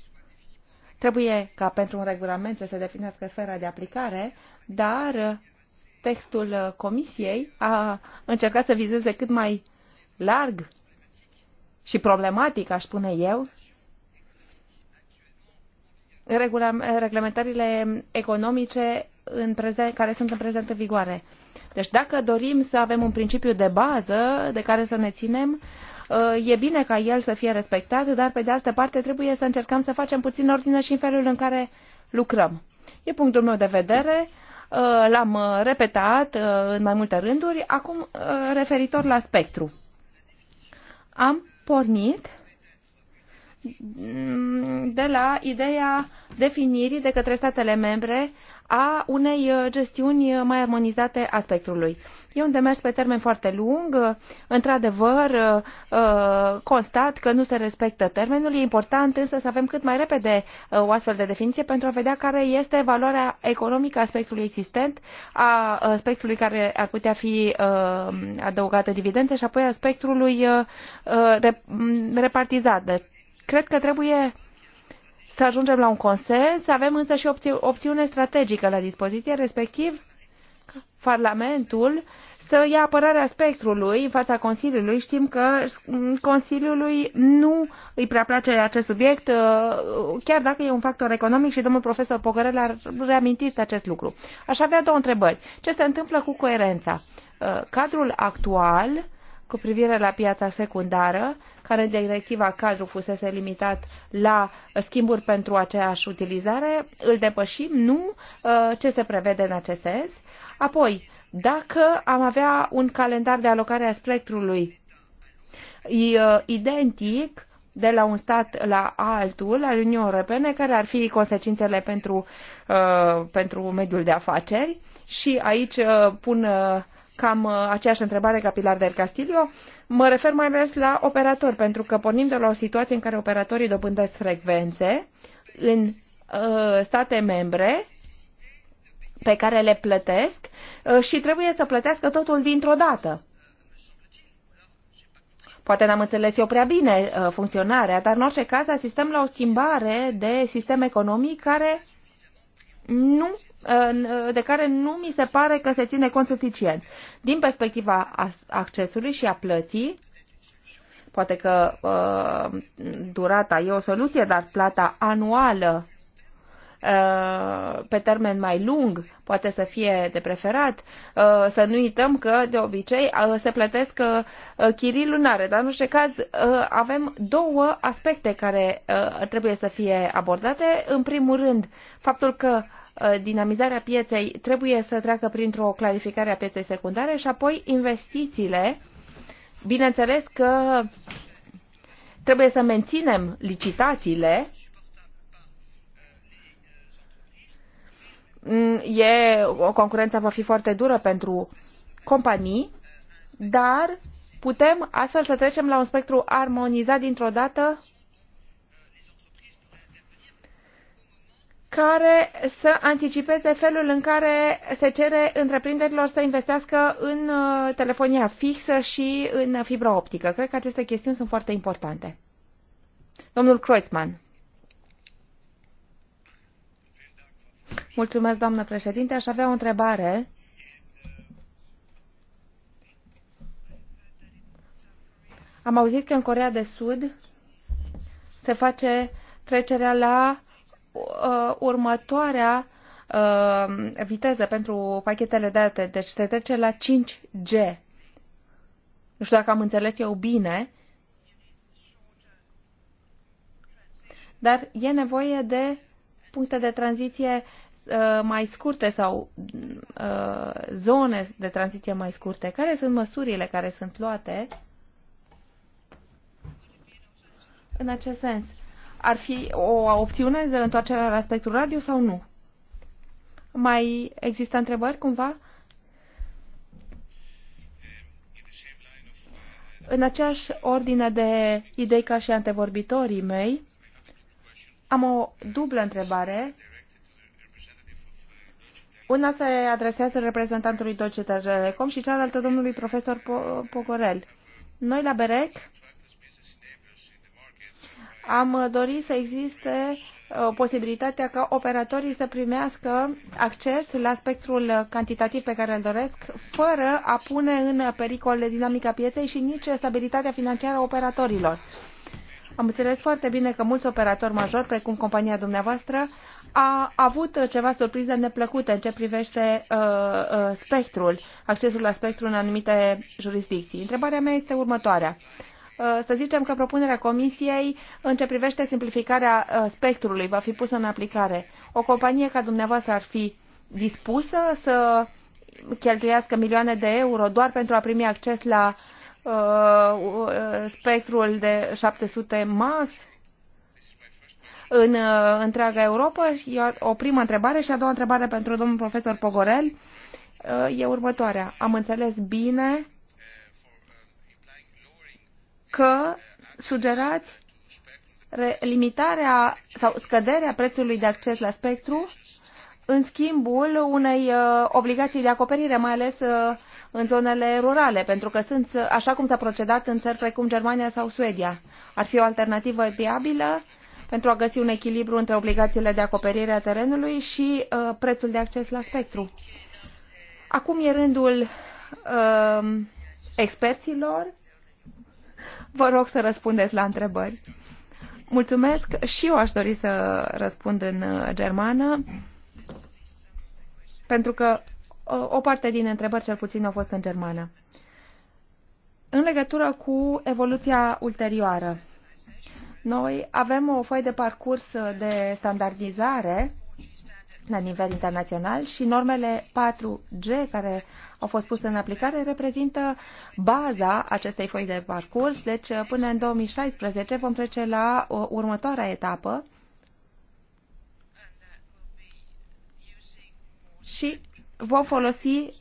trebuie ca pentru un regulament să se definească sfera de aplicare, dar textul comisiei a încercat să vizeze cât mai larg și problematic, aș spune eu, reglementările economice în prezent, care sunt în prezent în vigoare. Deci dacă dorim să avem un principiu de bază de care să ne ținem, uh, e bine ca el să fie respectat, dar pe de altă parte trebuie să încercăm să facem puțin ordine și în felul în care lucrăm. E punctul meu de vedere, uh, l-am uh, repetat în mai multe rânduri, acum referitor la spectru. Am pornit mm, de la ideea definirii de către statele membre a unei uh, gestiuni uh, mai armonizate a spectrului. E un demers pe termen foarte lung. Într-adevăr, uh, constat că nu se respectă termenul. E important însă să avem cât mai repede o astfel de definiție pentru a vedea care este valoarea economică a spectrului existent, a spectrului care ar putea fi adăugată dividende și apoi a spectrului mm, repartizat. Cred că trebuie să ajungem la un consens, avem însă și opți- opțiune strategică la dispoziție, respectiv Parlamentul să ia apărarea spectrului în fața Consiliului. Știm că Consiliului nu îi prea place acest subiect, uh, chiar dacă e un factor economic și domnul profesor Pogărel a reamintit acest lucru. Aș avea două întrebări. Ce se întâmplă cu coerența? Uh, cadrul actual cu privire la piața secundară, care în directiva cadru fusese limitat la schimburi pentru aceeași utilizare, îl depășim? Nu. Uh, ce se prevede în acest sens? Apoi, dacă am avea un calendar de alocare a spectrului uh, identic de la un stat la altul al Uniunii Europene, care ar fi consecințele pentru, uh, pentru mediul de afaceri. Și aici pun cam uh, aceeași întrebare ca Pilar del Castillo. Mă refer mai ales la operatori, pentru că pornim de la o situație în care operatorii dobândesc frecvențe în uh, state membre pe care le plătesc uh, și trebuie să plătească totul dintr-o dată. Poate n-am înțeles eu prea bine uh, funcționarea, dar în orice caz asistăm la o schimbare de sistem economic care nu de care nu mi se pare că se ține cont suficient. Din perspectiva accesului și a plății, poate că uh, durata e o soluție, dar plata anuală uh, pe termen mai lung poate să fie de preferat. Uh, să nu uităm că de obicei se plătesc chirii lunare, dar în orice caz avem două aspecte care trebuie să fie abordate. În primul rând, faptul că Uh, dinamizarea pieței trebuie să treacă printr-o clarificare a pieței secundare și apoi investițiile. Bineînțeles că trebuie să menținem licitațiile. Mm, e, o concurență va fi foarte dură pentru companii, dar putem astfel să trecem la un spectru armonizat dintr-o dată care să anticipeze felul în care se cere întreprinderilor să investească în uh, telefonia fixă și în fibra optică. Cred că aceste chestiuni sunt foarte importante. Domnul Kreutzmann. Mulțumesc, doamnă președinte. Aș avea o întrebare. Am auzit că în Corea de Sud se face trecerea la uh, următoarea uh, viteză pentru pachetele date. Deci se trece la 5G. Nu știu dacă am înțeles eu bine, dar e nevoie de puncte de tranziție uh, mai scurte sau uh, zone de tranziție mai scurte. Care sunt măsurile care sunt luate în acest sens? ar fi o opțiune de întoarcere la spectrul radio sau nu? Mai există întrebări cumva? În aceeași ordine de idei ca și antevorbitorii mei, am o dublă întrebare. Una se adresează reprezentantului Deutsche Telekom și cealaltă domnului profesor Pogorel. Noi la BEREC am uh, dorit să existe uh, posibilitatea ca operatorii să primească acces la spectrul uh, cantitativ pe care îl doresc, fără a pune în pericol dinamica pieței și nici stabilitatea financiară a operatorilor. Am înțeles foarte bine că mulți operatori majori, precum compania dumneavoastră, a avut ceva surprize neplăcute în ce privește uh, uh, spectrul, accesul la spectrul în anumite jurisdicții. Întrebarea mea este următoarea. Uh, să zicem că propunerea Comisiei în ce privește simplificarea uh, spectrului va fi pusă în aplicare. O companie ca dumneavoastră ar fi dispusă să cheltuiască milioane de euro doar pentru a primi acces la uh, uh spectrul de 700 max în uh, întreaga Europa? o primă întrebare și a doua întrebare pentru domnul profesor Pogorel uh, e următoarea. Am înțeles bine că sugerați limitarea sau scăderea prețului de acces la spectru în schimbul unei uh, obligații de acoperire, mai ales uh, în zonele rurale, pentru că sunt, uh, așa cum s-a procedat în țări precum Germania sau Suedia, ar fi o alternativă viabilă pentru a găsi un echilibru între obligațiile de acoperire a terenului și uh, prețul de acces la spectru. Acum e rândul uh, experților Vă rog să răspundeți la întrebări. Mulțumesc. Și eu aș dori să răspund în uh, germană, pentru că uh, o parte din întrebări, cel puțin, au fost în germană. În legătură cu evoluția ulterioară, noi avem o foaie de parcurs uh, de standardizare la nivel internațional și normele 4G care au fost puse în aplicare reprezintă baza acestei foi de parcurs, deci uh, până în 2016 vom trece la uh, următoarea etapă și vom folosi uh,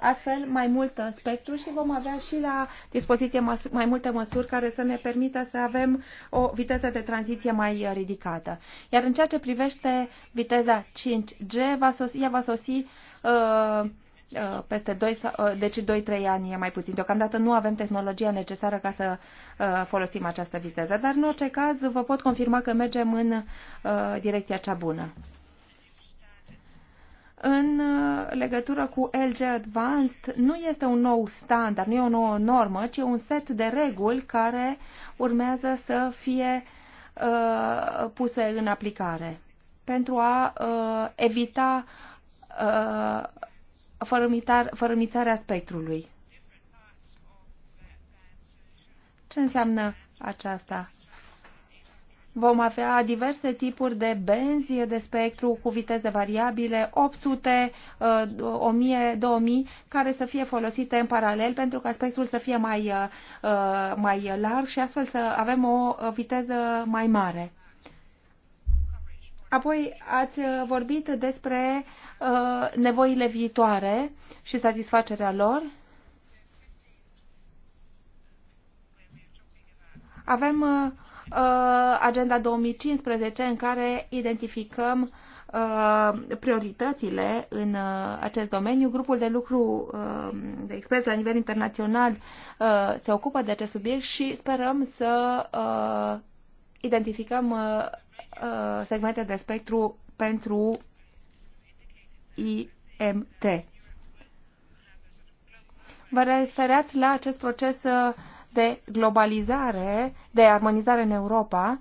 astfel mai mult spectru și vom avea și la dispoziție mai multe măsuri care să ne permită să avem o viteză de tranziție mai ridicată. Iar în ceea ce privește viteza 5G, va sosi, ea va sosi uh, Uh, peste 2, uh, deci 2-3 ani e mai puțin. Deocamdată nu avem tehnologia necesară ca să uh, folosim această viteză, dar în orice caz vă pot confirma că mergem în direcția cea bună. În legătură cu LG Advanced, nu este un nou standard, nu e o nouă normă, ci un set de reguli care urmează să fie uh, puse în aplicare pentru a uh, evita uh, fărămițarea spectrului. Ce înseamnă aceasta? Vom avea diverse tipuri de benzi de spectru cu viteze variabile, 800, 1000, 2000, care să fie folosite în paralel pentru ca spectrul să fie mai, uh, mai larg și astfel să avem o viteză mai mare. Apoi ați vorbit despre Uh, nevoile viitoare și satisfacerea lor. Avem uh, uh, agenda 2015 în care identificăm prioritățile în acest domeniu. Grupul de lucru de experți la nivel internațional se ocupă de acest subiect și sperăm să identificăm segmente de spectru pentru IMT. Vă referați la acest proces uh, de globalizare, de armonizare în Europa.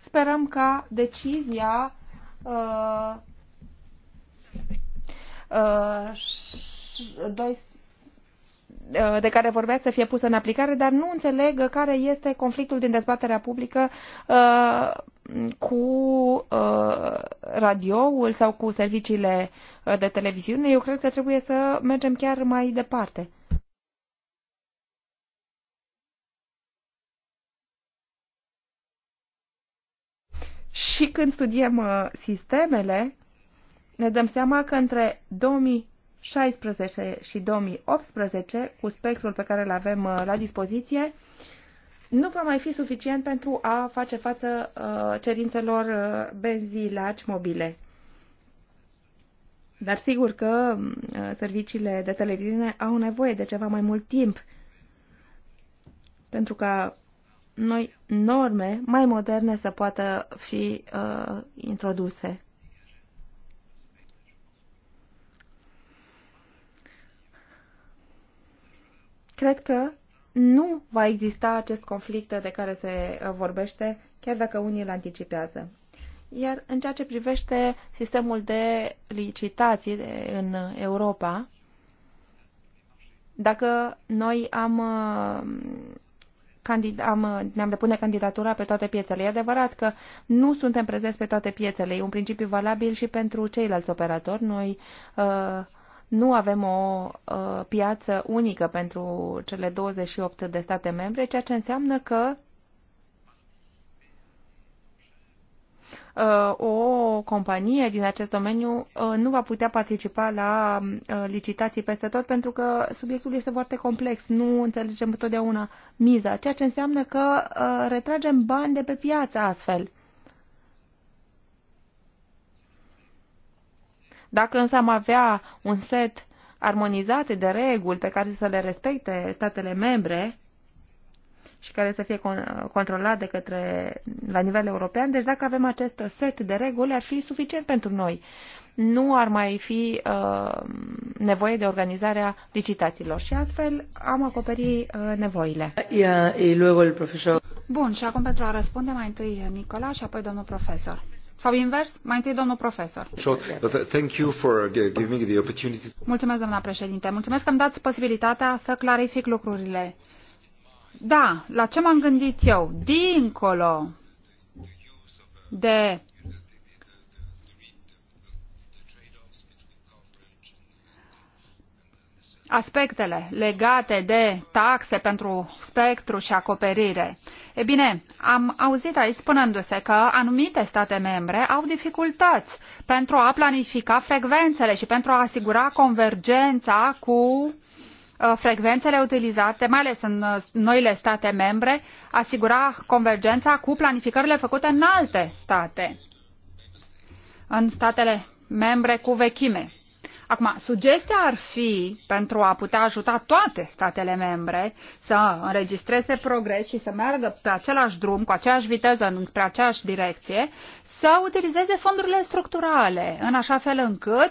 Sperăm ca decizia uh, uh, Uh, de care vorbeați să fie pusă în aplicare, dar nu înțeleg care este conflictul din dezbaterea publică uh, cu uh, radioul sau cu serviciile de televiziune. Eu cred că trebuie să mergem chiar mai departe. Și când studiem sistemele, ne dăm seama că între 2000 2016 și 2018, cu spectrul pe care îl avem uh, la dispoziție, nu va mai fi suficient pentru a face față uh, cerințelor uh, benzii largi mobile. Dar sigur că mm, serviciile de televiziune au nevoie de ceva mai mult timp pentru ca noi norme mai moderne să poată fi uh, introduse. Cred că nu va exista acest conflict de care se uh, vorbește, chiar dacă unii îl anticipează. Iar în ceea ce privește sistemul de licitații în Europa, dacă noi am, uh, am, ne-am depune candidatura pe toate piețele, e adevărat că nu suntem prezenți pe toate piețele. E un principiu valabil și pentru ceilalți operatori. Noi uh, nu avem o uh, piață unică pentru cele 28 de state membre, ceea ce înseamnă că uh, o companie din acest domeniu uh, nu va putea participa la uh, licitații peste tot pentru că subiectul este foarte complex, nu înțelegem totdeauna miza, ceea ce înseamnă că retragem bani de pe piață astfel. Dacă însă am avea un set armonizat de reguli pe care să le respecte statele membre și care să fie controlat de către la nivel european, deci dacă avem acest set de reguli ar fi suficient pentru noi. Nu ar mai fi uh, nevoie de organizarea licitațiilor și astfel am acoperi uh, nevoile. Bun, și acum pentru a răspunde mai întâi Nicola și apoi domnul profesor. Sau invers, mai întâi domnul profesor. Uh, thank you for uh, giving the opportunity. Mulțumesc, doamna președinte. Mulțumesc că îmi dați posibilitatea să clarific lucrurile. Da, la ce m-am gândit eu? Dincolo de aspectele legate de taxe pentru spectru și acoperire. E bine, am auzit aici spunându-se că anumite state membre au dificultăți pentru a planifica frecvențele și pentru a asigura convergența cu uh, frecvențele utilizate, mai ales în uh, noile state membre, asigura convergența cu planificările făcute în alte state, în statele membre cu vechime. Acum, sugestia ar fi, pentru a putea ajuta toate statele membre să înregistreze progres și să meargă pe același drum, cu aceeași viteză, spre aceeași direcție, să utilizeze fondurile structurale, în așa fel încât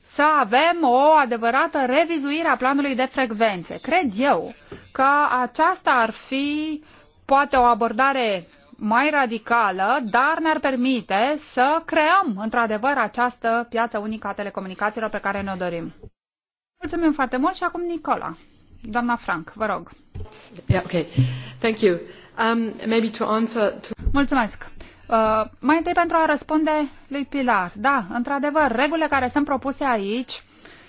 să avem o adevărată revizuire a planului de frecvențe. Cred eu că aceasta ar fi poate o abordare mai radicală, dar ne-ar permite să creăm, într-adevăr, această piață unică a telecomunicațiilor pe care ne-o dorim. Mulțumim foarte mult și acum Nicola. Doamna Frank, vă rog. Yeah, okay. Thank you. Um, maybe to answer to... Mulțumesc. Uh, mai întâi pentru a răspunde lui Pilar. Da, într-adevăr, regulile care sunt propuse aici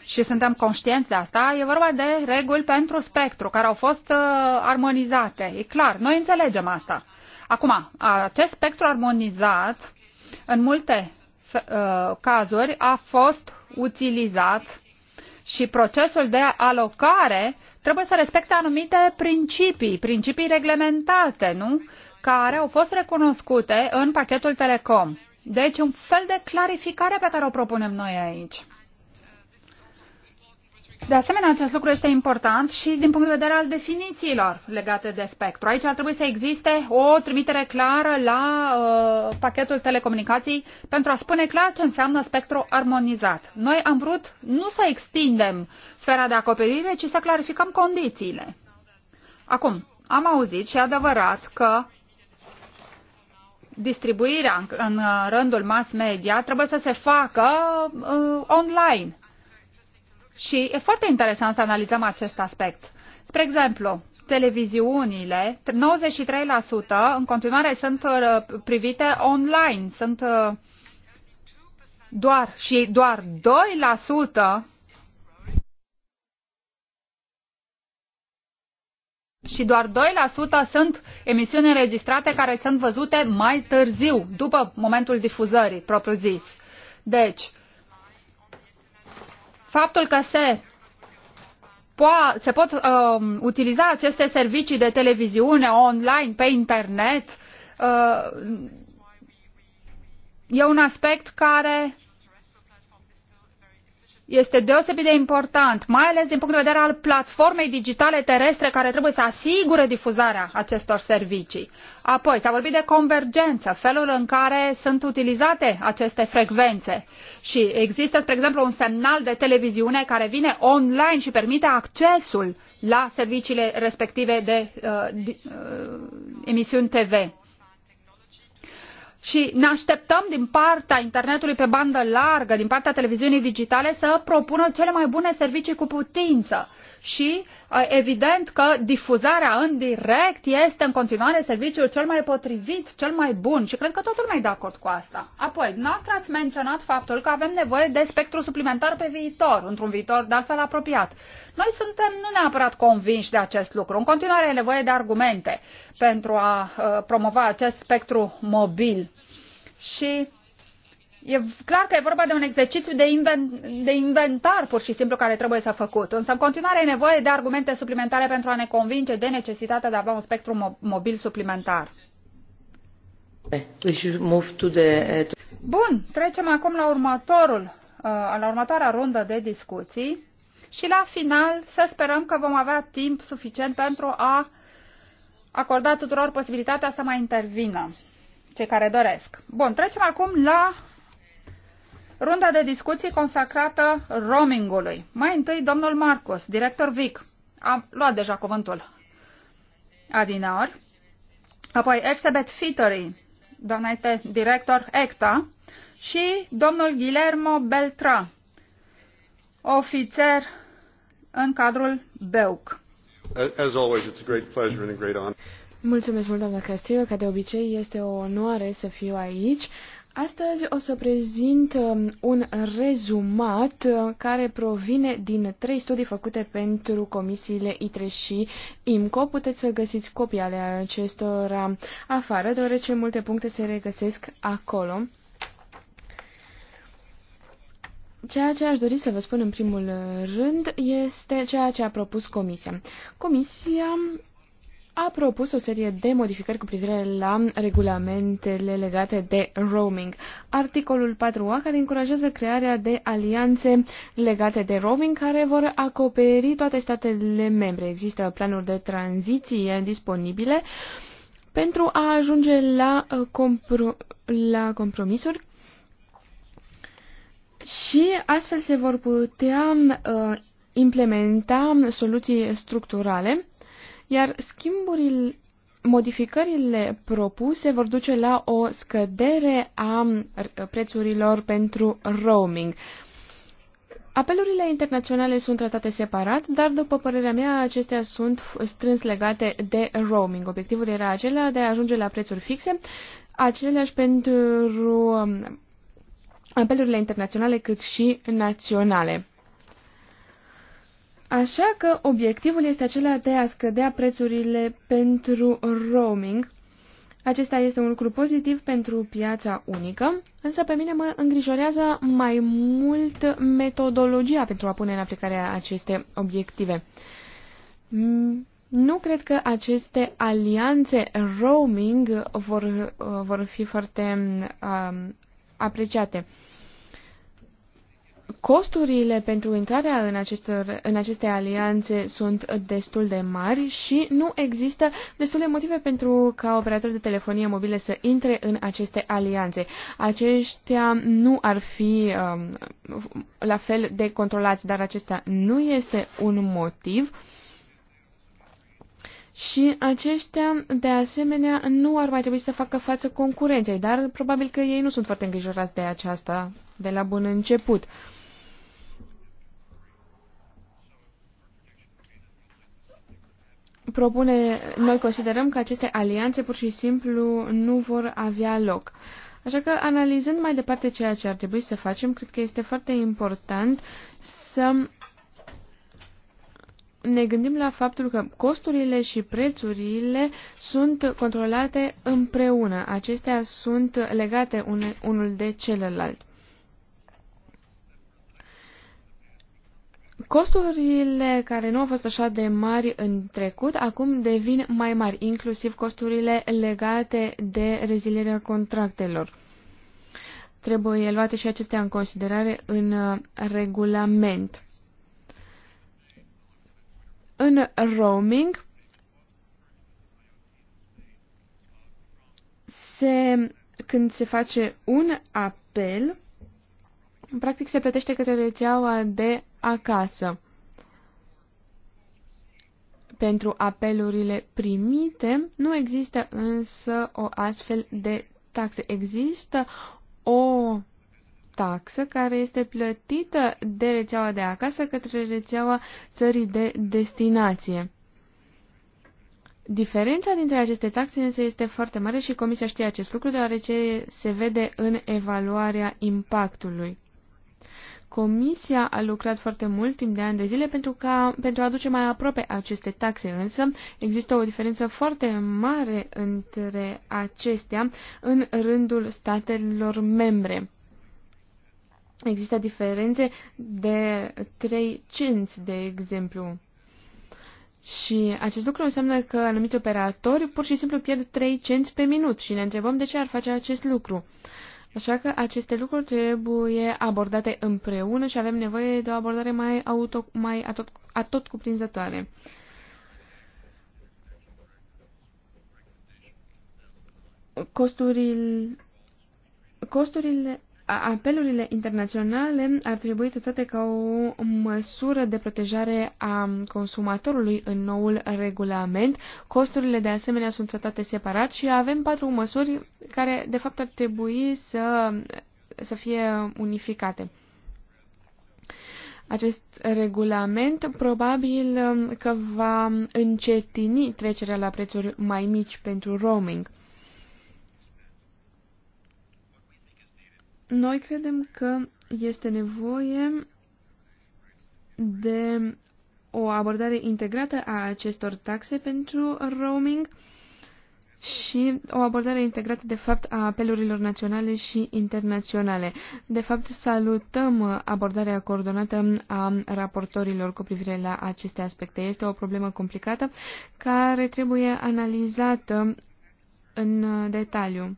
și suntem conștienți de asta, e vorba de reguli pentru spectru, care au fost uh, armonizate. E clar, noi înțelegem asta. Acum, acest spectru armonizat, în multe uh, cazuri, a fost utilizat și procesul de alocare trebuie să respecte anumite principii, principii reglementate, nu? Care au fost recunoscute în pachetul Telecom. Deci un fel de clarificare pe care o propunem noi aici. De asemenea, acest lucru este important și din punct de vedere al definițiilor legate de spectru. Aici ar trebui să existe o trimitere clară la uh, pachetul telecomunicații pentru a spune clar ce înseamnă spectru armonizat. Noi am vrut nu să extindem sfera de acoperire, ci să clarificăm condițiile. Acum, am auzit și adevărat că distribuirea în rândul mass media trebuie să se facă uh, online. Și e foarte interesant să analizăm acest aspect. Spre exemplu, televiziunile, 93% în continuare sunt uh, privite online, sunt uh, doar și doar 2% și doar 2% sunt emisiuni înregistrate care sunt văzute mai târziu, după momentul difuzării, propriu-zis. Deci, faptul că se, po- se pot uh, utiliza aceste servicii de televiziune online, pe internet, uh, e un aspect care este deosebit de important, mai ales din punct de vedere al platformei digitale terestre care trebuie să asigure difuzarea acestor servicii. Apoi, s-a vorbit de convergență, felul în care sunt utilizate aceste frecvențe. Și există, spre exemplu, un semnal de televiziune care vine online și permite accesul la serviciile respective de uh, uh emisiuni TV și ne așteptăm din partea internetului pe bandă largă, din partea televiziunii digitale, să propună cele mai bune servicii cu putință și uh, evident că difuzarea în direct este în continuare serviciul cel mai potrivit, cel mai bun și cred că totul lumea e de acord cu asta. Apoi, noastră ați menționat faptul că avem nevoie de spectru suplimentar pe viitor, într-un viitor de altfel apropiat. Noi suntem nu neapărat convinși de acest lucru. În continuare e nevoie de argumente pentru a uh, promova acest spectru mobil. Și e clar că e vorba de un exercițiu de, inven, de inventar pur și simplu care trebuie să făcut. Însă în continuare e nevoie de argumente suplimentare pentru a ne convinge de necesitatea de a avea un spectru mobil suplimentar. Uh, Bun, trecem acum la următorul, uh, la următoarea rundă de discuții și la final să sperăm că vom avea timp suficient pentru a acorda tuturor posibilitatea să mai intervină cei care doresc. Bun, trecem acum la Runda de discuții consacrată roamingului. Mai întâi, domnul Marcos, director VIC, a luat deja cuvântul Adinaur. apoi Elizabeth Fittery, doamna este director ECTA, și domnul Guillermo Beltra, ofițer în cadrul BEUC. As always, it's a great pleasure and a great honor. Mulțumesc mult, doamna Castillo, ca de obicei este o onoare să fiu aici. Astăzi o să prezint um, un rezumat uh, care provine din trei studii făcute pentru comisiile ITRE și IMCO. Puteți să găsiți copii ale acestora afară, deoarece multe puncte se regăsesc acolo. Ceea ce aș dori să vă spun în primul rând este ceea ce a propus Comisia. Comisia a propus o serie de modificări cu privire la regulamentele legate de roaming. Articolul 4A care încurajează crearea de alianțe legate de roaming care vor acoperi toate statele membre. Există planuri de tranziție disponibile pentru a ajunge la, uh, compro- la compromisuri și astfel se vor putea uh, implementa soluții structurale iar schimburile modificările propuse vor duce la o scădere a prețurilor pentru roaming. Apelurile internaționale sunt tratate separat, dar, după părerea mea, acestea sunt strâns legate de roaming. Obiectivul era acela de a ajunge la prețuri fixe, aceleași pentru um, apelurile internaționale cât și naționale. Așa că obiectivul este acela de a scădea prețurile pentru roaming. Acesta este un lucru pozitiv pentru piața unică, însă pe mine mă îngrijorează mai mult metodologia pentru a pune în aplicare aceste obiective. Mm, nu cred că aceste alianțe roaming vor, vor fi foarte um, apreciate costurile pentru intrarea în, acestor, în aceste alianțe sunt destul de mari și nu există destule motive pentru ca operatorii de telefonie mobile să intre în aceste alianțe. Aceștia nu ar fi um, la fel de controlați, dar acesta nu este un motiv. Și aceștia, de asemenea, nu ar mai trebui să facă față concurenței, dar probabil că ei nu sunt foarte îngrijorați de aceasta de la bun început. propune, noi considerăm că aceste alianțe pur și simplu nu vor avea loc. Așa că, analizând mai departe ceea ce ar trebui să facem, cred că este foarte important să ne gândim la faptul că costurile și prețurile sunt controlate împreună. Acestea sunt legate une, unul de celălalt. Costurile care nu au fost așa de mari în trecut, acum devin mai mari, inclusiv costurile legate de rezilierea contractelor. Trebuie luate și acestea în considerare în uh, regulament. În roaming se, când se face un apel, practic se plătește către rețeaua de acasă. Pentru apelurile primite nu există însă o astfel de taxă. Există o taxă care este plătită de rețeaua de acasă către rețeaua țării de destinație. Diferența dintre aceste taxe însă este foarte mare și Comisia știe acest lucru deoarece se vede în evaluarea impactului. Comisia a lucrat foarte mult timp de ani de zile pentru, ca, pentru a aduce mai aproape aceste taxe, însă există o diferență foarte mare între acestea în rândul statelor membre. Există diferențe de 3 cenți, de exemplu. Și acest lucru înseamnă că anumiți operatori pur și simplu pierd 3 cenți pe minut și ne întrebăm de ce ar face acest lucru. Uh, Așa că aceste lucruri trebuie abordate împreună și avem nevoie de o abordare mai, auto, mai atot, atot cuprinzătoare. Costurile, costurile apelurile internaționale ar trebui tratate ca o măsură de protejare a consumatorului în noul regulament. Costurile de asemenea sunt tratate separat și avem patru măsuri care de fapt ar trebui să, să fie unificate acest regulament, probabil că va încetini trecerea la prețuri mai mici pentru roaming. Noi credem că este nevoie de o abordare integrată a acestor taxe pentru roaming și o abordare integrată, de fapt, a apelurilor naționale și internaționale. De fapt, salutăm abordarea coordonată a raportorilor cu privire la aceste aspecte. Este o problemă complicată care trebuie analizată în detaliu.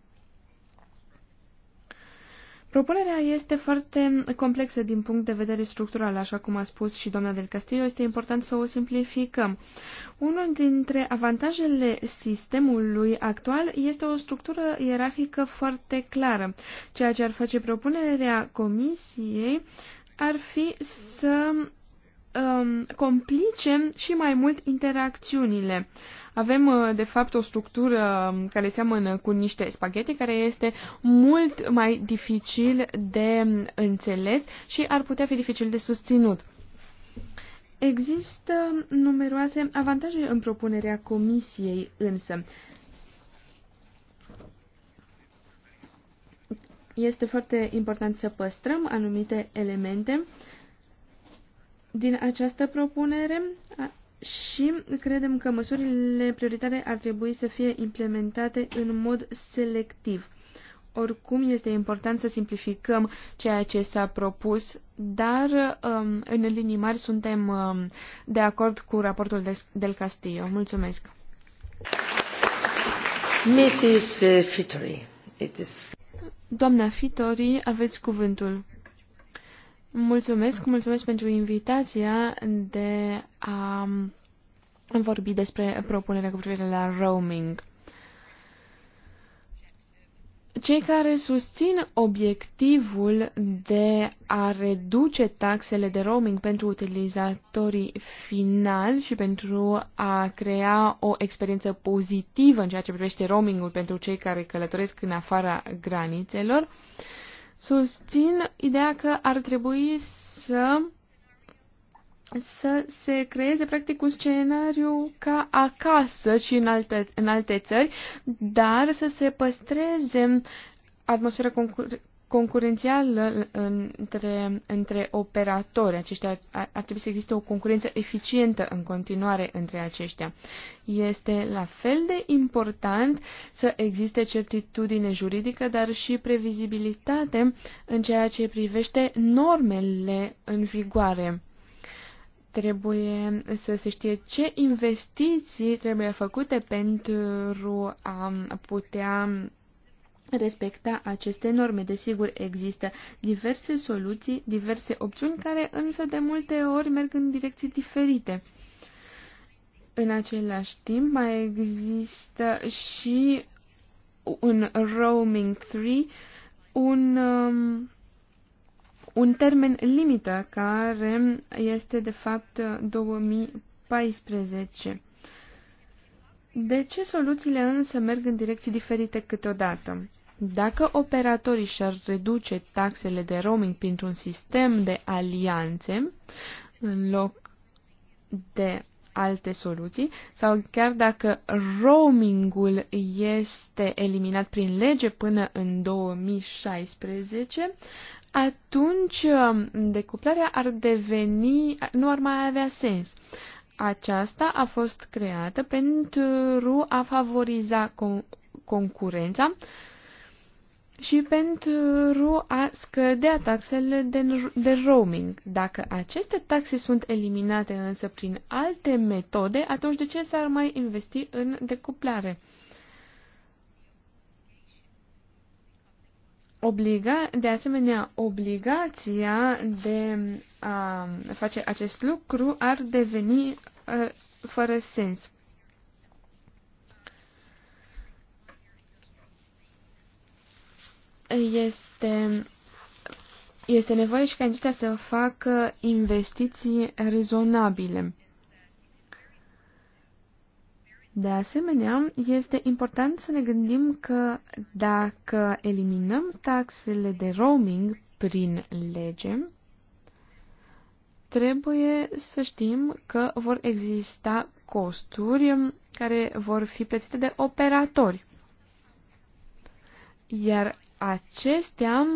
Propunerea este foarte complexă din punct de vedere structural, așa cum a spus și doamna del Castillo, este important să o simplificăm. Unul dintre avantajele sistemului actual este o structură ierarhică foarte clară, ceea ce ar face propunerea comisiei ar fi să um, complice și mai mult interacțiunile. Avem, uh, de fapt, o structură um, care seamănă cu niște spaghete, care este mult mai dificil de um, înțeles și ar putea fi dificil de susținut. Există numeroase avantaje în propunerea comisiei, însă. Este foarte important să păstrăm anumite elemente uh, din această propunere și credem că măsurile prioritare ar trebui să fie implementate în mod selectiv. Oricum este important să simplificăm ceea ce s-a propus, dar um, în linii mari suntem um, de acord cu raportul del Castillo. Mulțumesc. Mrs. Uh, Fitori, it is... Doamna Fitori, aveți cuvântul. Mulțumesc, mulțumesc pentru invitația de a vorbi despre propunerea cu privire la roaming. Cei care susțin obiectivul de a reduce taxele de roaming pentru utilizatorii finali și pentru a crea o experiență pozitivă în ceea ce privește roamingul pentru cei care călătoresc în afara granițelor, uh, Susțin ideea că ar trebui să să se creeze practic un scenariu ca acasă și în alte, în alte țări, dar să se păstreze atmosfera concurențial uh, între, între operatori. Aceștia ar, ar trebui să existe o concurență eficientă în continuare între aceștia. Este la fel de important să existe certitudine juridică, dar și previzibilitate în ceea ce privește normele în vigoare trebuie să se știe ce investiții trebuie făcute pentru a putea respecta aceste norme. Desigur, există diverse soluții, diverse opțiuni, care însă de multe ori merg în direcții diferite. În același timp, mai există și un Roaming 3 un, um, un termen limită care este de fapt 2014. De ce soluțiile însă merg în direcții diferite câteodată? Dacă operatorii și-ar reduce taxele de roaming printr-un sistem de alianțe, în loc de alte soluții, sau chiar dacă roamingul este eliminat prin lege până în 2016, atunci um, decuplarea ar deveni, nu ar mai avea sens. Aceasta a fost creată pentru a favoriza con concurența și pentru a scădea taxele de, de roaming. Dacă aceste taxe sunt eliminate însă prin alte metode, atunci de ce s-ar mai investi în decuplare? Obliga, de asemenea, obligația de a face acest lucru ar deveni uh, fără sens. este, este nevoie și ca industria să facă investiții rezonabile. De asemenea, este important să ne gândim că dacă eliminăm taxele de roaming prin lege, trebuie să știm că vor exista costuri care vor fi plătite de operatori. Iar acestea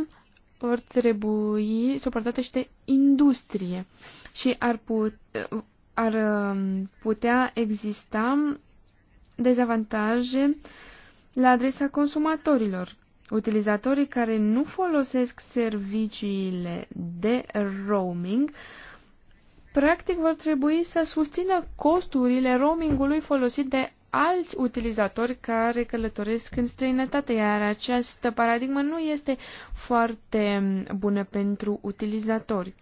vor trebui suportate și de industrie și ar, put, ar um, putea exista dezavantaje la adresa consumatorilor. Utilizatorii care nu folosesc serviciile de roaming practic vor trebui să susțină costurile roamingului folosit de alți utilizatori care călătoresc în străinătate, iar această paradigmă nu este foarte bună pentru utilizatori.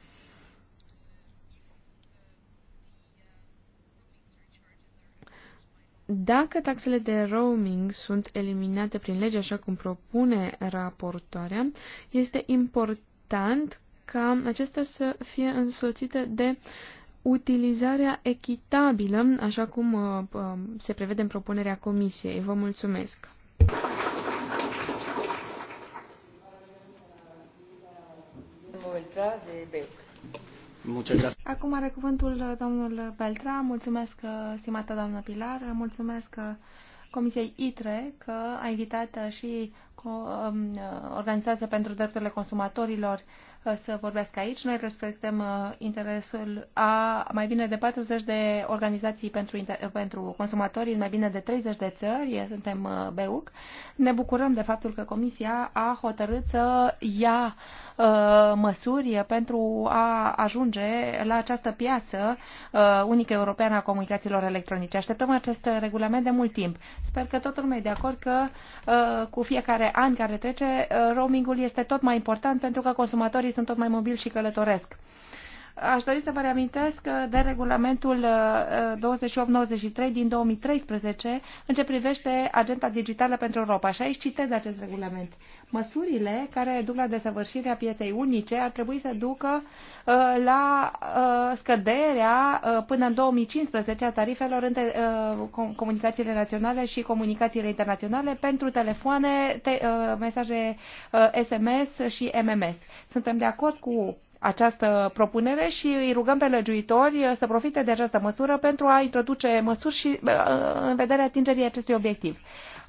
Dacă taxele de roaming sunt eliminate prin lege, așa cum propune raportoarea, este important ca acestea să fie însoțite de uh, utilizarea echitabilă, așa cum uh, uh, se prevede în propunerea comisiei. Vă mulțumesc! Acum are cuvântul uh, domnul Beltra. Mulțumesc, stimată doamnă Pilar. Mulțumesc Comisiei ITRE că a invitat și um, Organizația pentru Drepturile Consumatorilor să vorbească aici. Noi respectăm uh, interesul a mai bine de 40 de organizații pentru, pentru consumatorii, mai bine de 30 de țări, uh, suntem uh, BEUC. Ne bucurăm de faptul că Comisia a hotărât să ia măsuri pentru a ajunge la această piață unică europeană a comunicațiilor electronice. Așteptăm acest regulament de mult timp. Sper că toată lumea e de acord că cu fiecare an care trece roamingul este tot mai important pentru că consumatorii sunt tot mai mobili și călătoresc. Aș dori să vă reamintesc de regulamentul 2893 uh, din 2013 în ce privește agenda digitală pentru Europa. Și aici citez acest regulament. Măsurile care duc la desăvârșirea pieței unice ar trebui să ducă uh, la uh, scăderea până în 2015 a tarifelor între comunicațiile naționale și comunicațiile internaționale pentru telefoane, te mesaje SMS și MMS. Suntem de acord cu această propunere și îi rugăm pe legiuitori să profite de această măsură pentru a introduce măsuri și uh, în vederea atingerii acestui obiectiv.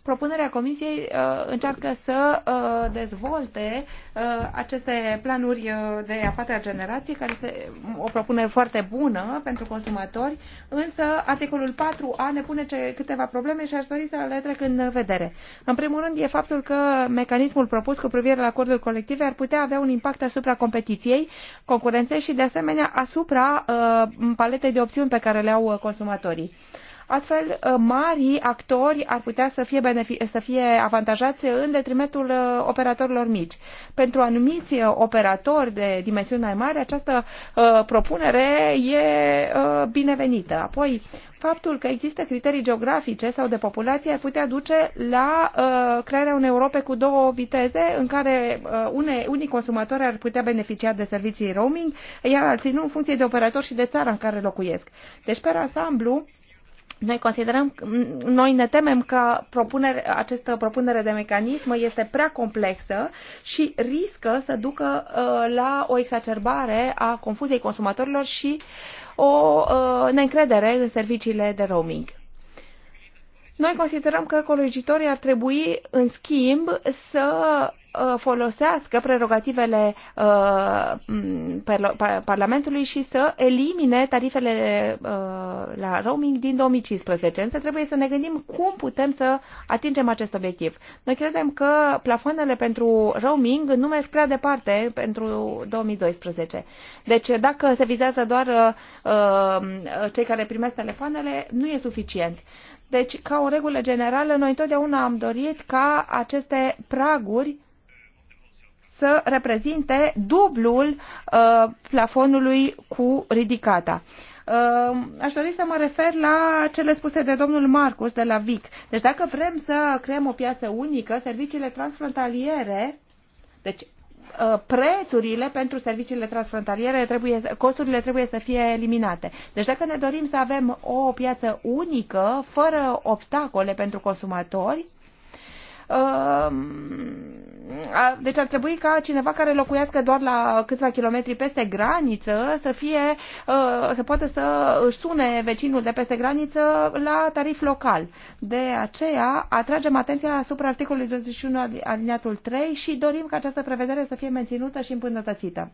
Propunerea Comisiei uh, încearcă să uh, dezvolte uh, aceste planuri de a patra generație, care este o propunere foarte bună pentru consumatori, însă articolul 4a ne pune câteva probleme și aș dori să le trec în vedere. În primul rând e faptul că mecanismul propus cu privire la acordul colectiv ar putea avea un impact asupra competiției, concurenței și de asemenea asupra paletei de opțiuni pe care le au consumatorii. Astfel, uh, mari actori ar putea să fie, benefic- să fie avantajați în detrimentul uh, operatorilor mici. Pentru anumiți uh, operatori de dimensiuni mai mari, această uh, propunere e uh, binevenită. Apoi, faptul că există criterii geografice sau de populație ar putea duce la uh, crearea unei Europe cu două viteze, în care uh, une, unii consumatori ar putea beneficia de servicii roaming, iar alții nu, în funcție de operator și de țara în care locuiesc. Deci, pe ansamblu, noi considerăm, noi ne temem că propunere, această propunere de mecanism este prea complexă și riscă să ducă uh, la o exacerbare a confuziei consumatorilor și o uh, neîncredere în serviciile de roaming. Noi considerăm că ecologitorii ar trebui, în schimb, să Uh, folosească prerogativele uh, Parlamentului și să elimine tarifele uh, la roaming din 2015. Însă trebuie să ne gândim cum putem să atingem acest obiectiv. Noi credem că plafoanele pentru roaming nu merg prea departe pentru 2012. Deci dacă se vizează doar cei care primesc telefoanele, nu e suficient. Deci, ca o regulă generală, noi întotdeauna am dorit ca aceste praguri să reprezinte dublul uh, plafonului cu ridicata. Uh, aș dori să mă refer la cele spuse de domnul Marcus de la VIC. Deci dacă vrem să creăm o piață unică, serviciile transfrontaliere, deci uh, prețurile pentru serviciile transfrontaliere trebuie, costurile trebuie să fie eliminate. Deci dacă ne dorim să avem o piață unică, fără obstacole pentru consumatori, deci ar trebui ca cineva care locuiască doar la câțiva kilometri peste graniță să fie, să poată să își sune vecinul de peste graniță la tarif local. De aceea atragem atenția asupra articolului 21 aliniatul 3 și dorim ca această prevedere să fie menținută și îmbunătățită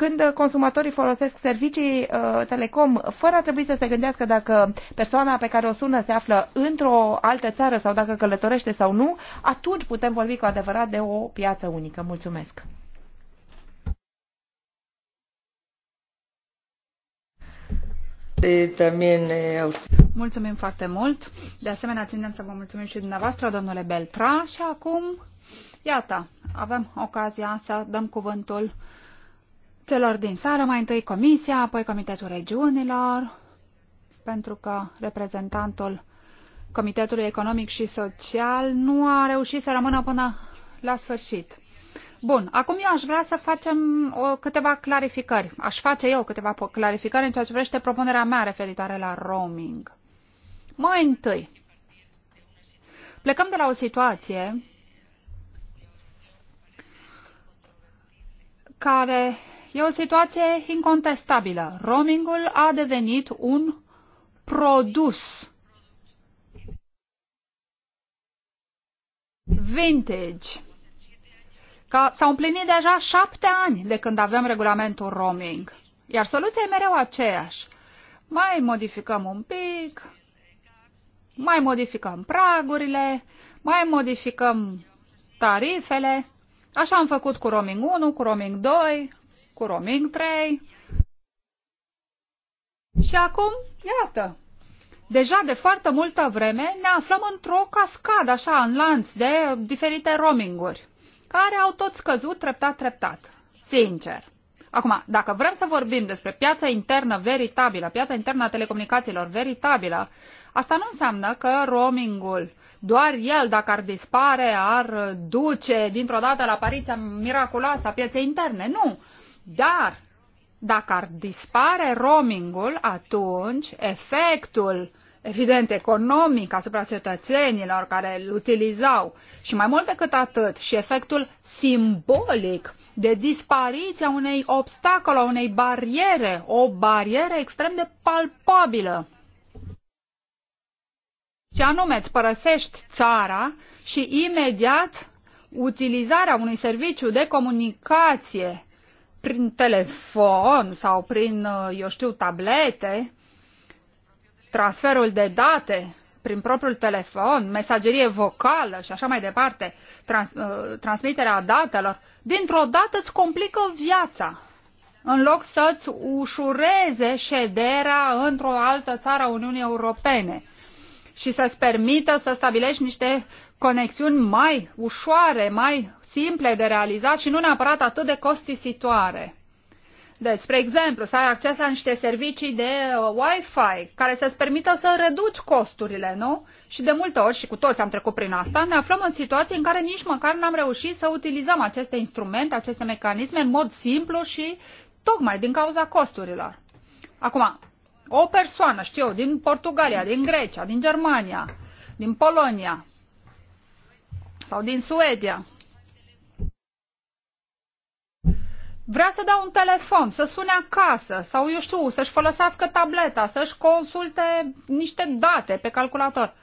când consumatorii folosesc servicii uh, telecom fără a trebui să se gândească dacă persoana pe care o sună se află într-o altă țară sau dacă călătorește sau nu, atunci putem vorbi cu adevărat de o piață unică. Mulțumesc! Eh, mulțumim foarte mult. De asemenea, ținem să vă mulțumim și dumneavoastră, domnule Beltra. Și acum, iată, avem ocazia să dăm cuvântul celor din sală, mai întâi Comisia, apoi Comitetul Regiunilor, pentru că reprezentantul Comitetului Economic și Social nu a reușit să rămână până la sfârșit. Bun, acum eu aș vrea să facem o, câteva clarificări. Aș face eu câteva clarificări în ceea ce vrește propunerea mea referitoare la roaming. Mai întâi, plecăm de la o situație care E o situație incontestabilă. Roamingul a devenit un produs vintage. Că s-au împlinit deja șapte ani de când avem regulamentul roaming. Iar soluția e mereu aceeași. Mai modificăm un pic, mai modificăm pragurile, mai modificăm tarifele. Așa am făcut cu roaming 1, cu roaming 2, cu roaming 3. Și acum, iată, deja de foarte multă vreme ne aflăm într-o cascadă, așa, în lanț de diferite roaminguri, care au tot scăzut treptat, treptat, sincer. Acum, dacă vrem să vorbim despre piața internă veritabilă, piața internă a telecomunicațiilor veritabilă, asta nu înseamnă că roamingul, doar el, dacă ar dispare, ar duce dintr-o dată la apariția miraculoasă a pieței interne. Nu! Dar dacă ar dispare roamingul, atunci efectul evident economic asupra cetățenilor care îl utilizau și mai mult decât atât și efectul simbolic de dispariția unei obstacole, unei bariere, o barieră extrem de palpabilă. Și anume, îți părăsești țara și imediat utilizarea unui serviciu de comunicație prin telefon sau prin, uh, eu știu, tablete, transferul de date prin propriul telefon, mesagerie vocală și așa mai departe, trans, uh, transmiterea datelor, dintr-o dată îți complică viața. În loc să-ți ușureze șederea într-o altă țară a Uniunii Europene și să-ți permită să stabilești niște conexiuni mai ușoare, mai simple de realizat și nu neapărat atât de costisitoare. Deci, spre exemplu, să ai acces la niște servicii de uh, Wi-Fi care să-ți permită să reduci costurile, nu? Și de multe ori, și cu toți am trecut prin asta, ne aflăm în situații în care nici măcar n-am reușit să utilizăm aceste instrumente, aceste mecanisme în mod simplu și tocmai din cauza costurilor. Acum, o persoană, știu eu, din Portugalia, din Grecia, din Germania, din Polonia, sau din Suedia. Vrea să dau un telefon, să sune acasă sau, eu știu, să-și folosească tableta, să-și consulte niște date pe calculator.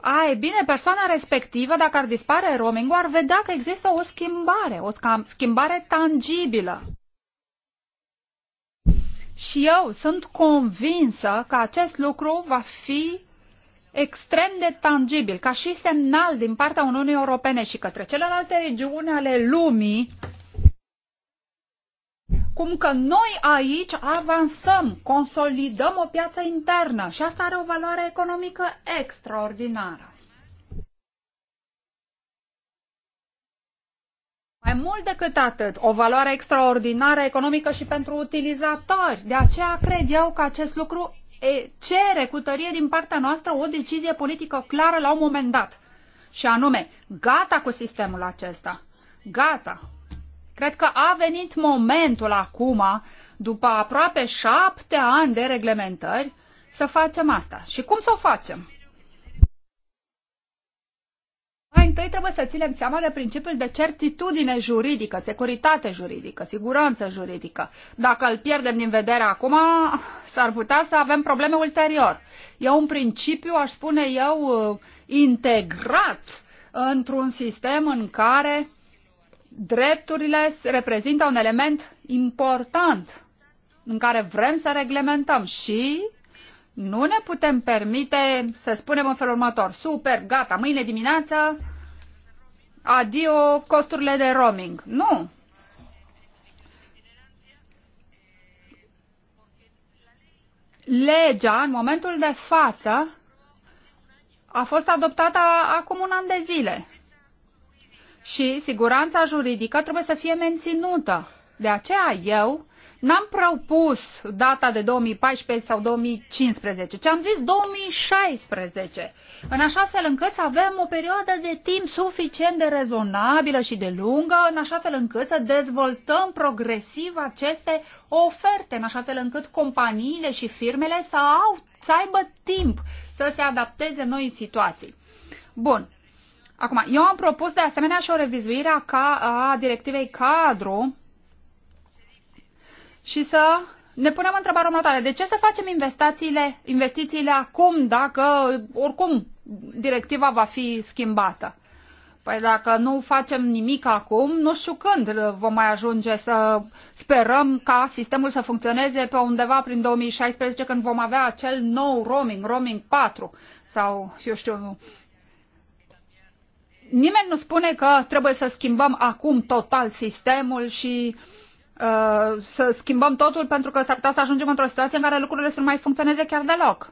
A, e bine, persoana respectivă, dacă ar dispare roaming, ar vedea că există o schimbare, o schimbare tangibilă. Și eu sunt convinsă că acest lucru va fi extrem de tangibil, ca și semnal din partea Uniunii Europene și către celelalte regiuni ale lumii, cum că noi aici avansăm, consolidăm o piață internă și asta are o valoare economică extraordinară. Mai mult decât atât, o valoare extraordinară economică și pentru utilizatori. De aceea cred eu că acest lucru cere cu tărie din partea noastră o decizie politică clară la un moment dat. Și anume, gata cu sistemul acesta. Gata. Cred că a venit momentul acum, după aproape șapte ani de reglementări, să facem asta. Și cum să o facem? întâi trebuie să ținem seama de principiul de certitudine juridică, securitate juridică, siguranță juridică. Dacă îl pierdem din vedere acum, s-ar putea să avem probleme ulterior. E un principiu, aș spune eu, uh, integrat într-un sistem în care drepturile reprezintă un element important în care vrem să reglementăm și nu ne putem permite să spunem în felul următor, super, gata, mâine dimineață adio costurile de roaming. Nu! Legea, în momentul de față, a fost adoptată acum un an de zile. Și siguranța juridică trebuie să fie menținută. De aceea eu N-am propus data de 2014 sau 2015, ci am zis 2016, în așa fel încât să avem o perioadă de timp suficient de rezonabilă și de lungă, în așa fel încât să dezvoltăm progresiv aceste oferte, în așa fel încât companiile și firmele să, au, să aibă timp să se adapteze noi situații. Bun. Acum, eu am propus de asemenea și o revizuire a, ca, a directivei cadru și să ne punem întrebarea următoare. De ce să facem investițiile, investițiile acum dacă oricum directiva va fi schimbată? Păi dacă nu facem nimic acum, nu știu când vom mai ajunge să sperăm ca sistemul să funcționeze pe undeva prin 2016 când vom avea acel nou roaming, roaming 4 sau eu știu. Nimeni nu spune că trebuie să schimbăm acum total sistemul și uh, Uh, să schimbăm totul pentru că s-ar putea să ajungem într-o situație în care lucrurile să nu mai funcționeze chiar deloc.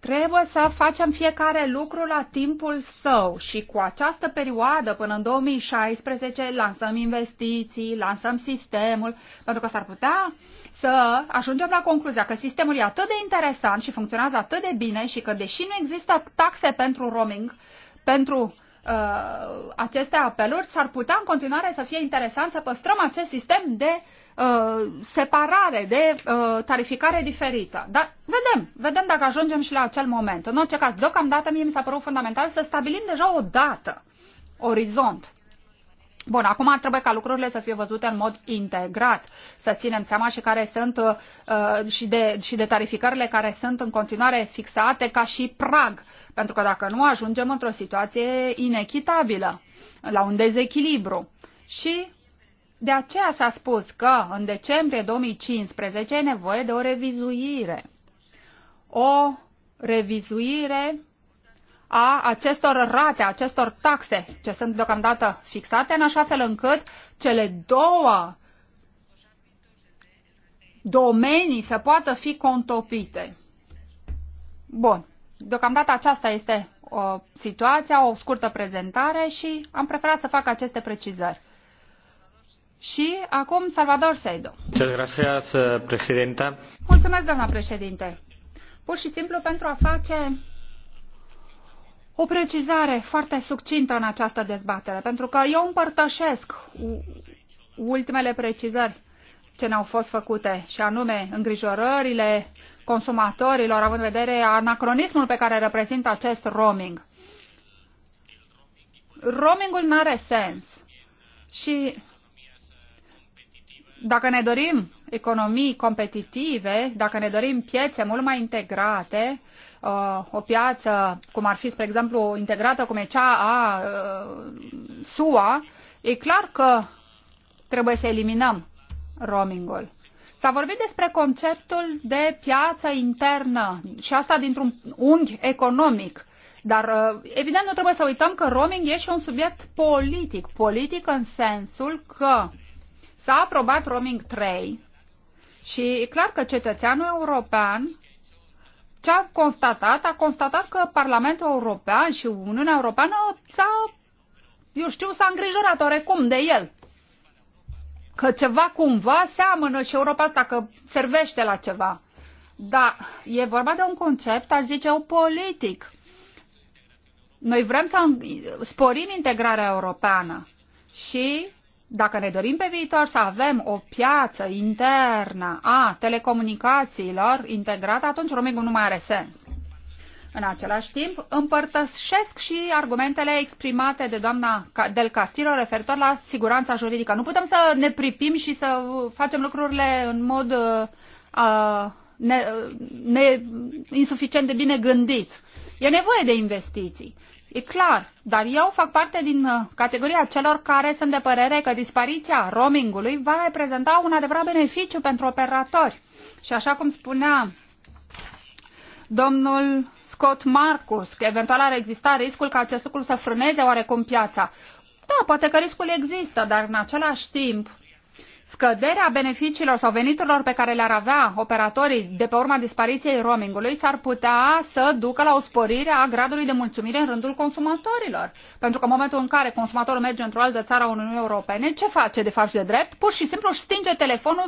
Trebuie să facem fiecare lucru la timpul său și cu această perioadă până în 2016 lansăm investiții, lansăm sistemul, pentru că s-ar putea să ajungem la concluzia că sistemul e atât de interesant și funcționează atât de bine și că deși nu există taxe pentru roaming, pentru uh, aceste apeluri, s-ar putea în continuare să fie interesant să păstrăm acest sistem de Uh, separare, de uh, tarificare diferită. Dar vedem, vedem dacă ajungem și la acel moment. În orice caz, deocamdată mie mi s-a părut fundamental să stabilim deja o dată, orizont. Bun, acum trebuie ca lucrurile să fie văzute în mod integrat, să ținem seama și care sunt uh, uh și, de, și de tarificările care sunt în continuare fixate ca și prag, pentru că dacă nu ajungem într-o situație inechitabilă, la un dezechilibru. Și de aceea s-a spus că în decembrie 2015 e nevoie de o revizuire. O revizuire a acestor rate, a acestor taxe ce sunt deocamdată fixate, în așa fel încât cele două domenii să poată fi contopite. Bun. Deocamdată aceasta este o uh, situația, o scurtă prezentare și am preferat să fac aceste precizări. Și acum Salvador Seido. Eh, Mulțumesc, doamna președinte. Pur și simplu pentru a face o precizare foarte succintă în această dezbatere, pentru că eu împărtășesc ultimele precizări ce ne-au fost făcute, și anume îngrijorările consumatorilor, având în vedere anacronismul pe care reprezintă acest roaming. Roamingul nu are sens și dacă ne dorim economii competitive, dacă ne dorim piețe mult mai integrate, uh, o piață cum ar fi, spre exemplu, integrată cum e cea a uh, SUA, e clar că trebuie să eliminăm roamingul. S-a vorbit despre conceptul de piață internă și asta dintr-un unghi economic. Dar, uh, evident, nu trebuie să uităm că roaming e și un subiect politic. Politic în sensul că S-a aprobat roaming 3 și e clar că cetățeanul european ce a constatat, a constatat că Parlamentul European și Uniunea Europeană s-a, eu știu, s-a îngrijorat oarecum de el. Că ceva cumva seamănă și Europa asta, că servește la ceva. Da, e vorba de un concept, aș zice eu, politic. Noi vrem să sporim integrarea europeană și dacă ne dorim pe viitor să avem o piață internă a telecomunicațiilor integrată, atunci roamingul nu mai are sens. În același timp, împărtășesc și argumentele exprimate de doamna Del Castillo referitor la siguranța juridică. Nu putem să ne pripim și să facem lucrurile în mod uh, uh ne, uh, ne, insuficient de bine gândit. E nevoie de investiții. E clar, dar eu fac parte din uh, categoria celor care sunt de părere că dispariția roamingului va reprezenta un adevărat beneficiu pentru operatori. Și așa cum spunea domnul Scott Marcus, că eventual ar exista riscul ca acest lucru să frâneze oarecum piața. Da, poate că riscul există, dar în același timp scăderea beneficiilor sau veniturilor pe care le-ar avea operatorii de pe urma dispariției roamingului s-ar putea să ducă la o sporire a gradului de mulțumire în rândul consumatorilor. Pentru că în momentul în care consumatorul merge într-o altă țară a Uniunii Europene, ce face de fapt de drept? Pur și simplu își stinge telefonul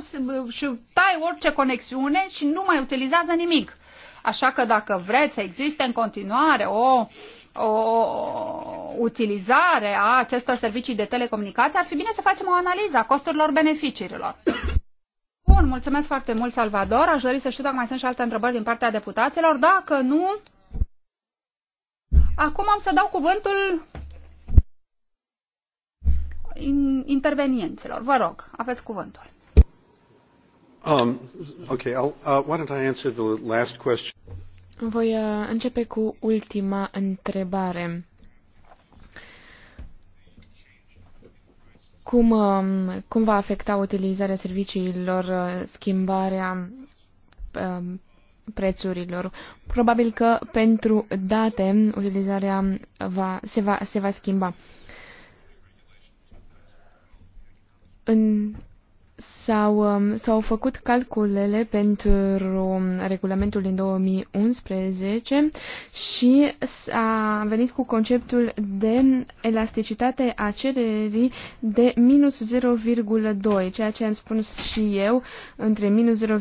și tai orice conexiune și nu mai utilizează nimic. Așa că dacă vreți să existe în continuare o uh, o utilizare a acestor servicii de telecomunicații, ar fi bine să facem o analiză a costurilor-beneficiilor. Bun, mulțumesc foarte mult, Salvador. Aș dori să știu dacă mai sunt și alte întrebări din partea deputaților. Dacă nu, acum am să dau cuvântul intervenienților. Vă rog, aveți cuvântul. Um, okay, I'll, uh, why don't I answer the last question? Voi uh, începe cu ultima întrebare. Cum, um, cum va afecta utilizarea serviciilor uh, schimbarea um, prețurilor? Probabil că pentru date utilizarea va, se, va, se va schimba. În S-au, um, s-au făcut calculele pentru um, regulamentul din 2011 și s-a venit cu conceptul de elasticitate a cererii de minus 0,2, ceea ce am spus și eu, între minus 0,2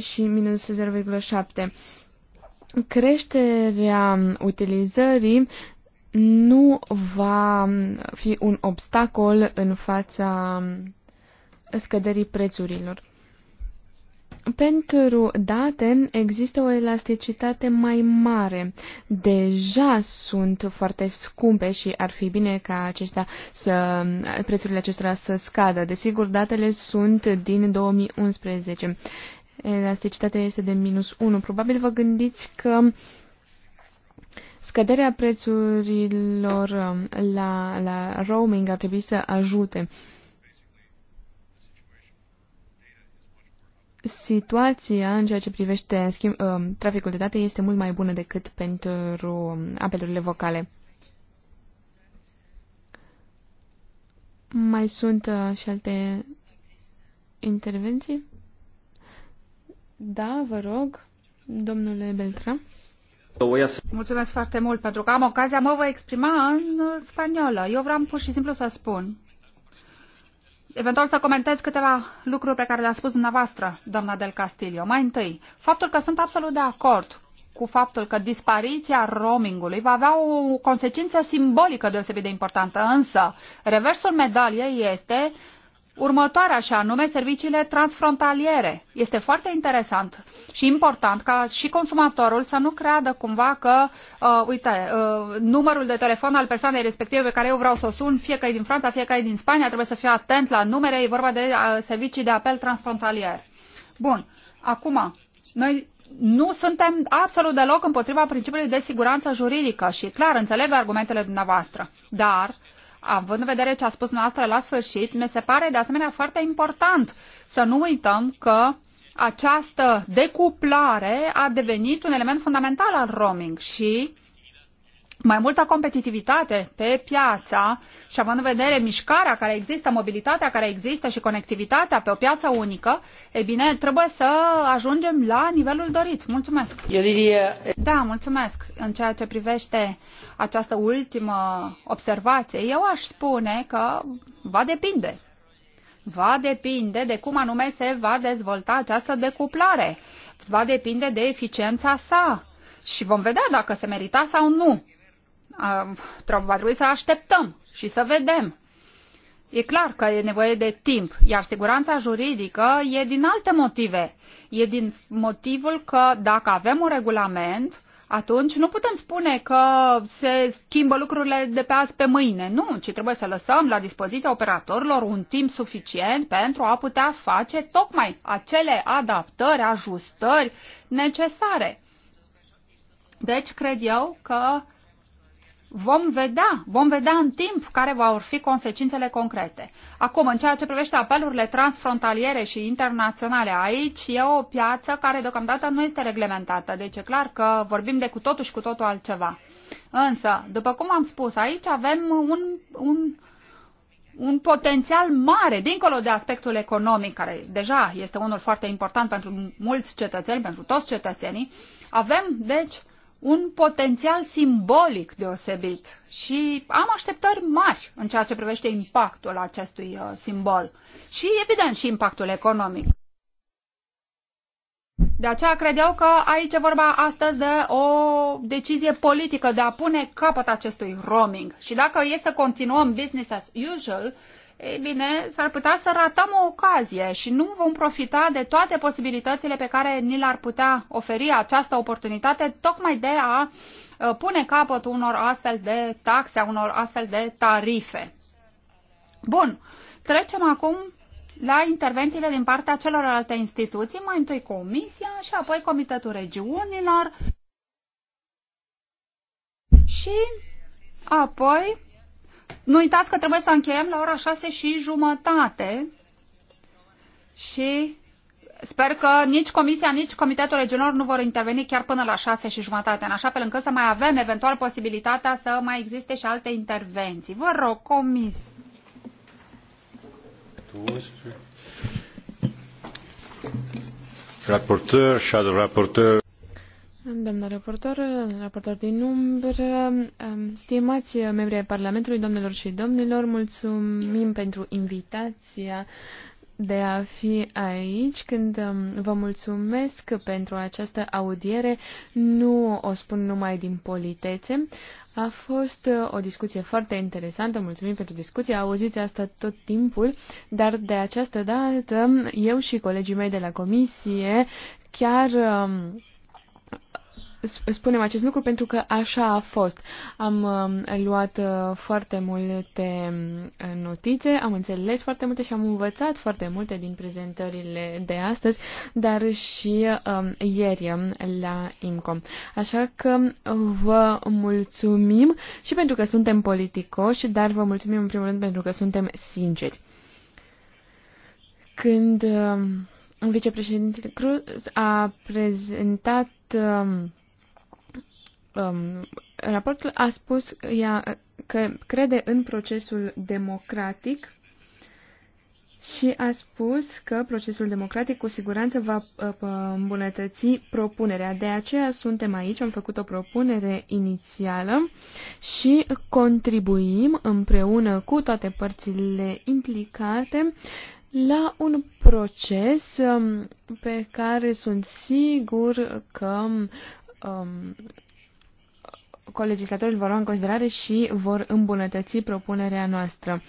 și minus 0,7. Creșterea um, utilizării nu va fi un obstacol în fața scăderii prețurilor. Pentru date există o elasticitate mai mare. Deja sunt foarte scumpe și ar fi bine ca acestea să, prețurile acestora să scadă. Desigur, datele sunt din 2011. Elasticitatea este de minus 1. Probabil vă gândiți că scăderea prețurilor la, la roaming ar trebui să ajute. Uh, situația în ceea ce privește schimb, ă, traficul de date este mult mai bună decât pentru apelurile vocale. Mai sunt ă, și alte intervenții? Da, vă rog, domnule Beltram. Mulțumesc foarte mult pentru că am ocazia mă voi exprima în spaniolă. Eu vreau pur și simplu să spun eventual să comentez câteva lucruri pe care le-a spus dumneavoastră, doamna Del Castillo. Mai întâi, faptul că sunt absolut de acord cu faptul că dispariția roamingului va avea o consecință simbolică deosebit de importantă, însă reversul medaliei este următoarea și anume serviciile transfrontaliere. Este foarte interesant și important ca și consumatorul să nu creadă cumva că, uh, uite, uh, numărul de telefon al persoanei respective pe care eu vreau să o sun, fie că e din Franța, fie că e din Spania, trebuie să fie atent la numere, e vorba de uh, servicii de apel transfrontalier. Bun, acum, noi nu suntem absolut deloc împotriva principiului de siguranță juridică și clar înțeleg argumentele dumneavoastră, dar având în vedere ce a spus noastră la sfârșit, mi se pare de asemenea foarte important să nu uităm că această decuplare a devenit un element fundamental al roaming și mai multă competitivitate pe piața și având în vedere mișcarea care există, mobilitatea care există și conectivitatea pe o piață unică, e bine, trebuie să ajungem la nivelul dorit. Mulțumesc! Eu Da, mulțumesc! În ceea ce privește această ultimă observație, eu aș spune că va depinde. Va depinde de cum anume se va dezvolta această decuplare. Va depinde de eficiența sa. Și vom vedea dacă se merita sau nu va trebui să așteptăm și să vedem. E clar că e nevoie de timp, iar siguranța juridică e din alte motive. E din motivul că dacă avem un regulament, atunci nu putem spune că se schimbă lucrurile de pe azi pe mâine. Nu, ci trebuie să lăsăm la dispoziția operatorilor un timp suficient pentru a putea face tocmai acele adaptări, ajustări necesare. Deci, cred eu că Vom vedea, vom vedea în timp care vor fi consecințele concrete. Acum, în ceea ce privește apelurile transfrontaliere și internaționale, aici e o piață care deocamdată nu este reglementată, deci e clar că vorbim de cu totul și cu totul altceva. Însă, după cum am spus, aici avem un, un, un potențial mare, dincolo de aspectul economic, care deja este unul foarte important pentru mulți cetățeni, pentru toți cetățenii, avem, deci, un potențial simbolic deosebit și am așteptări mari în ceea ce privește impactul acestui uh, simbol și, evident, și impactul economic. De aceea cred eu că aici e vorba astăzi de o decizie politică de a pune capăt acestui roaming. Și dacă e să continuăm business as usual, ei bine, s-ar putea să ratăm o ocazie și nu vom profita de toate posibilitățile pe care ni l ar putea oferi această oportunitate tocmai de a uh, pune capăt unor astfel de taxe, unor astfel de tarife. Bun, trecem acum la intervențiile din partea celorlalte instituții, mai întâi Comisia și apoi Comitetul Regiunilor și apoi nu uitați că trebuie să încheiem la ora șase și jumătate și sper că nici Comisia, nici Comitetul Regional nu vor interveni chiar până la șase și jumătate, în așa fel încât să mai avem eventual posibilitatea să mai existe și alte intervenții. Vă rog, Comisie. 12. Raporteur, shadow raporteur. Doamna raportor, raportor din umbră, stimați membri ai Parlamentului, domnilor și domnilor, mulțumim pentru invitația de a fi aici. Când um, vă mulțumesc pentru această audiere, nu o spun numai din politețe. A fost uh, o discuție foarte interesantă, mulțumim pentru discuție, auziți asta tot timpul, dar de această dată eu și colegii mei de la comisie chiar um, spunem acest lucru pentru că așa a fost. Am um, luat uh, foarte multe um, notițe, am înțeles foarte multe și am învățat foarte multe din prezentările de astăzi, dar și um, ieri um, la IMCOM. Așa că vă mulțumim și pentru că suntem politicoși, dar vă mulțumim în primul rând pentru că suntem sinceri. Când um, vicepreședintele Cruz a prezentat um, um, raportul a spus ea că crede în procesul democratic și a spus că procesul democratic cu siguranță va uh, îmbunătăți propunerea. De aceea suntem aici, am făcut o propunere inițială și contribuim împreună cu toate părțile implicate la un proces um, pe care sunt sigur că um, colegislatorii vor lua în considerare și vor îmbunătăți propunerea noastră.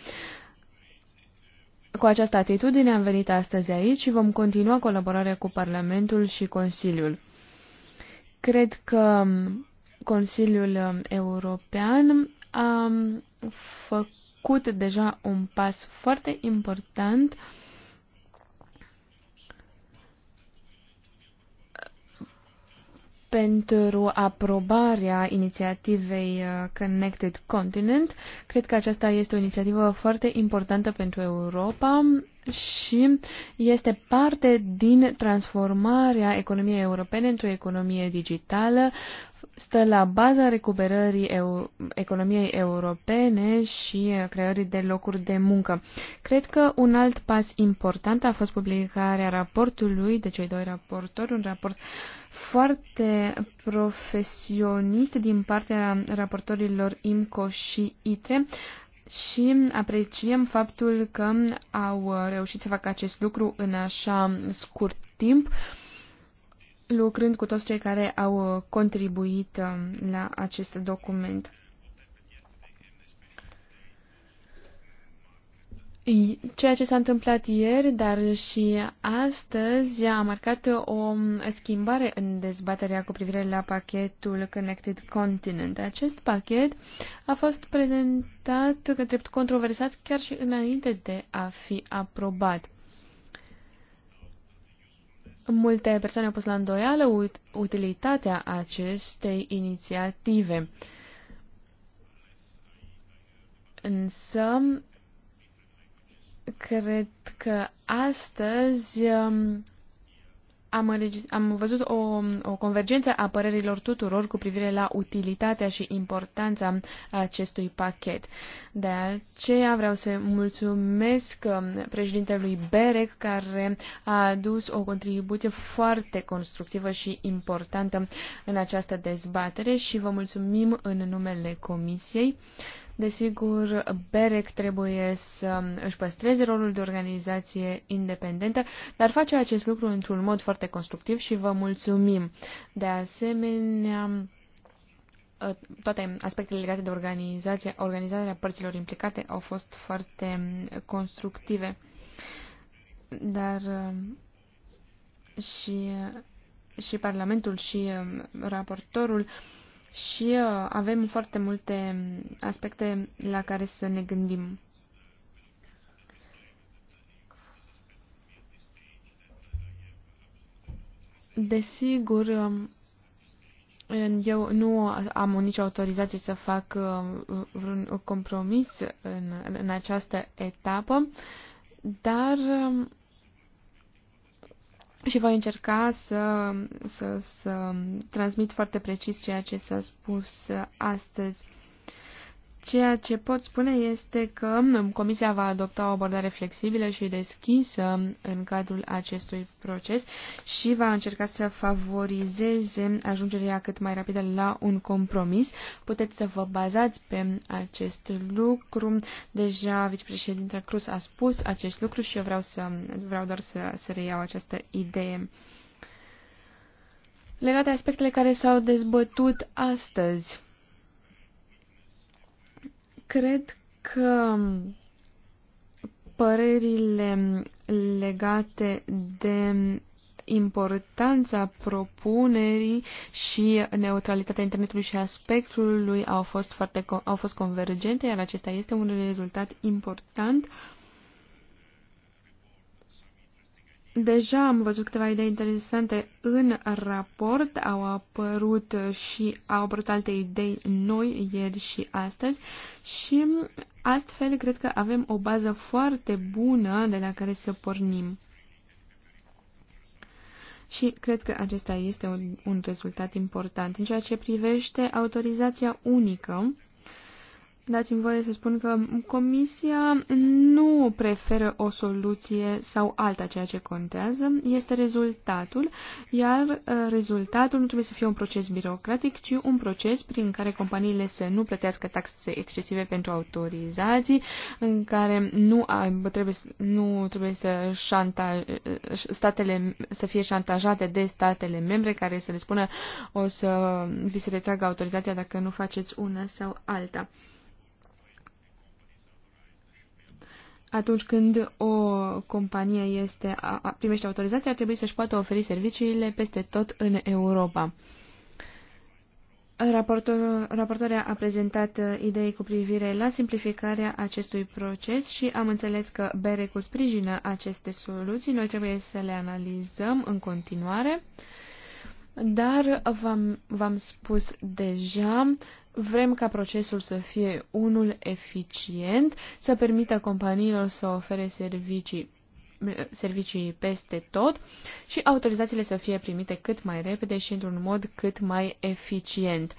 Cu această atitudine am venit astăzi aici și vom continua colaborarea cu Parlamentul și Consiliul. Cred că Consiliul European a făcut deja un pas foarte important uh, pentru aprobarea inițiativei uh, Connected Continent. Cred că aceasta este o inițiativă foarte importantă pentru Europa și este parte din transformarea economiei europene într-o economie digitală stă la baza recuperării eu, economiei europene și creării de locuri de muncă. Cred că un alt pas important a fost publicarea raportului de cei doi raportori, un raport foarte profesionist din partea raportorilor IMCO și ITRE, și apreciem faptul că au reușit să facă acest lucru în așa scurt timp. Uh, lucrând cu toți cei care au uh, contribuit um, la acest document. Ceea ce s-a întâmplat ieri, dar și astăzi, a marcat uh, o um, schimbare în dezbaterea cu privire la pachetul Connected Continent. Acest pachet a fost prezentat drept controversat chiar și înainte de a fi aprobat. Multe persoane au pus la îndoială utilitatea acestei inițiative. Însă, cred că astăzi um, am, am văzut o, o convergență a părerilor tuturor cu privire la utilitatea și importanța acestui pachet. De aceea vreau să mulțumesc um, președintelui Berec care a adus o contribuție foarte constructivă și importantă în această dezbatere și vă mulțumim în numele Comisiei. Desigur, BEREC trebuie să își păstreze rolul de organizație independentă, dar face acest lucru într-un mod foarte constructiv și vă mulțumim. De asemenea, toate aspectele legate de organizație, organizarea părților implicate au fost foarte constructive. Dar și, și Parlamentul și um, raportorul uh, și uh, avem foarte multe aspecte la care să ne gândim. Desigur, um, eu nu am nicio autorizație să fac uh, vreun compromis în, în această etapă, dar um, și voi încerca să, să, să transmit foarte precis ceea ce s-a spus astăzi. Ceea ce pot spune este că mm, Comisia va adopta o abordare flexibilă și deschisă în cadrul acestui proces și va încerca să favorizeze ajungerea cât mai rapidă la un compromis. Puteți să vă bazați pe acest lucru. Deja vicepreședintele Cruz a spus acest lucru și eu vreau, să, vreau doar să, să reiau această idee. Legate aspectele care s-au dezbătut astăzi Cred că părerile legate de importanța propunerii și neutralitatea internetului și a spectrului au fost, foarte, au fost convergente, iar acesta este un rezultat important uh, Deja am văzut câteva idei interesante în raport, au apărut și au apărut alte idei noi ieri și astăzi și astfel cred că avem o bază foarte bună de la care să pornim. Și cred că acesta este un, un rezultat important. În ceea ce privește autorizația unică, Dați-mi voie să spun că Comisia nu preferă o soluție sau alta, ceea ce contează este rezultatul, iar uh, rezultatul nu trebuie să fie un proces birocratic, ci un proces prin care companiile să nu plătească taxe excesive pentru autorizații, în care nu, trebuie, nu trebuie să șanta, uh, statele, să fie șantajate de statele membre care să le spună o să vi se retragă autorizația dacă nu faceți una sau alta. atunci când o companie este, a, a, primește autorizația, ar trebui să-și poată oferi serviciile peste tot în Europa. Raportor, raportoarea a prezentat uh, idei cu privire la simplificarea acestui proces și am înțeles că BEREC-ul sprijină aceste soluții. Noi trebuie să le analizăm în continuare. Dar v-am, spus deja, vrem ca procesul să fie unul eficient, să permită companiilor să ofere servicii servicii peste tot și autorizațiile să fie primite cât mai repede și într-un mod cât mai eficient.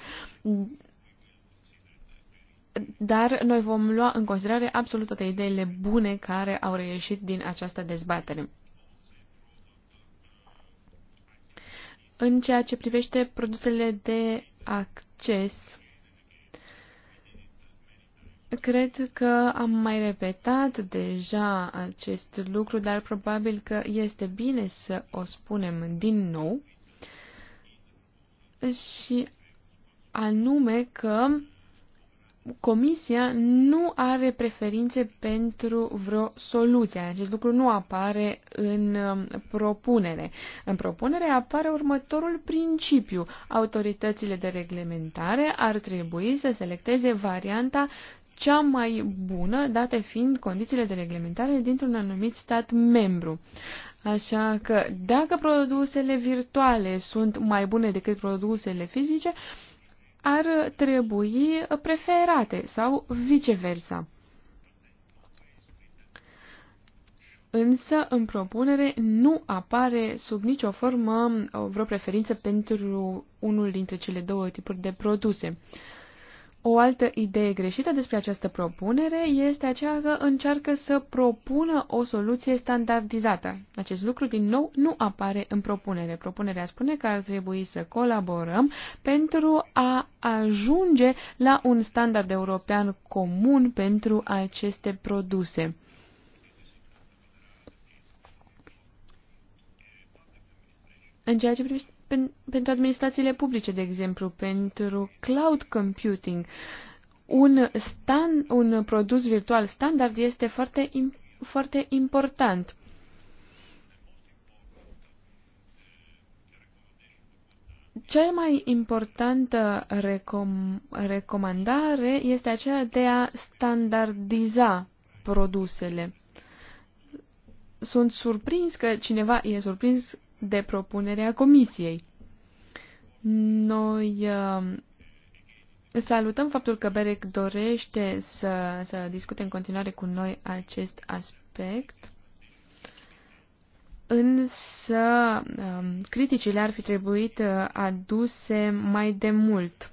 Dar noi vom lua în considerare absolut toate ideile bune care au reieșit din această dezbatere. În ceea ce privește produsele de acces, Cred că am mai repetat deja acest lucru, dar probabil că este bine să o spunem din nou. Și anume că Comisia nu are preferințe pentru vreo soluție. Acest lucru nu apare în um, propunere. În propunere apare următorul principiu. Autoritățile de reglementare ar trebui să selecteze varianta cea mai bună, date fiind condițiile de reglementare dintr-un anumit stat membru. Așa că dacă produsele virtuale sunt mai bune decât produsele fizice, uh, ar trebui preferate sau viceversa. Însă, în propunere, nu apare sub nicio formă vreo preferință pentru unul dintre cele două tipuri de produse. Uh, o altă idee greșită despre această propunere este aceea că încearcă să propună o soluție standardizată. Acest lucru, din nou, nu apare în propunere. Propunerea spune că ar trebui să colaborăm pentru a ajunge la un standard european comun pentru aceste produse. În ceea ce privește pen, pentru administrațiile publice, de exemplu, pentru cloud computing. Un, stand, un produs virtual standard este foarte, foarte important. Cea mai importantă recom recomandare este aceea de a standardiza produsele. Sunt surprins că cineva e surprins de propunerea Comisiei. Noi uh, salutăm faptul că BEREC dorește să, să discute în continuare cu noi acest aspect, însă um, criticile ar fi trebuit uh, aduse mai de mult.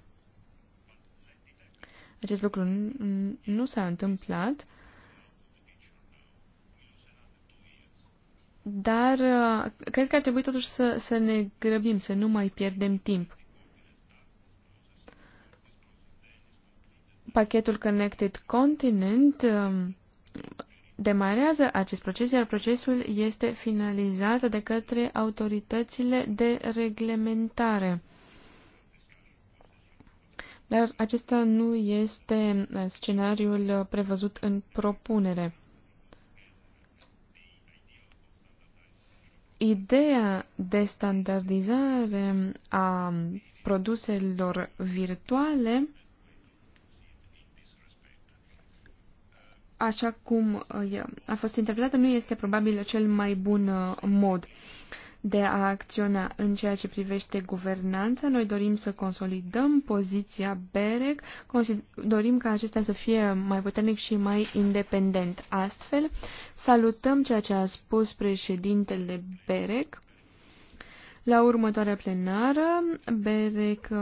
Acest lucru nu s-a întâmplat. Dar uh, cred că ar trebui totuși să, să ne grăbim, să nu mai pierdem timp. Pachetul Connected Continent um, demarează acest proces, iar procesul este finalizat de către autoritățile de reglementare. Dar acesta nu este uh, scenariul uh, prevăzut în propunere. Ideea de standardizare a produselor virtuale, așa cum uh, a fost interpretată, nu este probabil cel mai bun uh, mod de a acționa în ceea ce privește guvernanța. Noi dorim să consolidăm poziția BEREC, dorim ca acesta să fie mai puternic și mai independent. Astfel, salutăm ceea ce a spus președintele BEREC. La următoarea plenară, BEREC uh,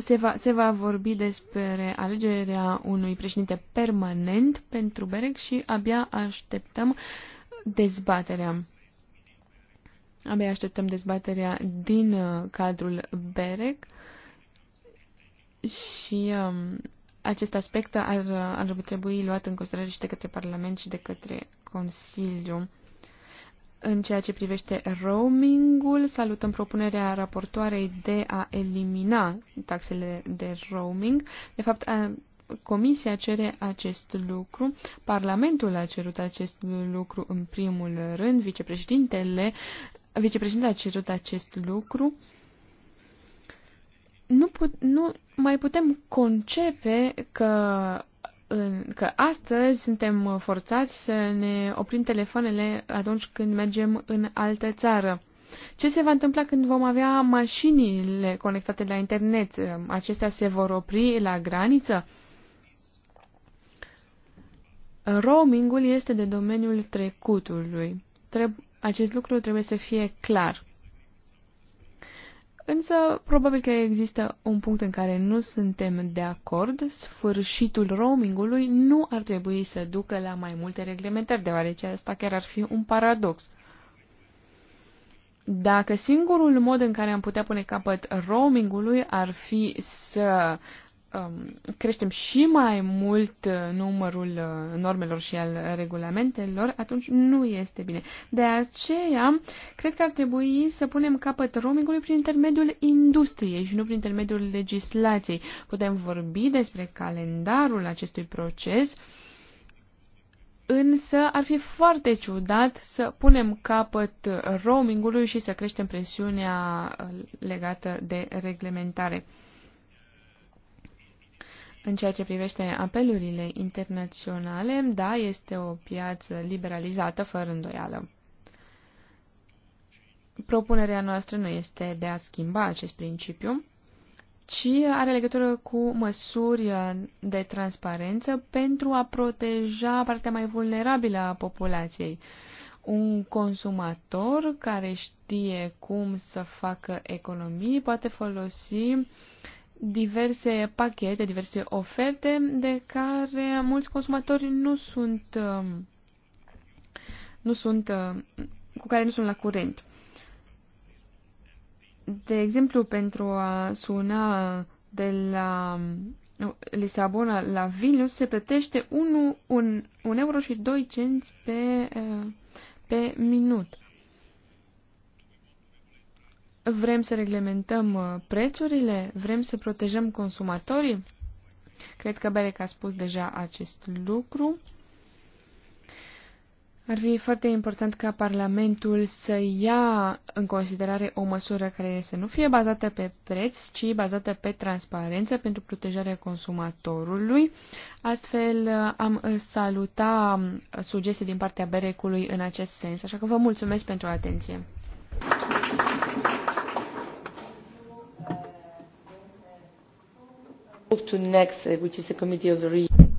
se va, se va vorbi despre alegerea unui președinte permanent pentru BEREC și abia așteptăm dezbaterea. Abia așteptăm dezbaterea din uh, cadrul BEREC și um, acest aspect ar, uh, ar trebui luat în considerare și de către Parlament și de către Consiliu. În ceea ce privește roamingul, salutăm propunerea raportoarei de a elimina taxele de roaming. De fapt, a, Comisia cere acest lucru, Parlamentul a cerut acest lucru în primul rând, vicepreședintele vicepreședinte a cerut acest lucru, nu, put, nu mai putem concepe că, că astăzi suntem forțați să ne oprim telefoanele atunci când mergem în altă țară. Ce se va întâmpla când vom avea mașinile conectate la internet? Acestea se vor opri la graniță? Roamingul este de domeniul trecutului. Trebuie acest lucru trebuie să fie clar. Însă, probabil că există un punct în care nu suntem de acord. Sfârșitul roamingului nu ar trebui să ducă la mai multe reglementări, deoarece asta chiar ar fi un paradox. Dacă singurul mod în care am putea pune capăt roamingului ar fi să Um, creștem și mai mult uh, numărul uh, normelor și al regulamentelor, atunci nu este bine. De aceea, cred că ar trebui să punem capăt roamingului prin intermediul industriei și nu prin intermediul legislației. Putem vorbi despre calendarul acestui proces, însă ar fi foarte ciudat să punem capăt roamingului și să creștem presiunea uh, legată de reglementare. În ceea ce privește apelurile internaționale, da, este o piață liberalizată, fără îndoială. Propunerea noastră nu este de a schimba acest principiu, ci are legătură cu măsuri de transparență pentru a proteja partea mai vulnerabilă a populației. Un consumator care știe cum să facă economii poate folosi diverse pachete, diverse oferte de care mulți consumatori nu sunt, um, nu sunt um, cu care nu sunt la curent. De exemplu, pentru a suna de la um, Lisabona la Vilnius se plătește 1, un un euro și 2 cenți pe, uh, pe minut. Vrem să reglementăm uh, prețurile? Vrem să protejăm consumatorii? Cred că Berec a spus deja acest lucru. Ar fi foarte important ca Parlamentul să ia în considerare o măsură care să nu fie bazată pe preț, ci bazată pe transparență pentru protejarea consumatorului. Astfel uh, am saluta um, sugestii din partea Berecului în acest sens, așa că vă mulțumesc pentru atenție.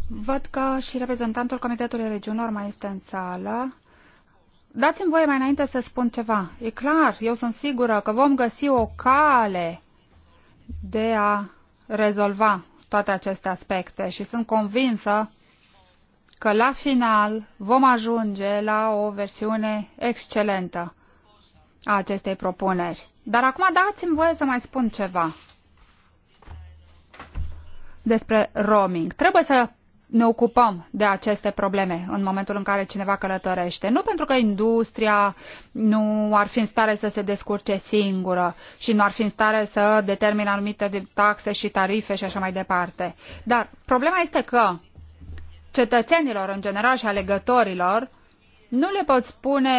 Văd că și reprezentantul Comitetului Regiunilor mai este în sală. Dați-mi voie mai înainte să spun ceva. E clar, eu sunt sigură că vom găsi o cale de a rezolva toate aceste aspecte și sunt convinsă că la final vom ajunge la o versiune excelentă a acestei propuneri. Dar acum dați-mi voie să mai spun ceva despre roaming. Trebuie să ne ocupăm de aceste probleme în momentul în care cineva călătorește. Nu pentru că industria nu ar fi în stare să se descurce singură și nu ar fi în stare să determine anumite taxe și tarife și așa mai departe. Dar problema este că cetățenilor în general și alegătorilor nu le pot spune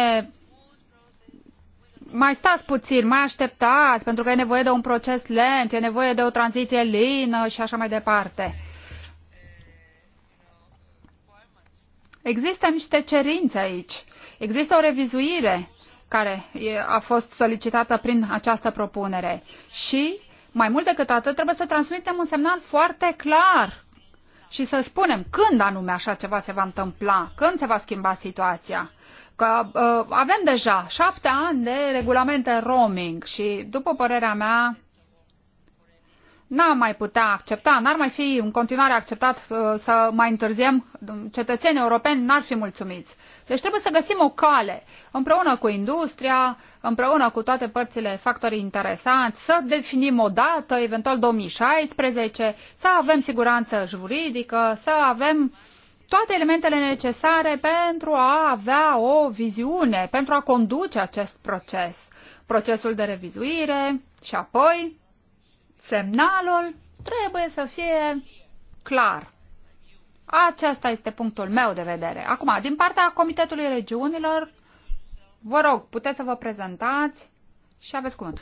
mai stați puțin, mai așteptați, pentru că e nevoie de un proces lent, e nevoie de o tranziție lină și așa mai departe. Există niște cerințe aici. Există o revizuire care a fost solicitată prin această propunere. Și, mai mult decât atât, trebuie să transmitem un semnal foarte clar și să spunem când anume așa ceva se va întâmpla, când se va schimba situația că uh, avem deja șapte ani de regulamente roaming și, după părerea mea, n-am mai putea accepta, n-ar mai fi în continuare acceptat uh, să mai întârziem, cetățenii europeni n-ar fi mulțumiți. Deci trebuie să găsim o cale, împreună cu industria, împreună cu toate părțile factorii interesanți, să definim o dată, eventual 2016, să avem siguranță juridică, să avem uh, toate elementele necesare pentru a avea o viziune, pentru a conduce acest proces, procesul de revizuire și apoi semnalul trebuie să fie clar. Acesta este punctul meu de vedere. Acum, din partea Comitetului Regiunilor, vă rog, puteți să vă prezentați și aveți cuvânt.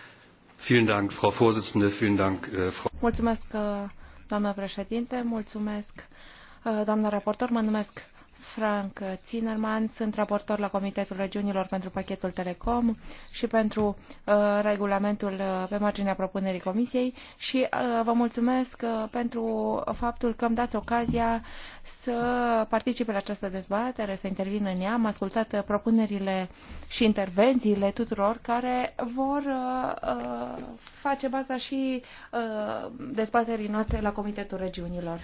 Äh, mulțumesc, doamnă președinte, mulțumesc Uh, doamnă raportor, mă numesc Frank Zinnerman, sunt raportor la Comitetul Regiunilor pentru pachetul Telecom și pentru uh, regulamentul uh, pe marginea propunerii Comisiei și uh, vă mulțumesc uh, pentru faptul că îmi dați ocazia să participe la această dezbatere, să intervin în ea. Am ascultat uh, propunerile și intervențiile tuturor care vor uh, uh face baza și uh, dezbaterii noastre la Comitetul Regiunilor.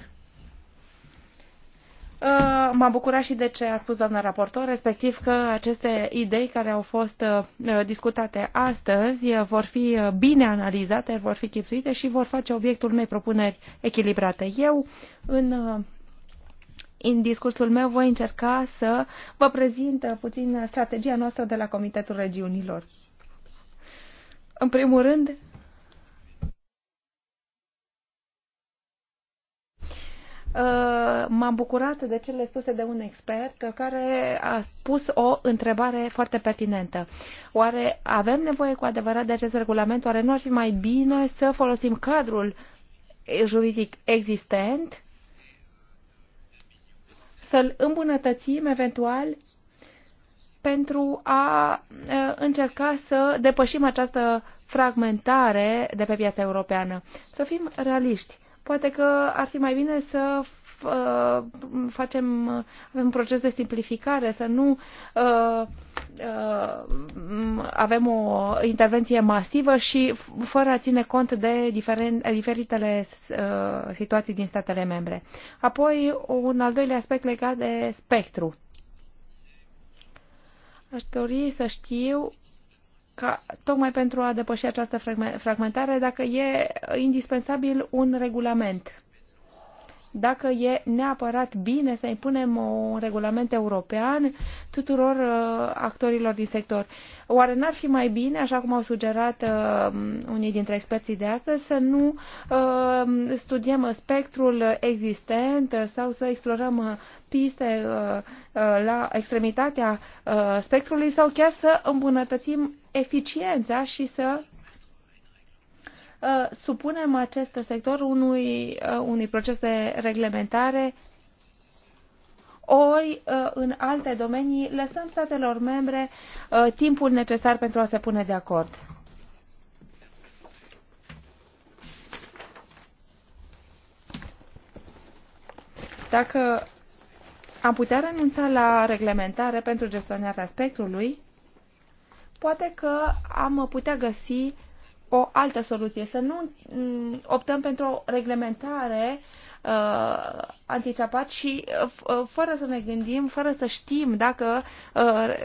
Uh, m-am bucurat și de ce a spus doamna raportor, respectiv că aceste idei care au fost uh, discutate astăzi uh, vor fi bine analizate, vor fi chipsuite și vor face obiectul unei propuneri echilibrate. Eu, în, în discursul meu, voi încerca să vă prezint puțin strategia noastră de la Comitetul Regiunilor. În primul rând, Uh, m-am bucurat de cele spuse de un expert care a spus o întrebare foarte pertinentă. Oare avem nevoie cu adevărat de acest regulament? Oare nu ar fi mai bine să folosim cadrul juridic existent, să-l îmbunătățim eventual pentru a uh, încerca să depășim această fragmentare de pe piața europeană. Să fim realiști Poate că ar fi mai bine să uh, facem avem un proces de simplificare, să nu uh, uh, avem o intervenție masivă și fără a ține cont de diferen, diferitele uh, situații din statele membre. Apoi, un al doilea aspect legat de spectru. Aș dori să știu ca, tocmai pentru a depăși această fragmentare, dacă e indispensabil un regulament. Dacă e neapărat bine să impunem un regulament european tuturor uh, actorilor din sector. Oare n-ar fi mai bine, așa cum au sugerat uh, unii dintre experții de astăzi, să nu uh, studiem spectrul existent sau să explorăm uh, piste uh, uh, la extremitatea uh, spectrului sau chiar să îmbunătățim eficiența și să supunem acest sector unui, unui proces de reglementare ori în alte domenii lăsăm statelor membre timpul necesar pentru a se pune de acord. Dacă am putea renunța la reglementare pentru gestionarea spectrului, poate că am putea găsi o altă soluție, să nu mm, optăm pentru o reglementare uh, anticipat și uh, uh, fără să ne gândim, fără să știm dacă uh,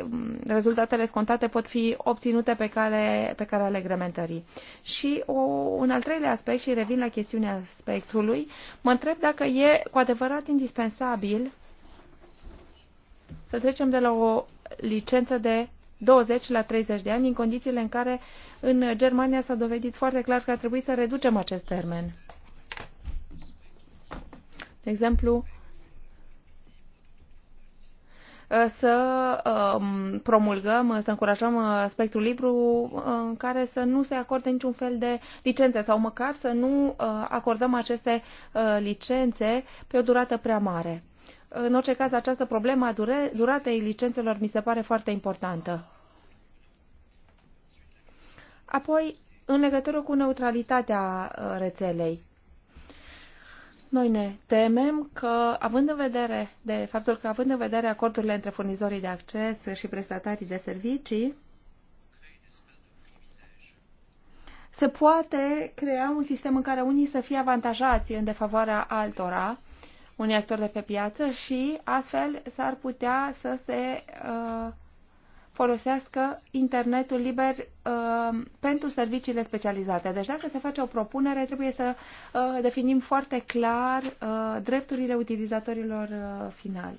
mm, rezultatele scontate pot fi obținute pe care, pe care ale reglementării. Și o, un al treilea aspect, și revin la chestiunea spectrului, mă întreb dacă e cu adevărat indispensabil să trecem de la o licență de 20 la 30 de ani, în condițiile în care în Germania s-a dovedit foarte clar că ar trebui să reducem acest termen. De exemplu, să um, promulgăm, să încurajăm spectrul libru în care să nu se acorde niciun fel de licențe sau măcar să nu uh, acordăm aceste uh, licențe pe o durată prea mare. În orice caz, această problemă a duratei licențelor mi se pare foarte importantă. Apoi, în legătură cu neutralitatea uh, rețelei, noi ne temem că, având în vedere de faptul că, având în vedere acordurile între furnizorii de acces și prestatarii de servicii, se poate crea un sistem în care unii să fie avantajați în defavoarea altora, unui actor de pe piață și astfel s-ar putea să se uh, folosească internetul liber uh, pentru serviciile specializate. Deci dacă se face o propunere, trebuie să uh, definim foarte clar uh, drepturile utilizatorilor uh, finali.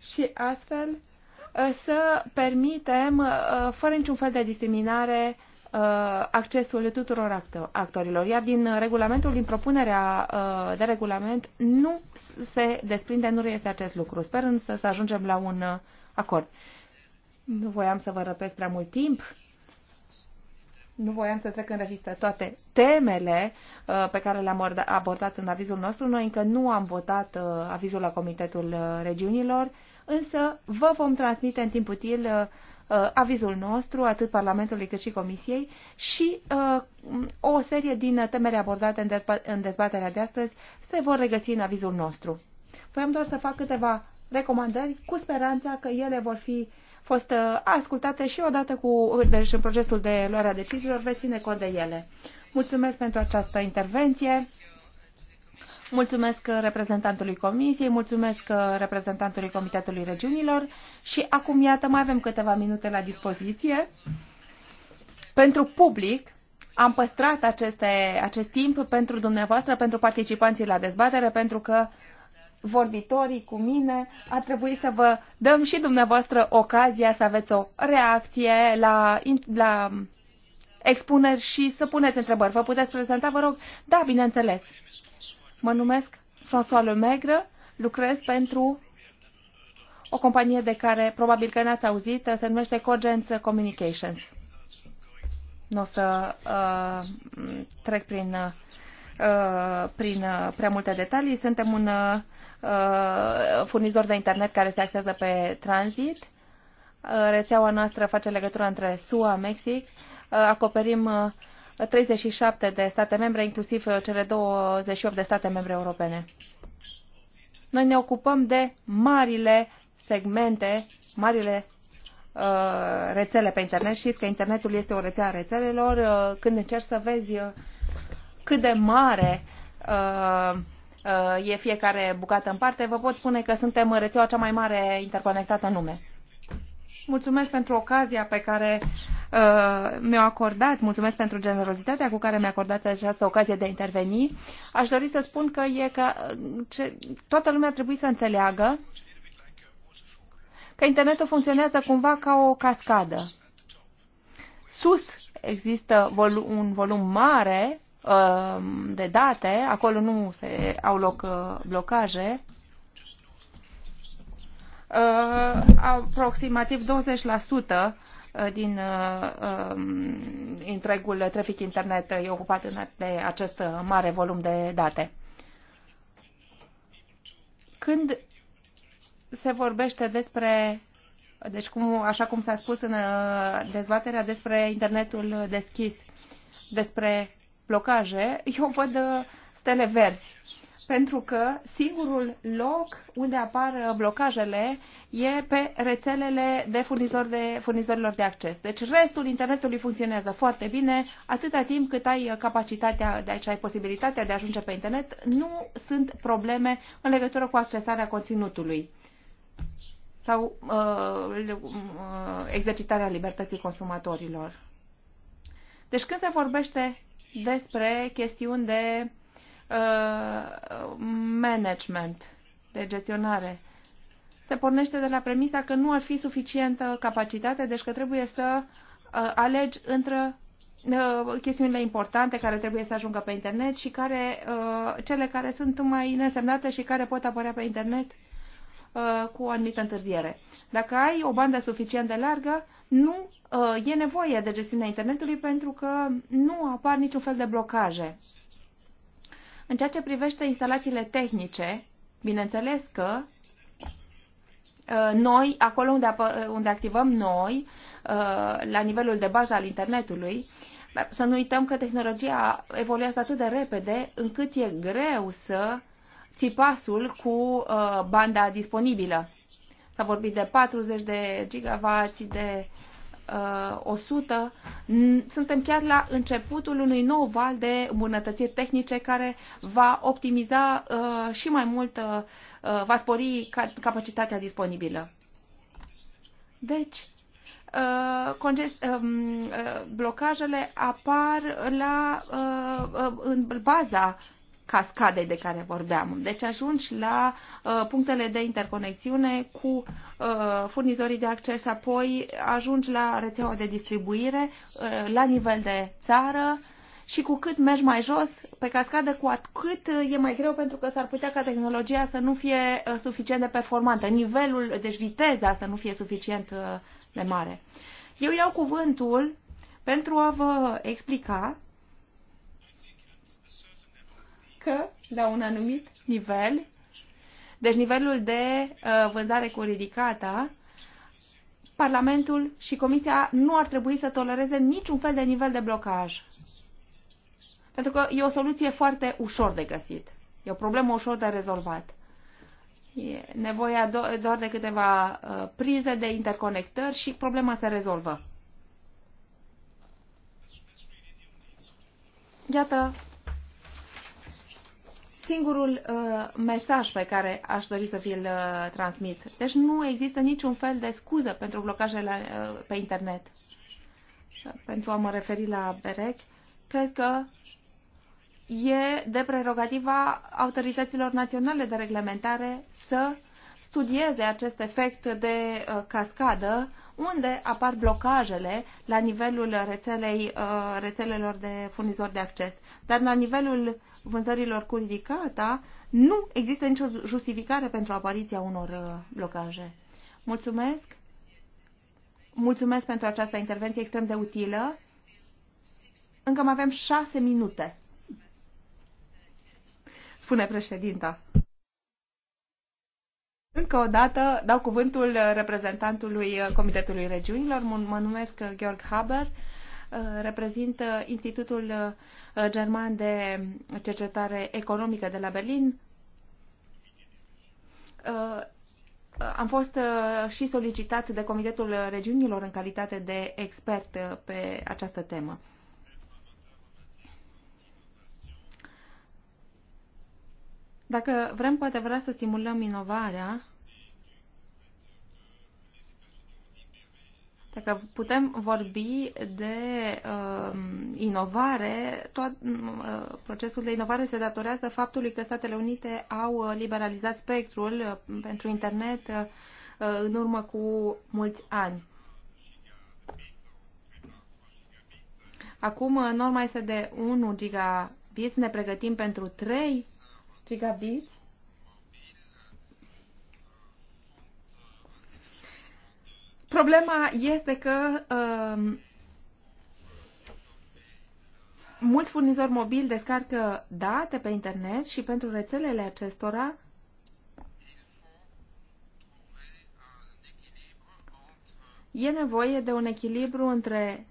Și astfel uh, să permitem, uh, fără niciun fel de discriminare, uh, Uh, accesul tuturor actorilor. Iar din regulamentul, din propunerea uh, de regulament, nu se desprinde, nu este acest lucru. Sper însă să ajungem la un uh, acord. Nu voiam să vă răpesc prea mult timp. Nu voiam să trec în revistă toate temele pe care le-am abordat în avizul nostru. Noi încă nu am votat avizul la Comitetul Regiunilor, însă vă vom transmite în timp util Uh, avizul nostru, atât Parlamentului cât și Comisiei, și uh, o serie din temere abordate în, dezba în dezbaterea de astăzi se vor regăsi în avizul nostru. Voiam doar să fac câteva recomandări cu speranța că ele vor fi fost uh, ascultate și odată cu, deci în procesul de luare a deciziilor, veți ține cont de ele. Mulțumesc pentru această intervenție. Mulțumesc reprezentantului Comisiei, mulțumesc reprezentantului Comitetului Regiunilor și acum, iată, mai avem câteva minute la dispoziție. Pentru public am păstrat aceste, acest timp pentru dumneavoastră, pentru participanții la dezbatere, pentru că vorbitorii cu mine ar trebui să vă dăm și dumneavoastră ocazia să aveți o reacție la, la expuneri și să puneți întrebări. Vă puteți prezenta, vă rog? Da, bineînțeles. Mă numesc François Lemaigre, lucrez pentru o companie de care probabil că n-ați auzit, se numește Cogent Communications. Nu o să uh, trec prin, uh, prin uh, prea multe detalii. Suntem un uh, furnizor de internet care se axează pe tranzit. Uh, rețeaua noastră face legătura între SUA, Mexic. Uh, acoperim uh, 37 de state membre, inclusiv uh, cele 28 de state membre europene. Noi ne ocupăm de marile segmente, marile uh, rețele pe internet. Știți că internetul este o rețea a rețelelor. Uh, când încerci să vezi uh, cât de mare uh, uh, e fiecare bucată în parte, vă pot spune că suntem rețeaua cea mai mare interconectată în lume. Mulțumesc pentru ocazia pe care uh, mi-o acordați, mulțumesc pentru generozitatea cu care mi-a acordat această ocazie de a interveni. Aș dori să spun că e că uh, ce, toată lumea trebuie să înțeleagă că internetul funcționează cumva ca o cascadă. Sus există volu- un volum mare uh, de date, acolo nu se au loc uh, blocaje, Uh, aproximativ 20% uh, din uh, um, întregul trafic internet e ocupat de acest mare volum de date. Când se vorbește despre, deci cum, așa cum s-a spus în dezbaterea despre internetul deschis, despre blocaje, eu văd stele verzi pentru că singurul loc unde apar blocajele e pe rețelele de, furnizor de furnizorilor de acces. Deci restul internetului funcționează foarte bine, atâta timp cât ai capacitatea, deci ai posibilitatea de a ajunge pe internet, nu sunt probleme în legătură cu accesarea conținutului sau uh, uh, exercitarea libertății consumatorilor. Deci când se vorbește despre chestiuni de Uh, management, de gestionare. Se pornește de la premisa că nu ar fi suficientă capacitate, deci că trebuie să uh, alegi între uh, chestiunile importante care trebuie să ajungă pe internet și care, cele care sunt mai nesemnate și care pot apărea pe internet cu o anumită întârziere. Dacă ai o bandă suficient de largă, nu e nevoie de gestiunea internetului pentru că nu apar niciun fel de blocaje în ceea ce privește instalațiile tehnice, bineînțeles că uh, noi, acolo unde, uh, unde activăm noi, uh, la nivelul de bază al internetului, să nu uităm că tehnologia evoluează atât de repede încât e greu să ții pasul cu banda disponibilă. S-a vorbit de 40 de gigawați, de 100, uh, suntem chiar la începutul unui nou val de îmbunătățiri tehnice care va optimiza uh, și mai mult, uh, va spori capacitatea disponibilă. Deci, um, blocajele apar la, în baza cascadei de care vorbeam. Deci ajungi la uh, punctele de interconexiune cu uh, furnizorii de acces, apoi ajungi la rețeaua de distribuire uh, la nivel de țară și cu cât mergi mai jos pe cascadă, cu atât e mai greu pentru că s-ar putea ca tehnologia să nu fie uh, suficient de performantă, nivelul, deci viteza să nu fie suficient uh, de mare. Eu iau cuvântul pentru a vă explica că, la un anumit nivel, deci nivelul de uh, vânzare cu ridicata, Parlamentul și Comisia nu ar trebui să tolereze niciun fel de nivel de blocaj. Pentru că e o soluție foarte ușor de găsit. E o problemă ușor de rezolvat. E nevoia do- doar de câteva uh, prize de interconectări și problema se rezolvă. Iată singurul uh, mesaj pe care aș dori să vi-l uh, transmit. Deci nu există niciun fel de scuză pentru blocajele uh, pe internet. Pentru a mă referi la BEREC, cred că e de prerogativa autorităților naționale de reglementare să studieze acest efect de uh, cascadă unde apar blocajele la nivelul rețelei, uh, rețelelor de furnizori de acces. Dar la nivelul vânzărilor cu ridicata nu există nicio justificare pentru apariția unor uh, blocaje. Mulțumesc! Mulțumesc pentru această intervenție extrem de utilă. Încă mai avem șase minute. Spune președinta. Încă o dată dau cuvântul reprezentantului Comitetului Regiunilor. Mă numesc Georg Haber, uh, reprezint uh, Institutul uh, German de Cercetare Economică de la Berlin. Am fost și solicitat de Comitetul Regiunilor în calitate de expert pe această temă. Dacă vrem cu adevărat să stimulăm inovarea, Dacă putem vorbi de uh, inovare, tot uh, procesul de inovare se datorează faptului că Statele Unite au uh, liberalizat spectrul uh, pentru internet uh, uh, în urmă cu mulți ani. Acum uh, norma este de 1 gigabit, ne pregătim pentru 3 gigabit. Problema este că uh, mulți furnizori mobili descarcă date pe internet și pentru rețelele acestora e nevoie de un echilibru între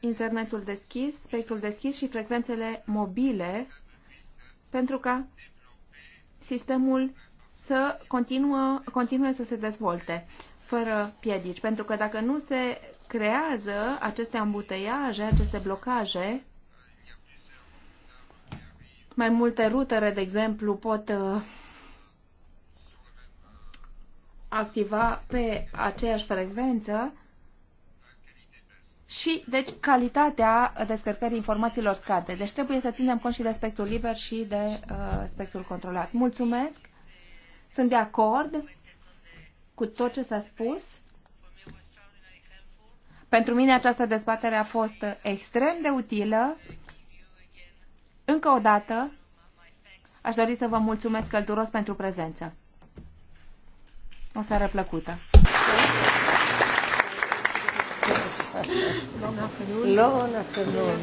internetul deschis, spectrul deschis și frecvențele mobile pentru ca sistemul să continuă, continue să se dezvolte fără piedici. Pentru că dacă nu se creează aceste ambuteiaje, aceste blocaje, mai multe rutere, de exemplu, pot uh, activa pe aceeași frecvență, și, deci, calitatea descărcării informațiilor scade. Deci trebuie să ținem cont și de aspectul liber și de uh, spectrul controlat. Mulțumesc! Sunt de acord cu tot ce s-a spus. Pentru mine această dezbatere a fost extrem de utilă. Încă o dată, aș dori să vă mulțumesc călduros pentru prezență. O seară plăcută! Long afternoon. Long afternoon.